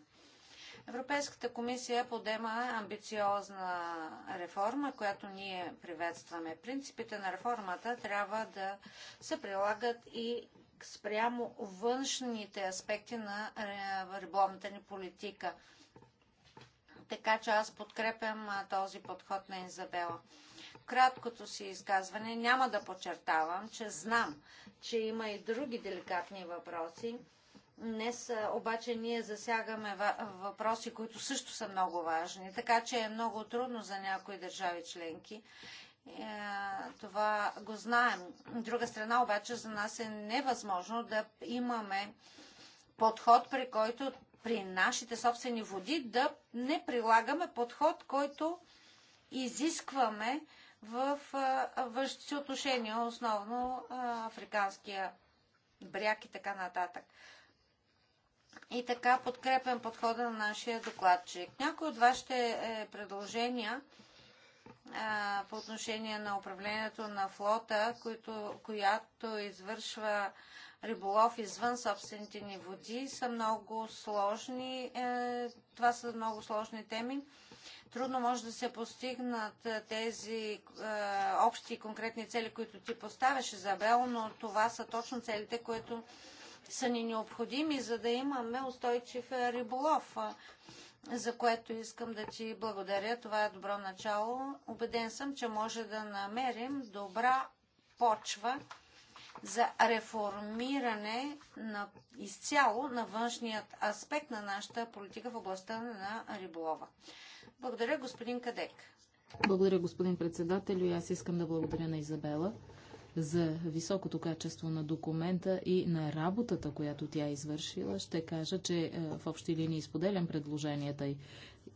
Speaker 4: Европейската комисия подема амбициозна реформа, която ние приветстваме. Принципите на реформата трябва да се прилагат и спрямо външните аспекти на е, риболовната ни политика. Така че аз подкрепям този подход на Изабела. краткото си изказване няма да подчертавам, че знам, че има и други деликатни въпроси. Днес обаче ние засягаме въпроси, които също са много важни, така че е много трудно за някои държави членки. Е, това го знаем. друга страна обаче за нас е невъзможно да имаме подход, при който при нашите собствени води да не прилагаме подход, който изискваме в външните отношения, основно африканския бряг и така нататък. И така подкрепям подхода на нашия докладчик. Някои от вашите е, предложения по отношение на управлението на флота, която извършва риболов извън собствените ни води са много сложни. Е, това са много сложни теми. Трудно може да се постигнат е, тези е, общи и конкретни цели, които ти поставяш, Изабел, но това са точно целите, които са ни необходими, за да имаме устойчив риболов за което искам да ти благодаря. Това е добро начало. Обеден съм, че може да намерим добра почва за реформиране на, изцяло на външният аспект на нашата политика в областта на риболова. Благодаря, господин Кадек.
Speaker 3: Благодаря, господин председател. И аз искам да благодаря на Изабела за високото качество на документа и на работата, която тя е извършила, ще кажа, че е, в общи линии споделям предложенията й.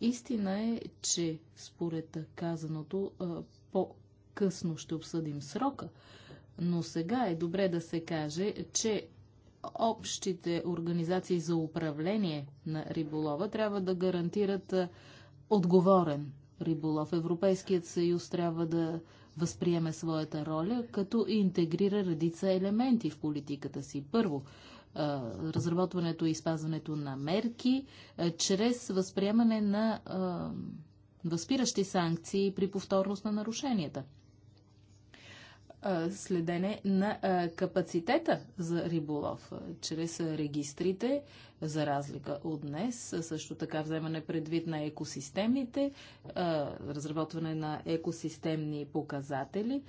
Speaker 3: Истина е, че според казаното е, по-късно ще обсъдим срока, но сега е добре да се каже, че общите организации за управление на риболова трябва да гарантират отговорен риболов. Европейският съюз трябва да възприеме своята роля, като интегрира редица елементи в политиката си. Първо, разработването и спазването на мерки, чрез възприемане на възпиращи санкции при повторност на нарушенията следене на капацитета за риболов чрез регистрите, за разлика от днес, също така вземане предвид на екосистемите, разработване на екосистемни показатели,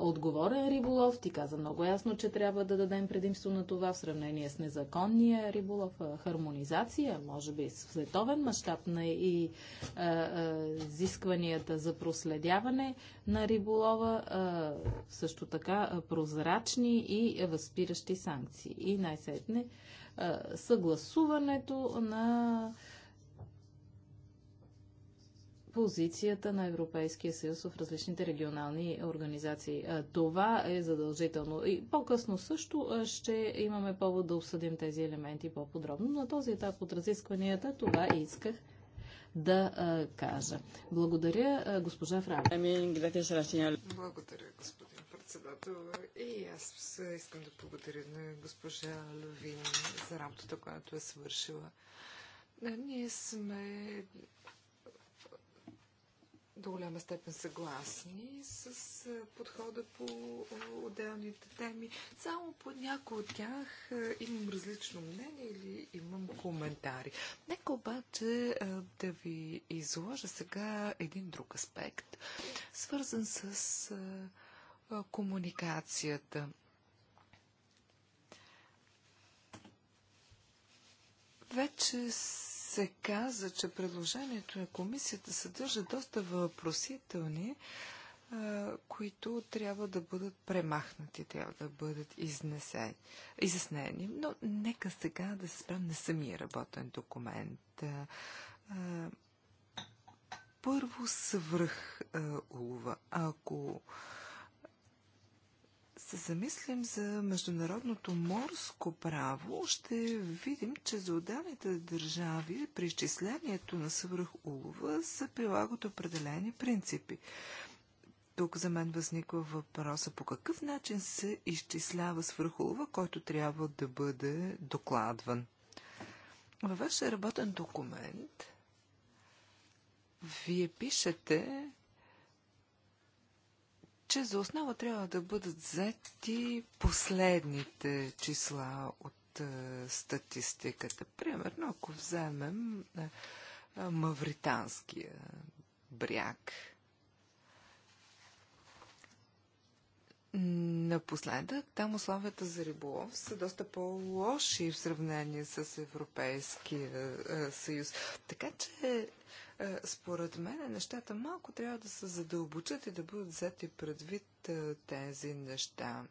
Speaker 3: отговорен риболов. Ти каза много ясно, че трябва да дадем предимство на това в сравнение с незаконния риболов, хармонизация, може би с световен мащаб на и изискванията за проследяване, на риболова, също така прозрачни и възпиращи санкции. И най-сетне съгласуването на позицията на Европейския съюз в различните регионални организации. Това е задължително. И по-късно също ще имаме повод да обсъдим тези елементи по-подробно. На този етап от разискванията това исках да а, кажа. Благодаря, а, госпожа Франк. Благодаря,
Speaker 1: господин председател. И аз искам да благодаря на госпожа Левин за работата, която е свършила. Ние сме до голяма степен съгласни с подхода по отделните теми. Само по някои от тях имам различно мнение или имам коментари. Нека обаче да ви изложа сега един друг аспект, свързан с комуникацията. Вече се каза, че предложението на комисията съдържа доста въпросителни, които трябва да бъдат премахнати, трябва да бъдат изнесени, изяснени. Но нека сега да се спрям на самия работен документ. Първо свръх улова. Ако се замислим за международното морско право, ще видим, че за отделните държави при изчислението на свръхулова се прилагат определени принципи. Тук за мен възниква въпроса по какъв начин се изчислява свръхулова, който трябва да бъде докладван. Във вашия работен документ вие пишете, че за основа трябва да бъдат взети последните числа от е, статистиката. Примерно, ако вземем е, е мавританския бряг – Напоследък там условията за риболов са доста по-лоши в сравнение с Европейския е, съюз. Така че, е, според мен, нещата малко трябва да се задълбочат и да бъдат взети предвид е, тези неща.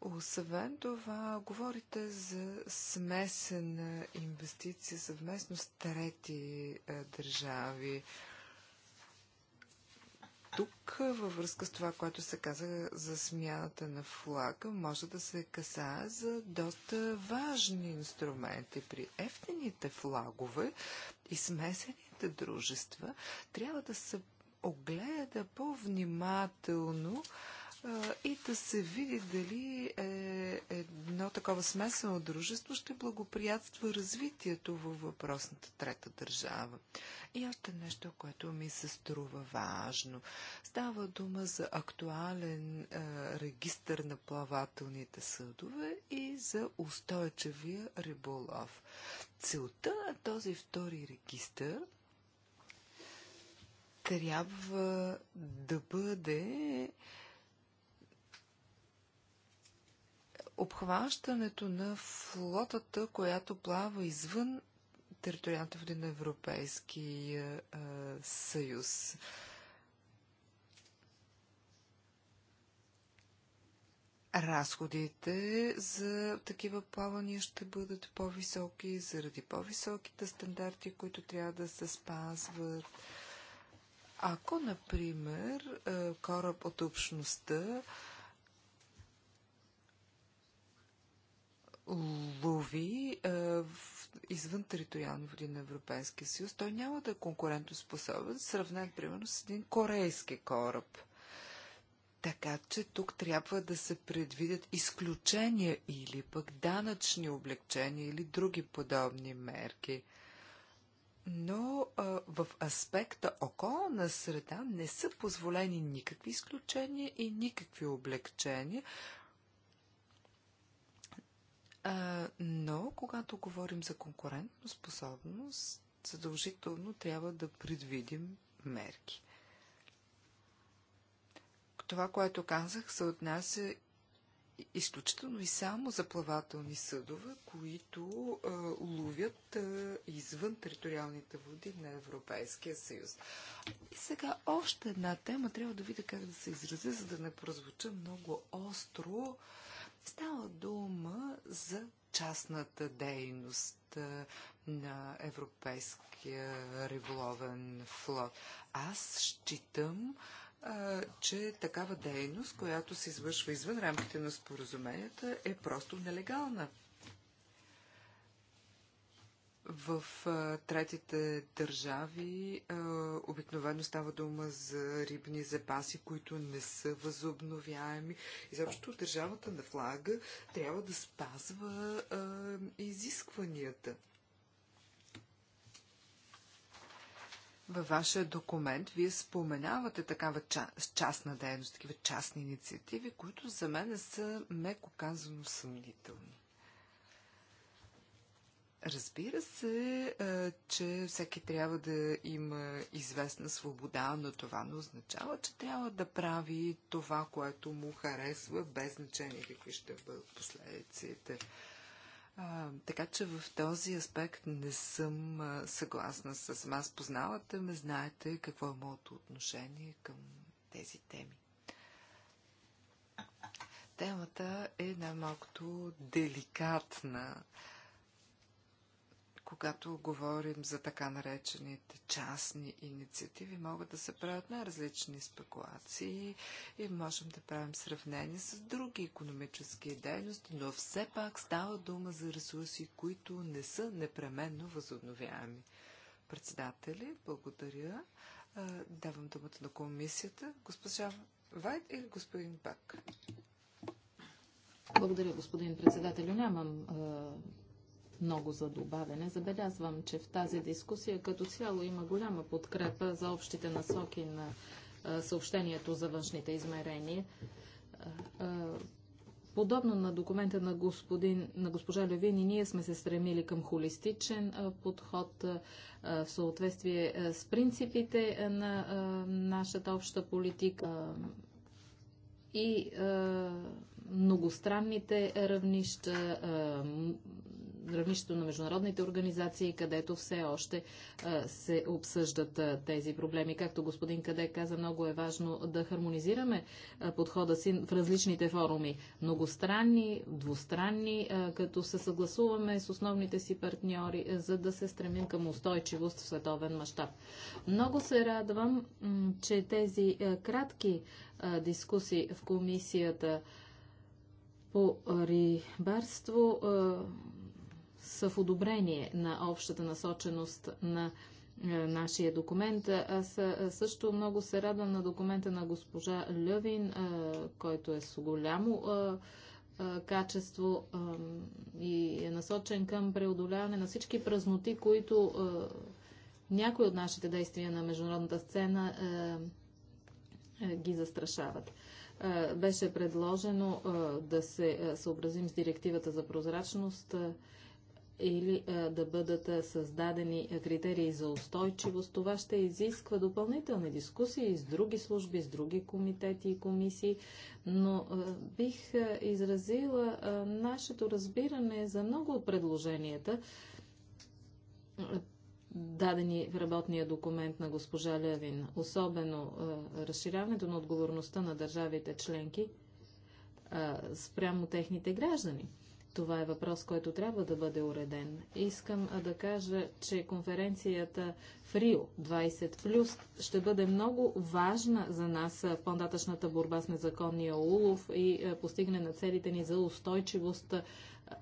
Speaker 1: Освен това, говорите за смесена инвестиция съвместно с трети държави тук, във връзка с това, което се каза за смяната на флага, може да се каса за доста важни инструменти. При ефтените флагове и смесените дружества трябва да се огледа по-внимателно и да се види дали е едно такова смесено дружество ще благоприятства развитието във въпросната трета държава. И още нещо, което ми се струва важно. Става дума за актуален а, е, регистър на плавателните съдове и за устойчивия риболов. Целта на този втори регистр трябва да бъде обхващането на флотата, която плава извън териториалната води на Европейския съюз. Разходите за такива плавания ще бъдат по-високи заради по-високите стандарти, които трябва да се спазват. Ако, например, кораб от общността лови е, в, извън териториални води на Европейския съюз, той няма да е конкурентоспособен, сравнен примерно с един корейски кораб. Така че тук трябва да се предвидят изключения или пък данъчни облегчения или други подобни мерки. Но а, в аспекта околна среда не са позволени никакви изключения и никакви облегчения, а, но, когато говорим за конкурентно способност, задължително трябва да предвидим мерки. Това, което казах, се отнася изключително и само за плавателни съдове, които а, ловят а, извън териториалните води на Европейския съюз. И сега още една тема. Трябва да видя как да се изрази, за да не прозвуча много остро. А, Става дума за частната дейност на Европейския риболовен флот. Аз считам, че такава дейност, която се извършва извън рамките на споразуменията, е просто нелегална. В третите държави обикновено става дума за рибни запаси, които не са възобновяеми. И защото държавата на флага трябва да спазва изискванията. Във вашия документ вие споменавате такава частна дейност, такива частни инициативи, които за мен са, меко казано, съмнителни. Разбира се, че всеки трябва да има известна свобода, но това не означава, че трябва да прави това, което му харесва, без значение какви ще бъдат последиците. така че в този аспект не съм съгласна с вас. Познавате ме, знаете какво е моето отношение към тези теми. Темата е най-малкото деликатна когато говорим за така наречените частни инициативи, могат да се правят най-различни спекулации и можем да правим сравнение с други економически дейности, но все пак става дума за ресурси, които не са непременно възобновяеми. Председатели, благодаря. Давам думата на комисията. Госпожа Вайт или господин Пак? Благодаря, господин председател, Нямам
Speaker 3: много за добавене. Забелязвам, че в тази дискусия като цяло има голяма подкрепа за общите насоки на съобщението за външните измерения. подобно на документа на, господин, на госпожа Левини, ние сме се стремили към холистичен подход в съответствие с принципите на нашата обща политика и многостранните равнища, равнището на международните организации, където все още а, се обсъждат а, тези проблеми. Както господин Каде каза, много е важно да хармонизираме а, подхода си в различните форуми. Многостранни, двустранни, като се съгласуваме с основните си партньори, за да се стремим към устойчивост в световен мащаб. Много се радвам, че тези кратки дискусии в комисията по рибарство са в одобрение на общата насоченост на е, нашия документ. Аз е, също много се радвам на документа на госпожа Лъвин, е, който е с голямо качество и е насочен към преодоляване на всички празноти, които някои от нашите действия на международната сцена ги застрашават беше предложено да се съобразим с директивата за прозрачност или да бъдат създадени критерии за устойчивост. Това ще изисква допълнителни дискусии с други служби, с други комитети и комисии, но бих изразила нашето разбиране за много от предложенията, дадени в работния документ на госпожа Левин, особено разширяването на отговорността на държавите членки спрямо техните граждани – това е въпрос, който трябва да бъде уреден. Искам да кажа, че конференцията в Рио 20 плюс ще бъде много важна за нас в по-нататъчната борба с незаконния улов и постигне на целите ни за устойчивост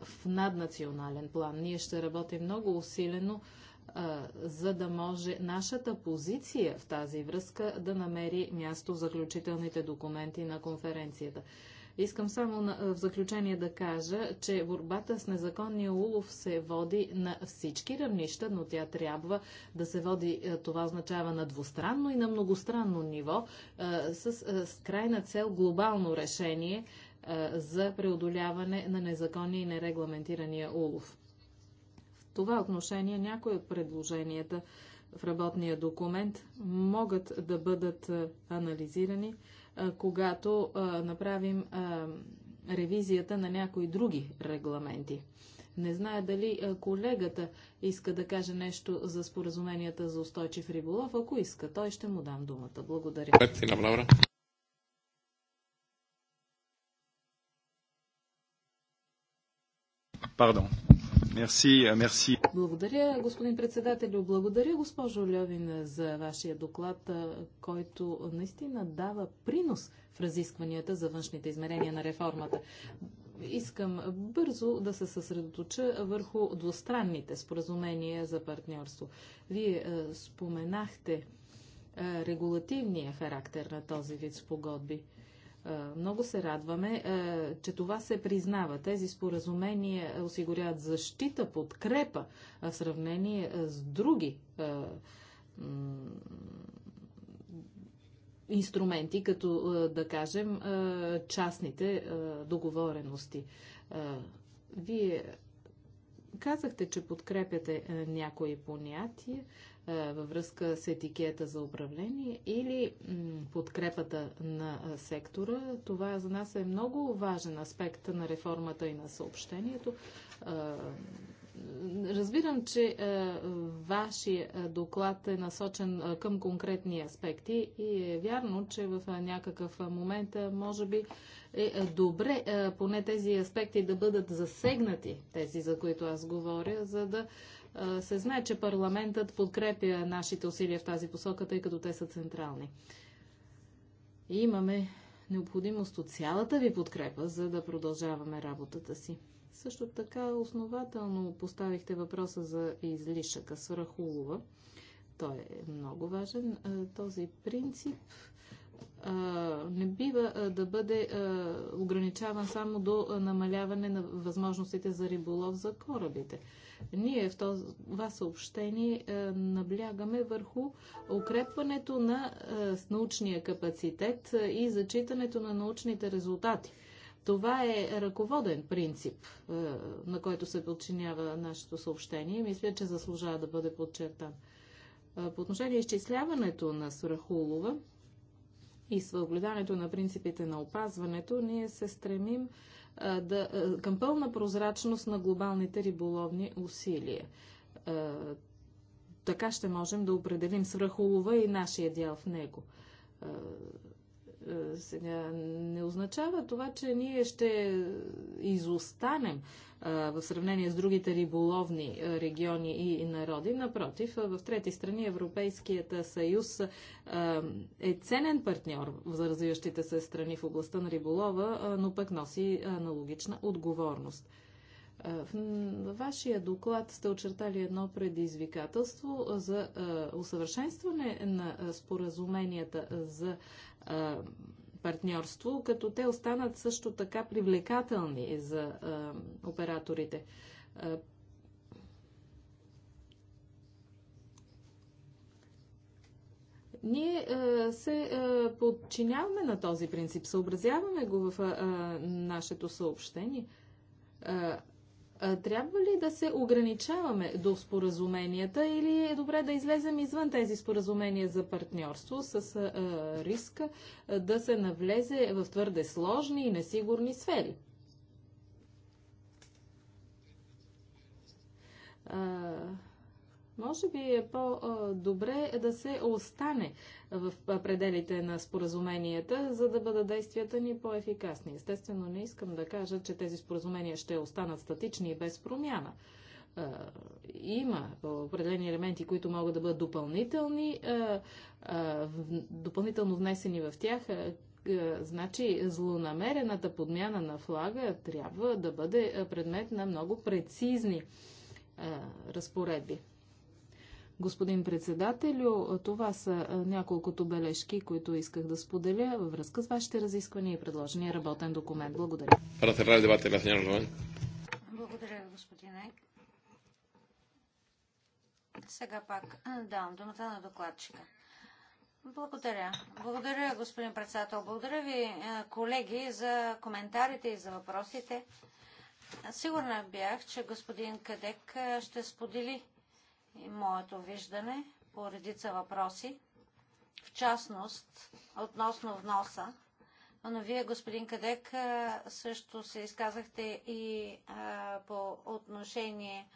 Speaker 3: в наднационален план. Ние ще работим много усилено за да може нашата позиция в тази връзка да намери място в заключителните документи на конференцията. Искам само на, в заключение да кажа, че борбата с незаконния улов се води на всички равнища, но тя трябва да се води, е, това означава на двустранно и на многостранно ниво, е, с, е, с крайна цел глобално решение за преодоляване на незаконния и нерегламентирания улов. В това отношение някои от предложенията в работния документ могат да бъдат анализирани когато направим ревизията на някои други регламенти. Не зная дали колегата иска да каже нещо за споразуменията за устойчив риболов. Ако иска, той ще му дам думата. Благодаря. Пардон, Мерси, мерси. Euh, Благодаря, господин председателю. Благодаря, госпожо Льовина за вашия доклад, който наистина дава принос в разискванията за външните измерения на реформата. Искам бързо да се съсредоточа върху двустранните споразумения за партньорство. Вие споменахте регулативния характер на този вид спогодби. Много се радваме, че това се признава. Тези споразумения осигуряват защита, подкрепа в сравнение с други инструменти, като да кажем частните договорености. Вие казахте, че подкрепяте някои понятия. Е, във връзка с етикета за управление или подкрепата на сектора. Това за нас е много важен аспект на реформата и на съобщението. Разбирам, че вашия доклад е насочен към конкретни аспекти и е вярно, че в някакъв момент може би е добре поне тези аспекти да бъдат засегнати, тези за които аз говоря, за да се знае, че парламентът подкрепя нашите усилия в тази посока, тъй като те са централни. И имаме необходимост от цялата ви подкрепа, за да продължаваме работата си. Също така основателно поставихте въпроса за излишъка свръхулова. Той е много важен. Този принцип не бива да бъде ограничаван само до намаляване на възможностите за риболов за корабите. Ние в това съобщение наблягаме върху укрепването на научния капацитет и зачитането на научните резултати. Това е ръководен принцип, на който се подчинява нашето съобщение мисля, че заслужава да бъде подчертан. По отношение изчисляването на свръхулова, и с съблюдането на принципите на опазването, ние се стремим а, да, а, към пълна прозрачност на глобалните риболовни усилия. А, така ще можем да определим свръхулова и нашия дял в него. Е, сега не означава това, че ние ще изостанем е, в сравнение с другите риболовни е, региони и народи. Напротив, в трети страни Европейският съюз е ценен партньор за развиващите се страни в областта на риболова, но пък носи аналогична отговорност. В вашия доклад сте очертали едно предизвикателство за усъвършенстване на споразуменията за партньорство, като те останат също така привлекателни за операторите. Ние се подчиняваме на този принцип, съобразяваме го в нашето съобщение трябва ли да се ограничаваме до споразуменията или е добре да излезем извън тези споразумения за партньорство с а, риска да се навлезе в твърде сложни и несигурни сфери? А, може би е по-добре да се остане в пределите на споразуменията, за да бъдат действията ни по-ефикасни. Естествено, не искам да кажа, че тези споразумения ще останат статични и без промяна има определени елементи, които могат да бъдат допълнителни, допълнително внесени в тях. Значи злонамерената подмяна на флага трябва да бъде предмет на много прецизни разпоредби. Господин председателю, това са няколкото бележки, които исках да споделя във връзка с вашите разисквания и предложения работен документ. Благодаря. Благодаря, господин
Speaker 4: Ек. Сега пак давам думата на докладчика. Благодаря. Благодаря, господин председател. Благодаря ви, колеги, за коментарите и за въпросите. Сигурна бях, че господин Кадек ще сподели и моето виждане по редица въпроси, в частност относно вноса. Но вие, господин Кадек, също се изказахте и а, по отношение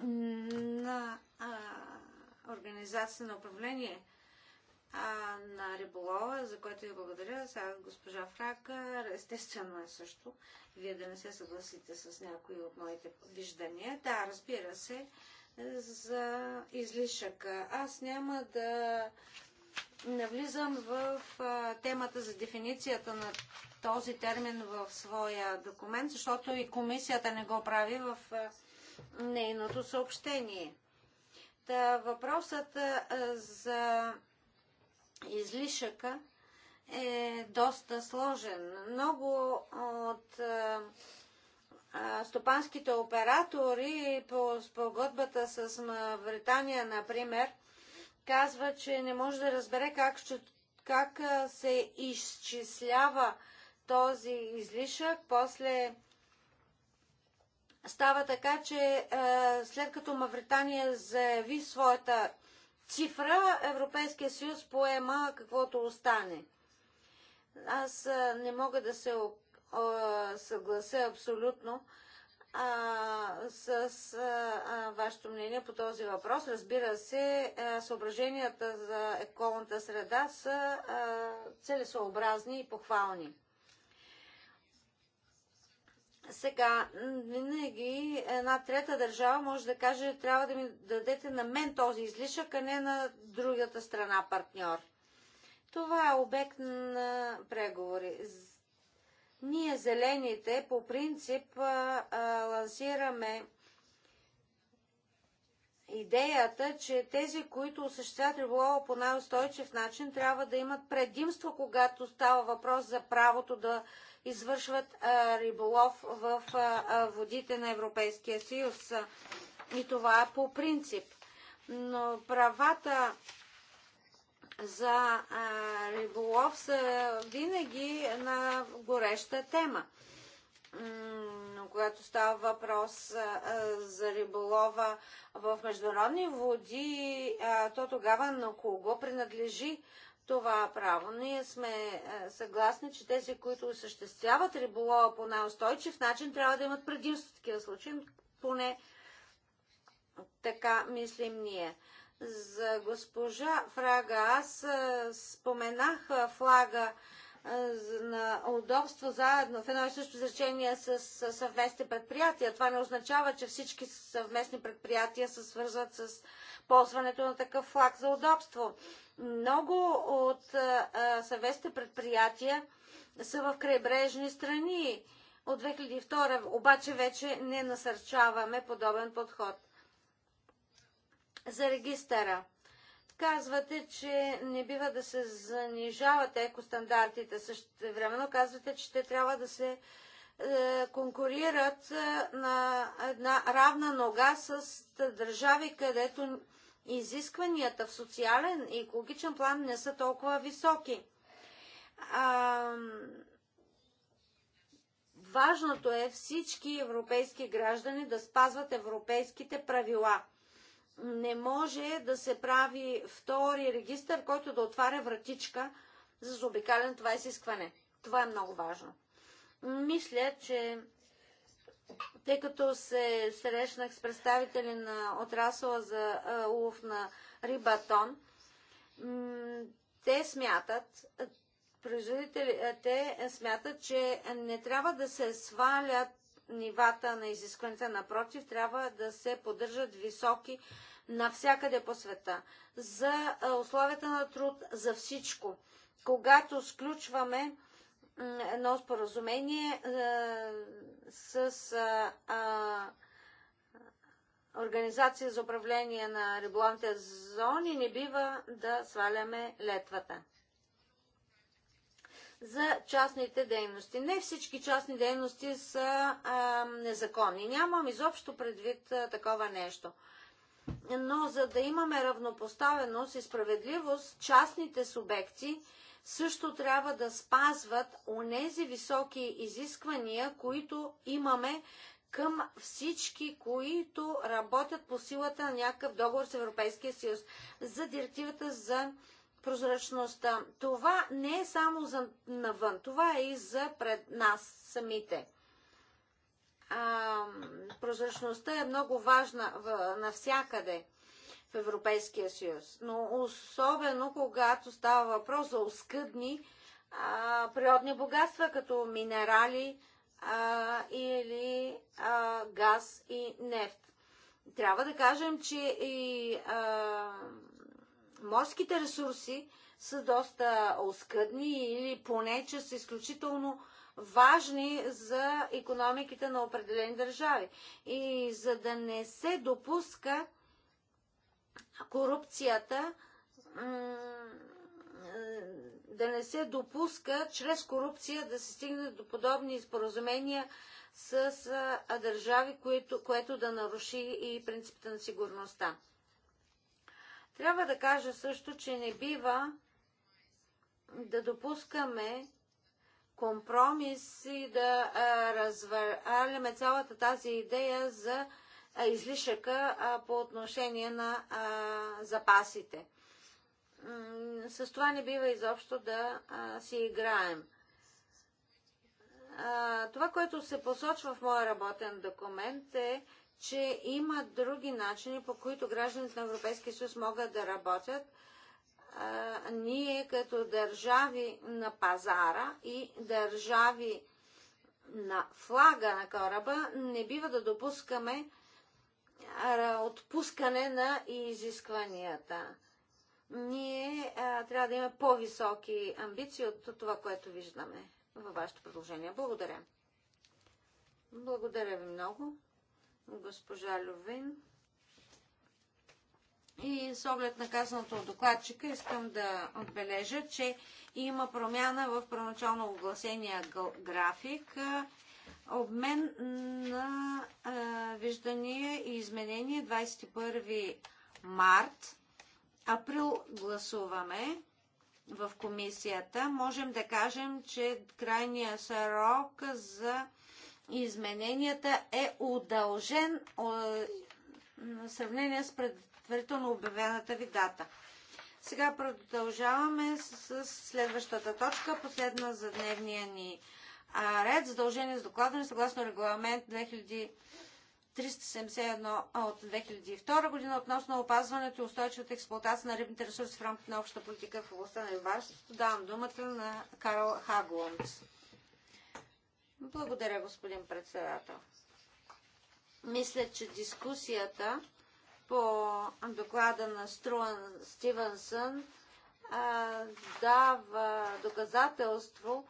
Speaker 4: на а, организация на управление а, на риболова, за което ви благодаря. Сега госпожа Фрака, естествено е също. Вие да не се съгласите с някои от моите виждания. Да, разбира се, за излишъка. Аз няма да навлизам в темата за дефиницията на този термин в своя документ, защото и комисията не го прави в нейното съобщение. Та, въпросът за излишъка е доста сложен. Много от стопанските оператори по спогодбата с Мавритания, например, казва, че не може да разбере как, как се изчислява този излишък. После става така, че след като Мавритания заяви своята цифра, Европейския съюз поема каквото остане. Аз не мога да се опитам съглася абсолютно а, с а, вашето мнение по този въпрос. Разбира се, а, съображенията за еколната среда са а, целесообразни и похвални. Сега, винаги една трета държава може да каже, трябва да ми дадете на мен този излишък, а не на другата страна партньор. Това е обект на преговори. Ние, зелените, по принцип а, а, лансираме идеята, че тези, които осъществяват риболова по най-устойчив начин, трябва да имат предимство, когато става въпрос за правото да извършват а, риболов в а, водите на Европейския съюз. И това е по принцип. Но правата за риболов са винаги на гореща тема. Но когато става въпрос за риболова в международни води, то тогава на кого принадлежи това право. Ние сме съгласни, че тези, които осъществяват риболова по най-устойчив начин, трябва да имат предимство в такива случаи, поне така мислим ние за госпожа Фрага. Аз споменах флага на удобство заедно в едно и също изречение с съвместни предприятия. Това не означава, че всички съвместни предприятия се свързват с ползването на такъв флаг за удобство. Много от съвместните предприятия са в крайбрежни страни. От 2002 обаче вече не насърчаваме подобен подход за регистъра. Казвате, че не бива да се занижават екостандартите. Също времено казвате, че те трябва да се е, конкурират е, на една равна нога с държави, където изискванията в социален и екологичен план не са толкова високи. А, важното е всички европейски граждани да спазват европейските правила – не може да се прави втори регистр, който да отваря вратичка за заобикаляне това изискване. Това е много важно. Мисля, че тъй като се срещнах с представители на отрасъла за улов на рибатон, те смятат, производителите смятат, че не трябва да се свалят нивата на изискванията. Напротив, трябва да се поддържат високи навсякъде по света. За условията на труд, за всичко. Когато сключваме едно споразумение с е, Организация за управление на риболовните зони, не бива да сваляме летвата за частните дейности. Не всички частни дейности са а, незаконни. Нямам изобщо предвид а, такова нещо. Но за да имаме равнопоставеност и справедливост, частните субекти също трябва да спазват онези високи изисквания, които имаме към всички, които работят по силата на някакъв договор с Европейския съюз. За директивата за прозрачността. Това не е само за навън, това е и за пред нас самите. А, прозрачността е много важна в, навсякъде в Европейския съюз, но особено когато става въпрос за оскъдни а, природни богатства, като минерали а, или а, газ и нефт. Трябва да кажем, че и а, морските ресурси са доста оскъдни или поне, че са изключително важни за економиките на определени държави. И за да не се допуска корупцията, да не се допуска чрез корупция да се стигне до подобни споразумения с държави, което, което да наруши и принципите на сигурността. Трябва да кажа също, че не бива да допускаме компромис и да разваляме цялата тази идея за излишъка по отношение на запасите. С това не бива изобщо да си играем. Това, което се посочва в моя работен документ е, че има други начини, по които гражданите на Европейския съюз могат да работят ние като държави на пазара и държави на флага на кораба не бива да допускаме отпускане на изискванията. Ние трябва да имаме по-високи амбиции от това, което виждаме във вашето предложение. Благодаря. Благодаря ви много госпожа Лювин. И с оглед на казаното от докладчика искам да отбележа, че има промяна в първоначално огласения график. Обмен на а, виждания и изменения 21 март. Април гласуваме в комисията. Можем да кажем, че крайният срок за измененията е удължен на сравнение с предварително обявената ви дата. Сега продължаваме с следващата точка, последна за дневния ни ред. Задължение за докладване съгласно регламент 2000 371 от 2002 година относно опазването и устойчивата експлуатация на рибните ресурси в рамките на общата политика в областта на рибарството. Давам думата на Карл Хаглунд. Благодаря, господин председател. Мисля, че дискусията по доклада на Струан Стивенсън а, дава доказателство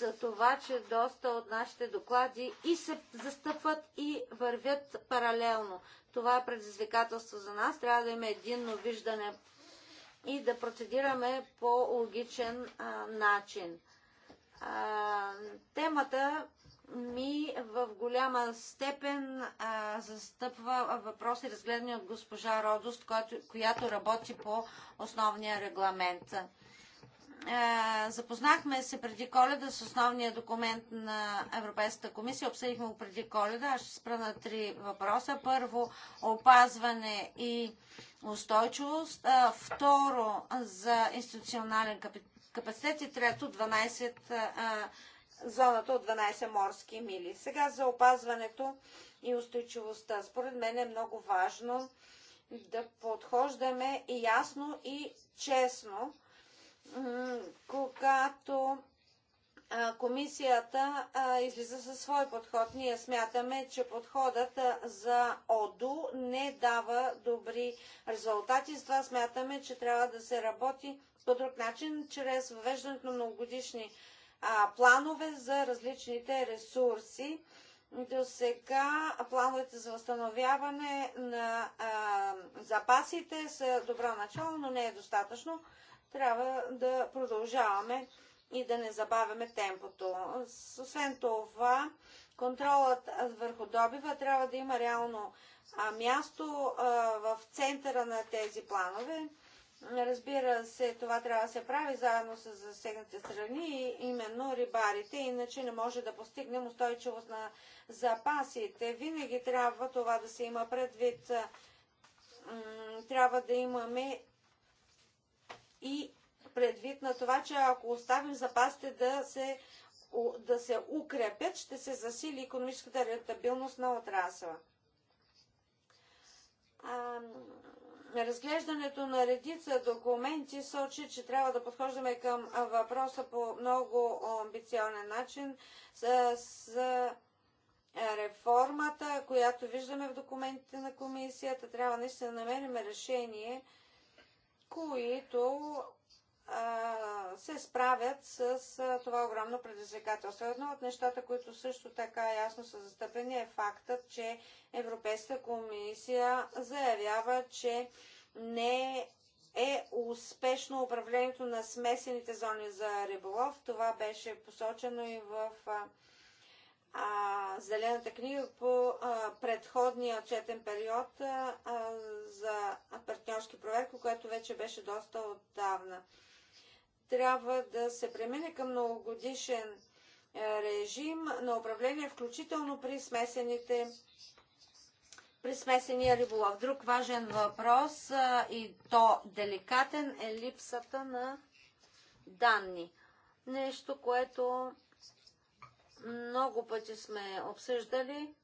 Speaker 4: за това, че доста от нашите доклади и се застъпват и вървят паралелно. Това е предизвикателство за нас. Трябва да има единно виждане и да процедираме по логичен а, начин темата ми в голяма степен а, застъпва въпроси, разгледани от госпожа Родост, която, която работи по основния регламент. А, запознахме се преди коледа с основния документ на Европейската комисия, обсъдихме го преди коледа. Аз ще спра на три въпроса. Първо, опазване и устойчивост. А, второ, за институционален капитал капацитет и трето 12, а, зоната от 12 морски мили. Сега за опазването и устойчивостта. Според мен е много важно да подхождаме ясно и честно, когато комисията излиза със свой подход. Ние смятаме, че подходът за ОДУ не дава добри резултати. Затова смятаме, че трябва да се работи по друг начин, чрез въвеждането на многогодишни а, планове за различните ресурси. До сега плановете за възстановяване на а, запасите са добро начало, но не е достатъчно. Трябва да продължаваме и да не забавяме темпото. Освен това, контролът върху добива трябва да има реално а, място а, в центъра на тези планове. Разбира се, това трябва да се прави заедно с засегнатите страни, именно рибарите, иначе не може да постигнем устойчивост на запасите. Винаги трябва това да се има предвид. Трябва да имаме и предвид на това, че ако оставим запасите да се, да се укрепят, ще се засили економическата рентабилност на отрасъла разглеждането на редица документи сочи, че трябва да подхождаме към въпроса по много амбициозен начин с, с реформата, която виждаме в документите на комисията. Трябва наистина да намерим решение, които се справят с това огромно предизвикателство. Едно от нещата, които също така ясно са застъпени е фактът, че Европейската комисия заявява, че не е успешно управлението на смесените зони за риболов. Това беше посочено и в а, Зелената книга по а, предходния отчетен период а, за партньорски проверки, което вече беше доста отдавна трябва да се премине към многогодишен е, режим на управление, включително при смесените при смесения риболов. Друг важен въпрос а, е, и то деликатен е липсата на данни. Нещо, което много пъти сме обсъждали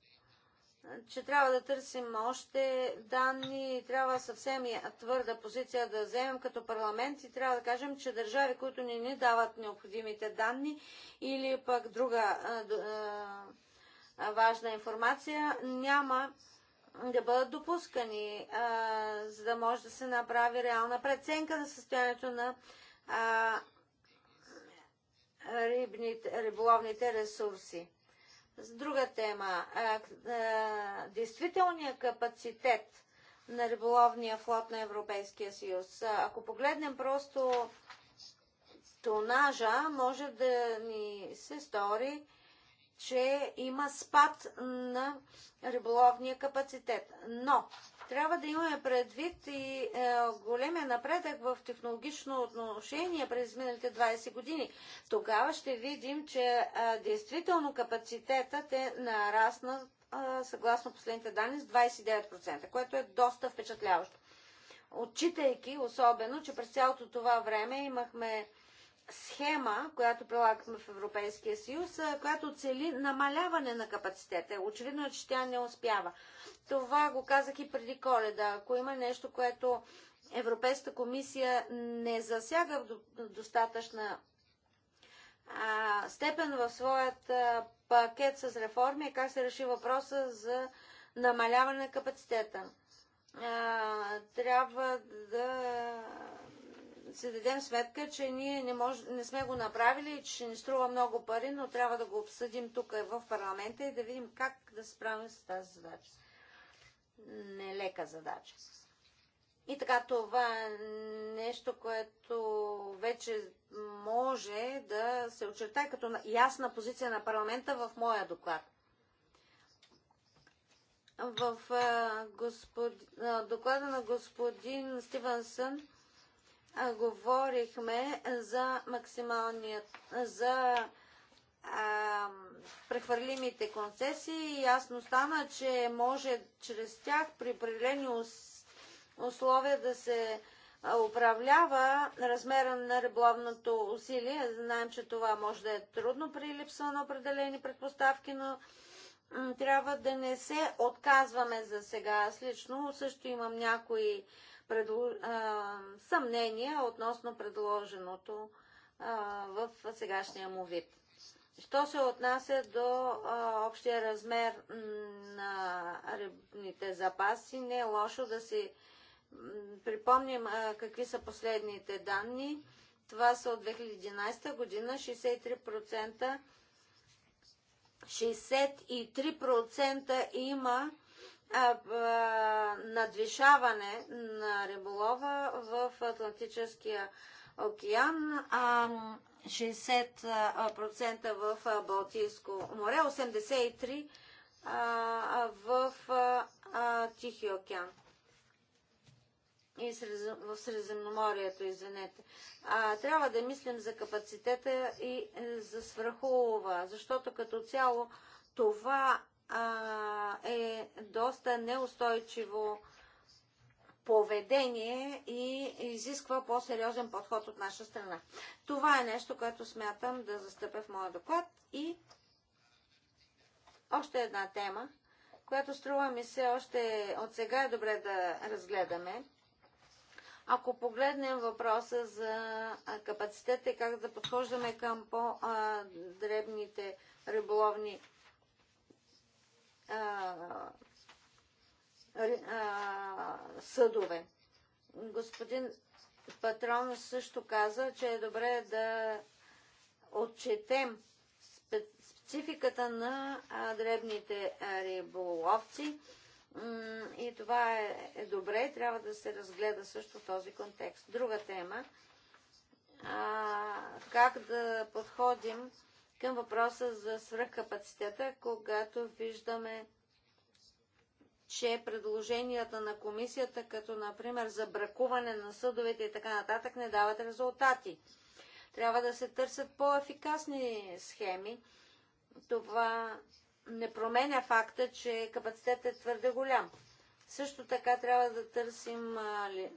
Speaker 4: че трябва да търсим още данни, трябва съвсем твърда позиция да вземем като парламент и трябва да кажем, че държави, които не ни дават необходимите данни или пък друга важна информация, няма да бъдат допускани, за да може да се направи реална преценка на състоянието на рибните, риболовните ресурси. С друга тема, действителният капацитет на риболовния флот на Европейския съюз. Ако погледнем просто тонажа, може да ни се стори, че има спад на риболовния капацитет. Но трябва да имаме предвид и е, големия напредък в технологично отношение през миналите 20 години. Тогава ще видим, че е, действително капацитетът е нараснал е, съгласно последните данни с 29%, което е доста впечатляващо. Отчитайки особено, че през цялото това време имахме схема, която прилагахме в Европейския съюз, която цели намаляване на капацитета. Очевидно е, че тя не успява. Това го казах и преди коледа. Ако има нещо, което Европейската комисия не засяга в достатъчна а, степен в своят а, пакет с реформи е как се реши въпроса за намаляване на капацитета. А, трябва да си дадем сметка, че ние не, мож, не сме го направили, и че ни струва много пари, но трябва да го обсъдим тук в парламента и да видим как да се справим с тази задача. Нелека задача. И така, това е нещо, което вече може да се очертае като ясна позиция на парламента в моя доклад. В господ... доклада на господин Стивенсън говорихме за максималният, за а, прехвърлимите концесии и ясно стана, че може чрез тях при определени условия да се управлява размера на риболовното усилие. Знаем, че това може да е трудно при липса на определени предпоставки, но трябва да не се отказваме за сега. Аз лично също имам някои а, съмнения относно предложеното а, в сегашния му вид. Що се отнася до а, общия размер на рибните запаси, не е лошо да си припомним а, какви са последните данни. Това са от 2011 година 63%. 63% има надвишаване на риболова в Атлантическия океан, 60% в Балтийско море, 83% в Тихия океан. И в Средиземноморието, извинете. А, трябва да мислим за капацитета и е, за свръхулова, защото като цяло това а, е доста неустойчиво поведение и изисква по-сериозен подход от наша страна. Това е нещо, което смятам да застъпя в моя доклад и още една тема, която струва ми се още от сега е добре да разгледаме. Ако погледнем въпроса за капацитета и как да подхождаме към по-дребните риболовни съдове. Господин Патрон също каза, че е добре да отчетем спецификата на дребните риболовци. И това е, е добре, трябва да се разгледа също в този контекст. Друга тема. А, как да подходим към въпроса за свръхкапацитета, когато виждаме, че предложенията на комисията, като например за бракуване на съдовете и така нататък, не дават резултати. Трябва да се търсят по-ефикасни схеми. Това не променя факта, че капацитетът е твърде голям. Също така трябва да търсим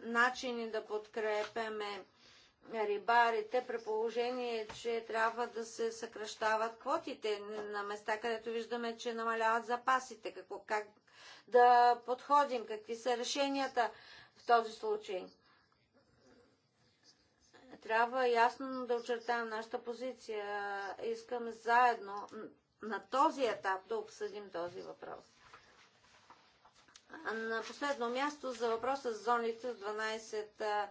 Speaker 4: начини да подкрепяме рибарите, при положение, че трябва да се съкръщават квотите на места, където виждаме, че намаляват запасите, какво, как да подходим, какви са решенията в този случай. Трябва ясно да очертаем нашата позиция. Искаме заедно на този етап да обсъдим този въпрос. На последно място за въпроса с зоните с 12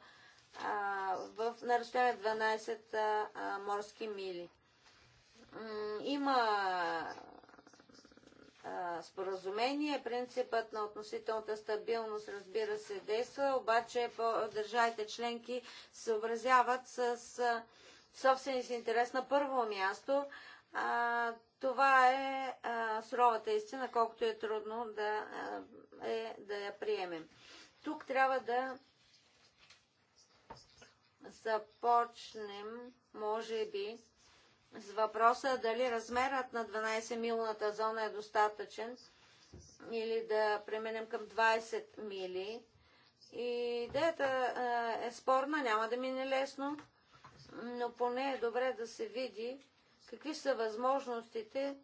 Speaker 4: в, на разстояние 12 а, морски мили. има а, споразумение, принципът на относителната стабилност, разбира се, действа, обаче по, държавите членки се съобразяват с собствения си интерес на първо място. А, това е а, суровата истина, колкото е трудно да, а, е, да я приемем. Тук трябва да започнем, може би, с въпроса дали размерът на 12-милната зона е достатъчен или да преминем към 20 мили. И идеята е спорна, няма да мине лесно, но поне е добре да се види какви са възможностите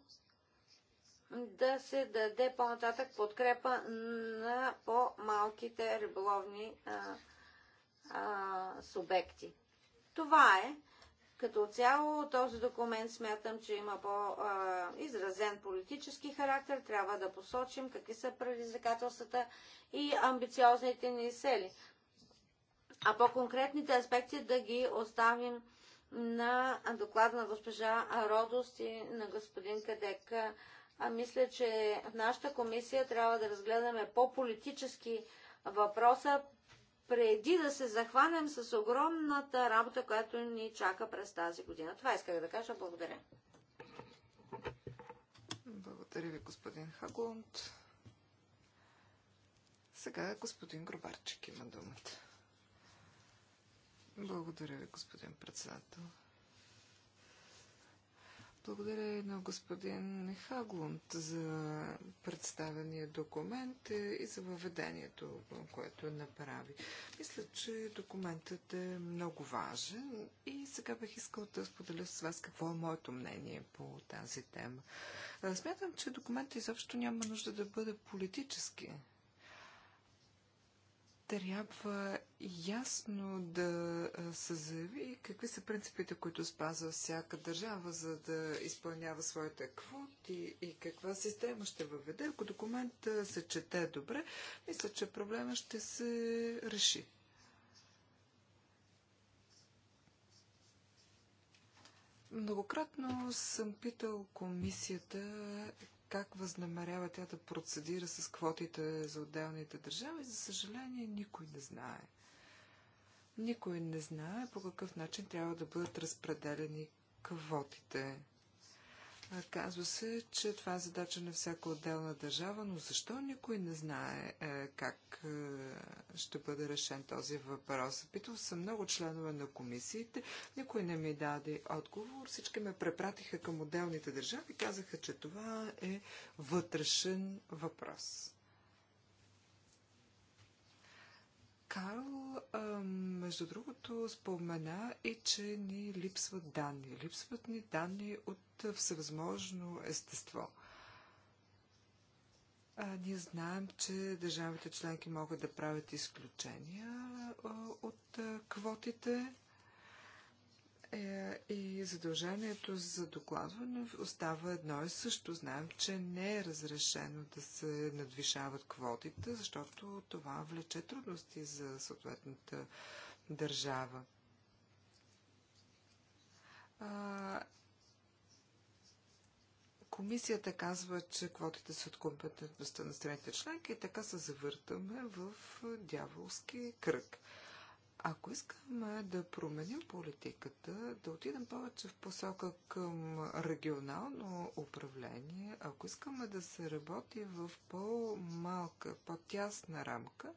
Speaker 4: да се даде по-нататък подкрепа на по-малките риболовни а, а, субекти. Това е. Като цяло този документ смятам, че има по-изразен политически характер. Трябва да посочим какви са предизвикателствата и амбициозните ни сели. А по-конкретните аспекти да ги оставим на доклада на госпожа Родост и на господин Кадек. А мисля, че в нашата комисия трябва да разгледаме по-политически въпроса преди да се захванем с огромната работа, която ни чака през тази година. Това исках да кажа. Благодаря.
Speaker 1: Благодаря ви, господин Хагунт. Сега господин Гробарчик има думата. Благодаря ви, господин председател. Благодаря на господин Хаглунд за представения документ е, и за въведението, което направи. Мисля, че документът е много важен и сега бих искал да споделя с вас какво е моето мнение по тази тема. Е, смятам, че документът изобщо няма нужда да бъде политически трябва ясно да се заяви какви са принципите, които спазва всяка държава, за да изпълнява своите квоти и каква система ще въведе. Ако документ се чете добре, мисля, че проблема ще се реши. Многократно съм питал комисията как възнамерява тя да процедира с квотите за отделните държави, за съжаление никой не знае. Никой не знае по какъв начин трябва да бъдат разпределени квотите. Казва се, че това е задача на всяка отделна държава, но защо никой не знае е, как е, ще бъде решен този въпрос? Питал съм много членове на комисиите, никой не ми даде отговор, всички ме препратиха към отделните държави и казаха, че това е вътрешен въпрос. Карл, между другото, спомена и, че ни липсват данни. Липсват ни данни от всевъзможно естество. ние знаем, че държавите членки могат да правят изключения от квотите. Е, и задължението за докладване остава едно и също. Знаем, че не е разрешено да се надвишават квотите, защото това влече трудности за съответната държава. Комисията казва, че квотите са от компетентността на страните членки и така се завъртаме в дяволски кръг. Ако искаме да променим политиката, да отидем повече в посока към регионално управление, ако искаме да се работи в по-малка, по-тясна рамка,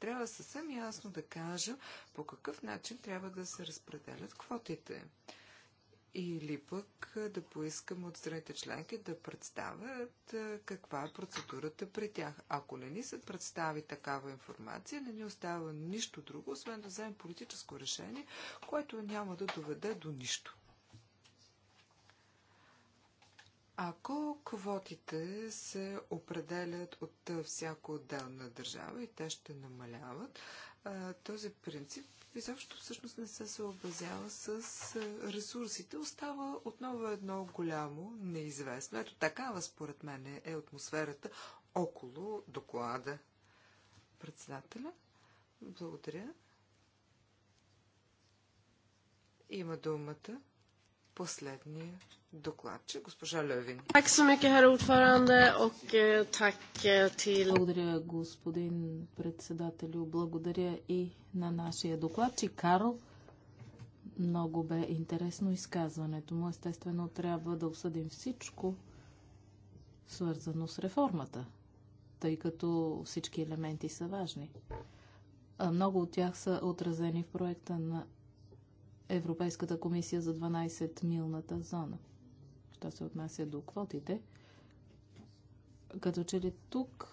Speaker 1: трябва съвсем ясно да кажем по какъв начин трябва да се разпределят квотите или пък да поискам от страните членки да представят каква е процедурата при тях. Ако не ни се представи такава информация, не ни остава нищо друго, освен да вземем политическо решение, което няма да доведе до нищо. Ако квотите се определят от всяко отделна държава и те ще намаляват, този принцип изобщо всъщност не се съобразява с ресурсите. Остава отново едно голямо неизвестно. Ето такава, според мен, е атмосферата около доклада. Председателя, благодаря. Има думата последния докладчик, госпожа Левин.
Speaker 3: Так eh, eh, Благодаря, господин председателю. Благодаря и на нашия докладчик Карл. Много бе интересно изказването му. Естествено, трябва да обсъдим всичко, свързано с реформата, тъй като всички елементи са важни. Много от тях са отразени в проекта на Европейската комисия за 12-милната зона. Що се отнася до квотите, като че ли тук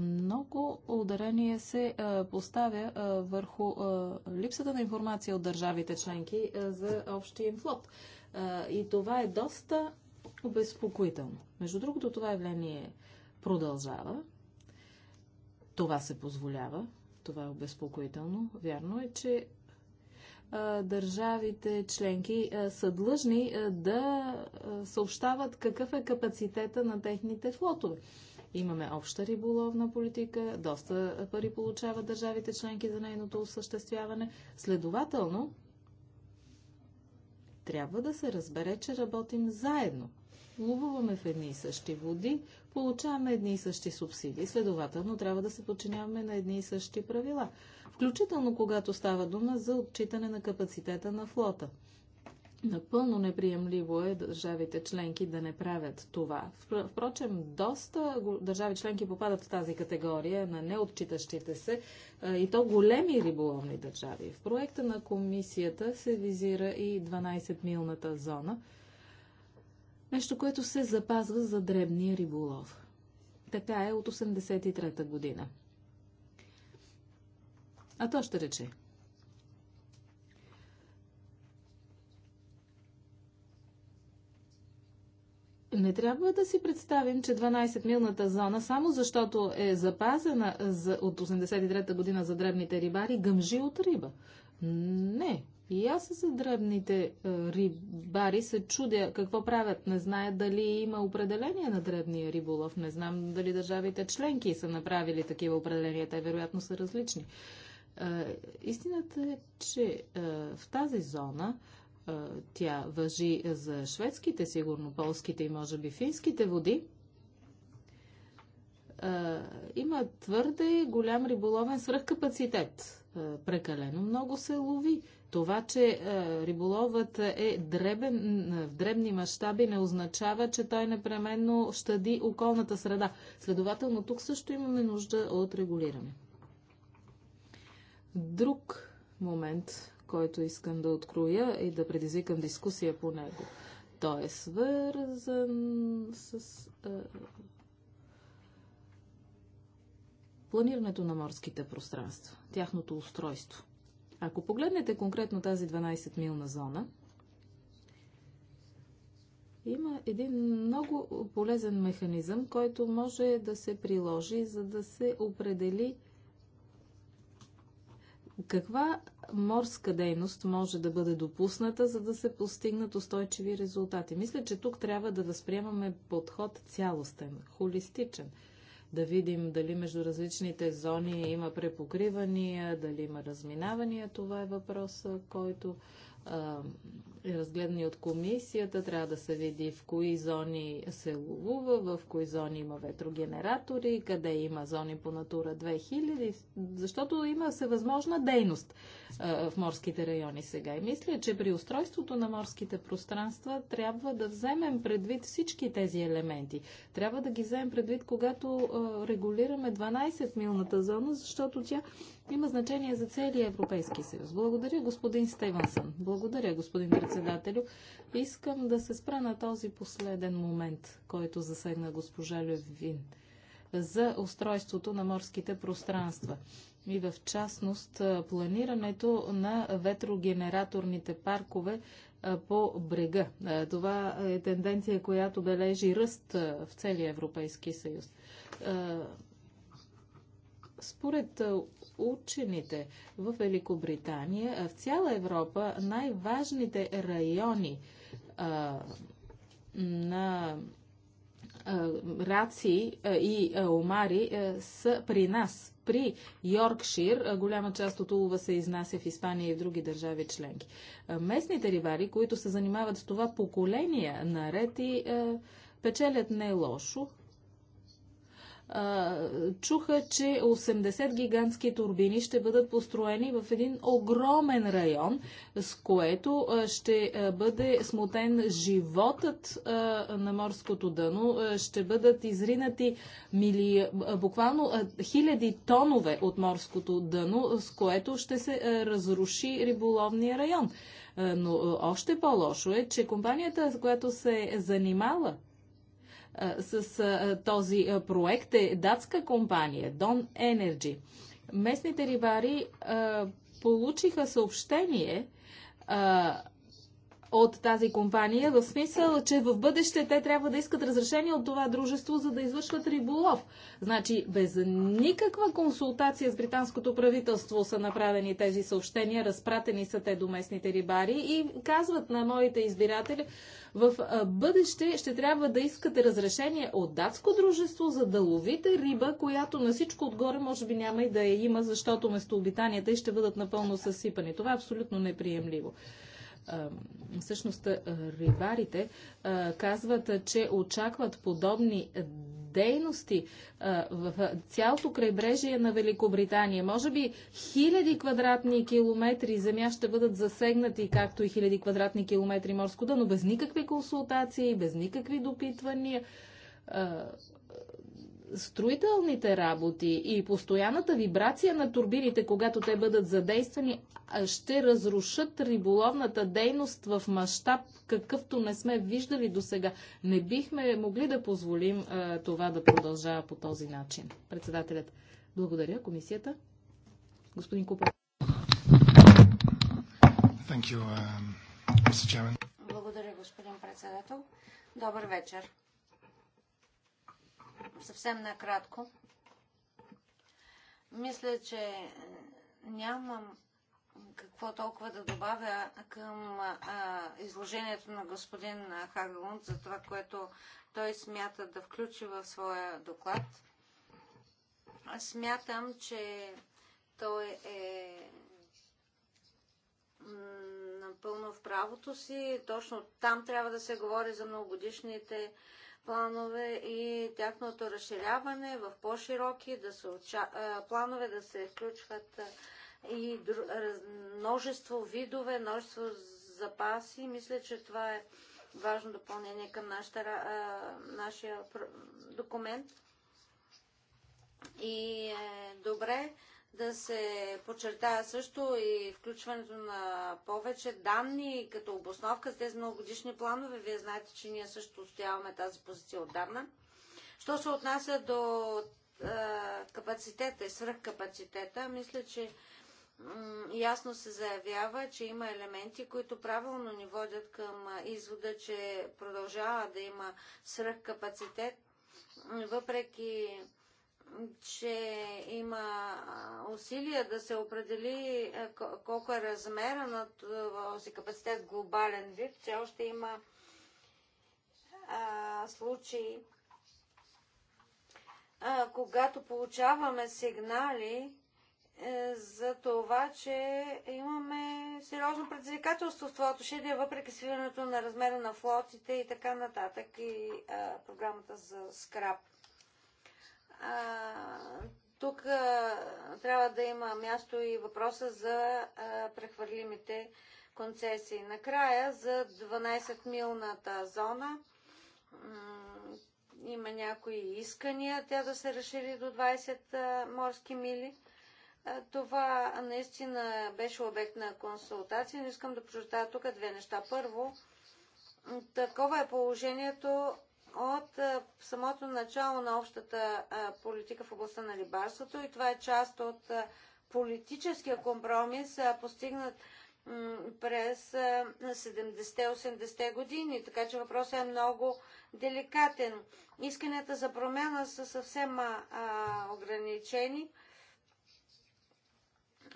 Speaker 3: много ударение се поставя върху липсата на информация от държавите членки за общия им флот. И това е доста обезпокоително. Между другото, това явление продължава. Това се позволява това е обезпокоително. Вярно е, че държавите членки са длъжни да съобщават какъв е капацитета на техните флотове. Имаме обща риболовна политика, доста пари получават държавите членки за нейното осъществяване. Следователно, трябва да се разбере, че работим заедно ловуваме в едни и същи води, получаваме едни и същи субсидии. Следователно трябва да се подчиняваме на едни и същи правила. Включително когато става дума за отчитане на капацитета на флота. Напълно неприемливо е държавите членки да не правят това. Впрочем, доста държави членки попадат в тази категория на неотчитащите се и то големи риболовни държави. В проекта на комисията се визира и 12-милната зона – Нещо, което се запазва за дребния риболов. Така е от 83-та година. А то ще рече. Не трябва да си представим, че 12-милната зона, само защото е запазена от 83-та година за дребните рибари, гъмжи от риба. Не, и аз с дребните е, рибари се чудя какво правят. Не знаят дали има определение на дребния риболов. Не знам дали държавите членки са направили такива определения. Те вероятно са различни. Е, истината е, че е, в тази зона тя въжи за шведските, сигурно полските и може би финските води, има твърде голям риболовен свръхкапацитет. Прекалено много се лови. Това, че е, риболовът е дребен, е, в дребни мащаби, не означава, че той непременно щади околната среда. Следователно, тук също имаме нужда от регулиране. Друг момент, който искам да откроя и да предизвикам дискусия по него. Той е свързан с а, е, планирането на морските пространства, тяхното устройство – ако погледнете конкретно тази 12-милна зона, има един много полезен механизъм, който може да се приложи, за да се определи каква морска дейност може да бъде допусната, за да се постигнат устойчиви резултати. Мисля, че тук трябва да възприемаме подход цялостен, холистичен – да видим дали между различните зони има препокривания, дали има разминавания. Това е въпрос, който е разгледани от комисията, трябва да се види в кои зони се ловува, в кои зони има ветрогенератори, къде има зони по Натура 2000, защото има всевъзможна дейност в морските райони сега. И мисля, че при устройството на морските пространства трябва да вземем предвид всички тези елементи. Трябва да ги вземем предвид, когато регулираме 12-милната зона, защото тя има значение за целия Европейски съюз. Благодаря, господин Стевансън. Благодаря, господин председателю. Искам да се спра на този последен момент, който засегна госпожа Левин за устройството на морските пространства и в частност планирането на ветрогенераторните паркове по брега. Това е тенденция, която бележи ръст в целия Европейски съюз. Според учените в Великобритания, а в цяла Европа най-важните райони а, на раци и омари са при нас. При Йоркшир голяма част от улова се изнася в Испания и в други държави членки. Местните ривари, които се занимават с това поколение на и печелят не лошо, чуха, че 80 гигантски турбини ще бъдат построени в един огромен район, с което ще бъде смутен животът на морското дъно, ще бъдат изринати мили, буквално хиляди тонове от морското дъно, с което ще се разруши риболовния район. но още по-лошо е, че компанията, която се е занимала с този проект е датска компания Don Energy. Местните рибари получиха съобщение от тази компания, в смисъл, че в бъдеще те трябва да искат разрешение от това дружество, за да извършват риболов. Значи, без никаква консултация с британското правителство са направени тези съобщения, разпратени са те до местните рибари и казват на моите избиратели, в бъдеще ще трябва да искате разрешение от датско дружество, за да ловите риба, която на всичко отгоре може би няма и да я има, защото местообитанията и ще бъдат напълно съсипани. Това е абсолютно неприемливо всъщност рибарите казват, че очакват подобни дейности в цялото крайбрежие на Великобритания. Може би хиляди квадратни километри земя ще бъдат засегнати, както и хиляди квадратни километри морско дъно, без никакви консултации, без никакви допитвания строителните работи и постоянната вибрация на турбините, когато те бъдат задействани, ще разрушат риболовната дейност в мащаб, какъвто не сме виждали до сега. Не бихме могли да позволим а, това да продължава по този начин. Председателят. Благодаря. Комисията. Господин Купер. Um,
Speaker 4: благодаря, господин председател. Добър вечер съвсем накратко. Мисля, че нямам какво толкова да добавя към а, изложението на господин Хагалунд за това, което той смята да включи в своя доклад. Аз смятам, че той е напълно в правото си. Точно там трябва да се говори за многогодишните планове и тяхното разширяване в по-широки да се отча... планове да се включват и множество видове, множество запаси. Мисля, че това е важно допълнение към нашата, нашия документ. И е добре да се подчертая също и включването на повече данни като обосновка за тези многогодишни планове. Вие знаете, че ние също устояваме тази позиция отдавна. Що се отнася до е, капацитета и свръхкапацитета, мисля, че ясно се заявява, че има елементи, които правилно ни водят към е, извода, че продължава да има свръхкапацитет, въпреки че има усилия да се определи е, колко е размера на този капацитет глобален вид. Все още има а, случаи, а, когато получаваме сигнали е, за това, че имаме сериозно предизвикателство в това отношение, въпреки свиването на размера на флотите и така нататък и а, програмата за скраб тук трябва да има място и въпроса за прехвърлимите концесии. Накрая за 12-милната зона има някои искания тя да се разшири до 20 морски мили. Това наистина беше обект на консултация, но искам да прочитая тук две неща. Първо, такова е положението от самото начало на общата политика в областта на рибарството и това е част от политическия компромис, постигнат през 70 80 години. Така че въпросът е много деликатен. Исканията за промяна са съвсем ограничени.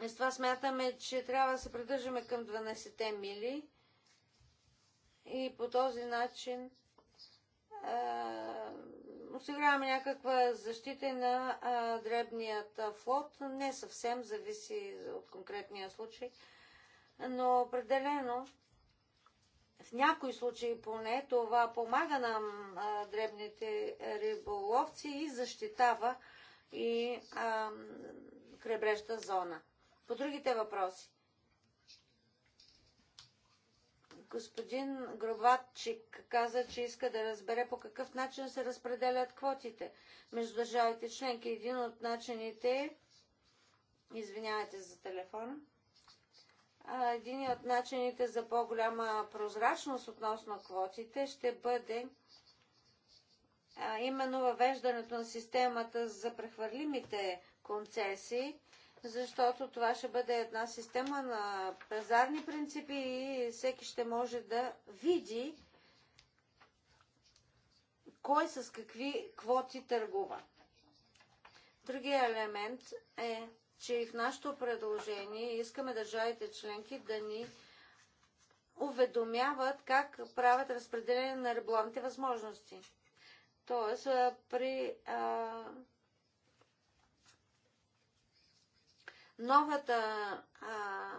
Speaker 4: И с това смятаме, че трябва да се придържаме към 12 мили и по този начин осигуряваме някаква защита на а, дребният флот. Не съвсем, зависи от конкретния случай, но определено в някои случаи поне това помага на а, дребните риболовци и защитава и а, зона. По другите въпроси. Господин Гробатчик каза, че иска да разбере по какъв начин се разпределят квотите между държавите членки. Един от начините Извинявайте за телефона. Един от начините за по-голяма прозрачност относно квотите ще бъде именно въвеждането на системата за прехвърлимите концесии, защото това ще бъде една система на пазарни принципи и всеки ще може да види кой с какви квоти търгува. Другия елемент е, че и в нашето предложение искаме държавите членки да ни уведомяват как правят разпределение на риболовните възможности. Тоест, при а, новата а,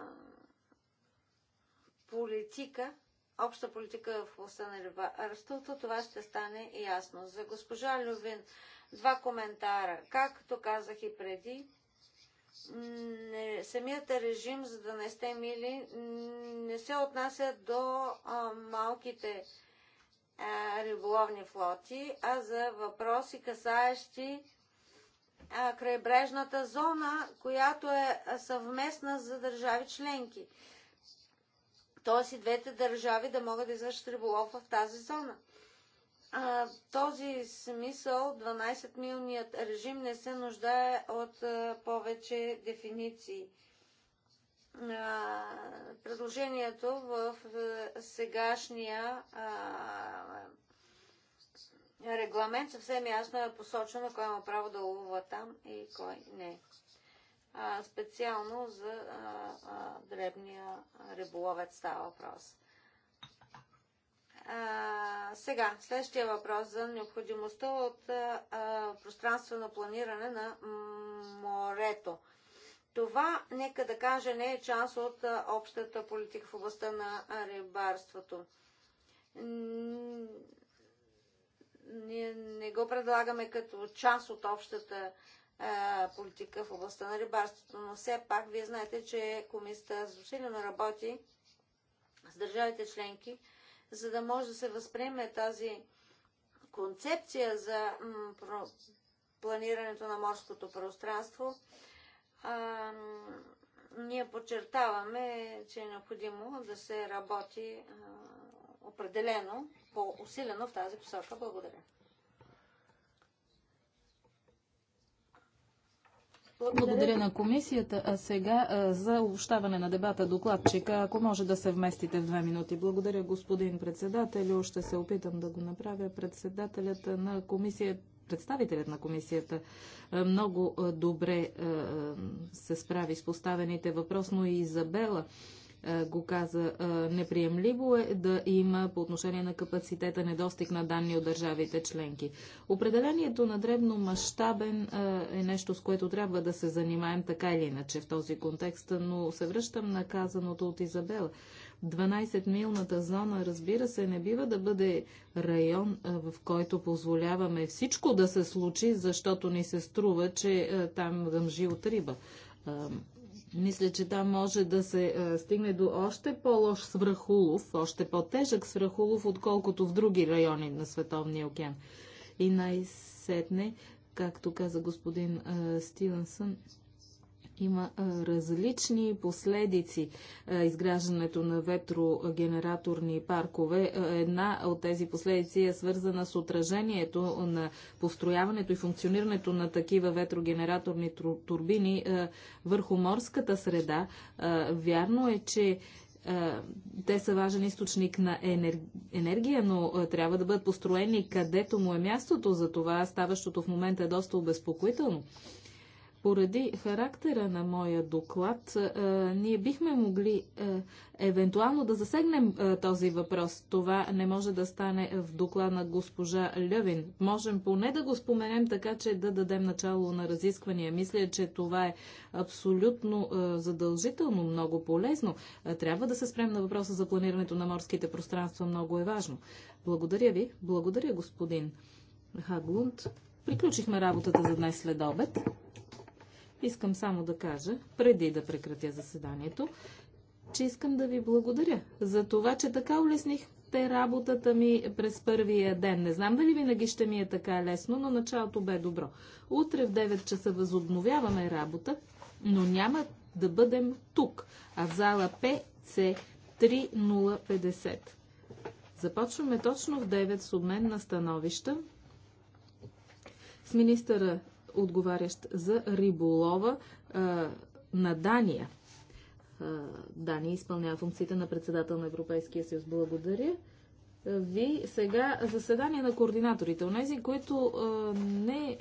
Speaker 4: политика, обща политика в областта на рибарството, това ще стане ясно. За госпожа Лювин, два коментара. Както казах и преди, не, самият режим, за да не сте мили, не се отнася до а, малките а, риболовни флоти, а за въпроси, касаещи крайбрежната зона, която е съвместна за държави членки. Тоест и двете държави да могат да извършат риболов в тази зона. А, този смисъл 12-милният режим не се нуждае от а, повече дефиниции. А, предложението в а, сегашния а, регламент съвсем ясно е посочено кой има право да ловува там и кой не. А, специално за а, а, дребния риболовец става въпрос. А, сега, следващия въпрос за необходимостта от а, а, пространствено планиране на морето. Това, нека да кажа, не е част от а, общата политика в областта на рибарството ние не го предлагаме като част от общата а, политика в областта на рибарството, но все пак вие знаете, че комисията засилено работи с държавите членки, за да може да се възприеме тази концепция за планирането на морското пространство, а, ние подчертаваме, че е необходимо да се работи а, определено по-усилено в тази посока. Благодаря.
Speaker 3: Благодаря на комисията. А сега а, за обобщаване на дебата докладчика, ако може да се вместите в две минути. Благодаря, господин председател, Ще се опитам да го направя. Председателят на комисията представителят на комисията много добре се справи с поставените въпрос, но и Изабела е, го каза е, неприемливо е да има по отношение на капацитета недостиг на данни от държавите членки. Определението на дребно мащабен е, е нещо, с което трябва да се занимаем така или иначе в този контекст, но се връщам на казаното от Изабела. 12-милната зона, разбира се, не бива да бъде район, в който позволяваме всичко да се случи, защото ни се струва, че там гъмжи от риба. Мисля, че там може да се е, стигне до още по-лош свръхулов, още по-тежък свръхулов, отколкото в други райони на Световния океан. И най-сетне, както каза господин е, Стивенсън, има различни последици изграждането на ветрогенераторни паркове. Една от тези последици е свързана с отражението на построяването и функционирането на такива ветрогенераторни турбини върху морската среда. Вярно е, че те са важен източник на енергия, но трябва да бъдат построени където му е мястото. За това ставащото в момента е доста обезпокоително. Поради характера на моя доклад, е, ние бихме могли е, евентуално да засегнем е, този въпрос. Това не може да стане в доклад на госпожа Лъвин. Можем поне да го споменем така, че да дадем начало на разисквания. Мисля, че това е абсолютно задължително, много полезно. Трябва да се спрем на въпроса за планирането на морските пространства. Много е важно. Благодаря ви. Благодаря, господин Хаглунд. Приключихме работата за днес след обед. Искам само да кажа, преди да прекратя заседанието, че искам да ви благодаря за това, че така улеснихте работата ми през първия ден. Не знам дали винаги ще ми е така лесно, но началото бе добро. Утре в 9 часа възобновяваме работа, но няма да бъдем тук, а в зала ПЦ 3050. Започваме точно в 9 с обмен на становища с министъра отговарящ за риболова на Дания. Дания изпълнява функциите на председател на Европейския съюз. Благодаря ви. Сега заседание на координаторите. Онези, които не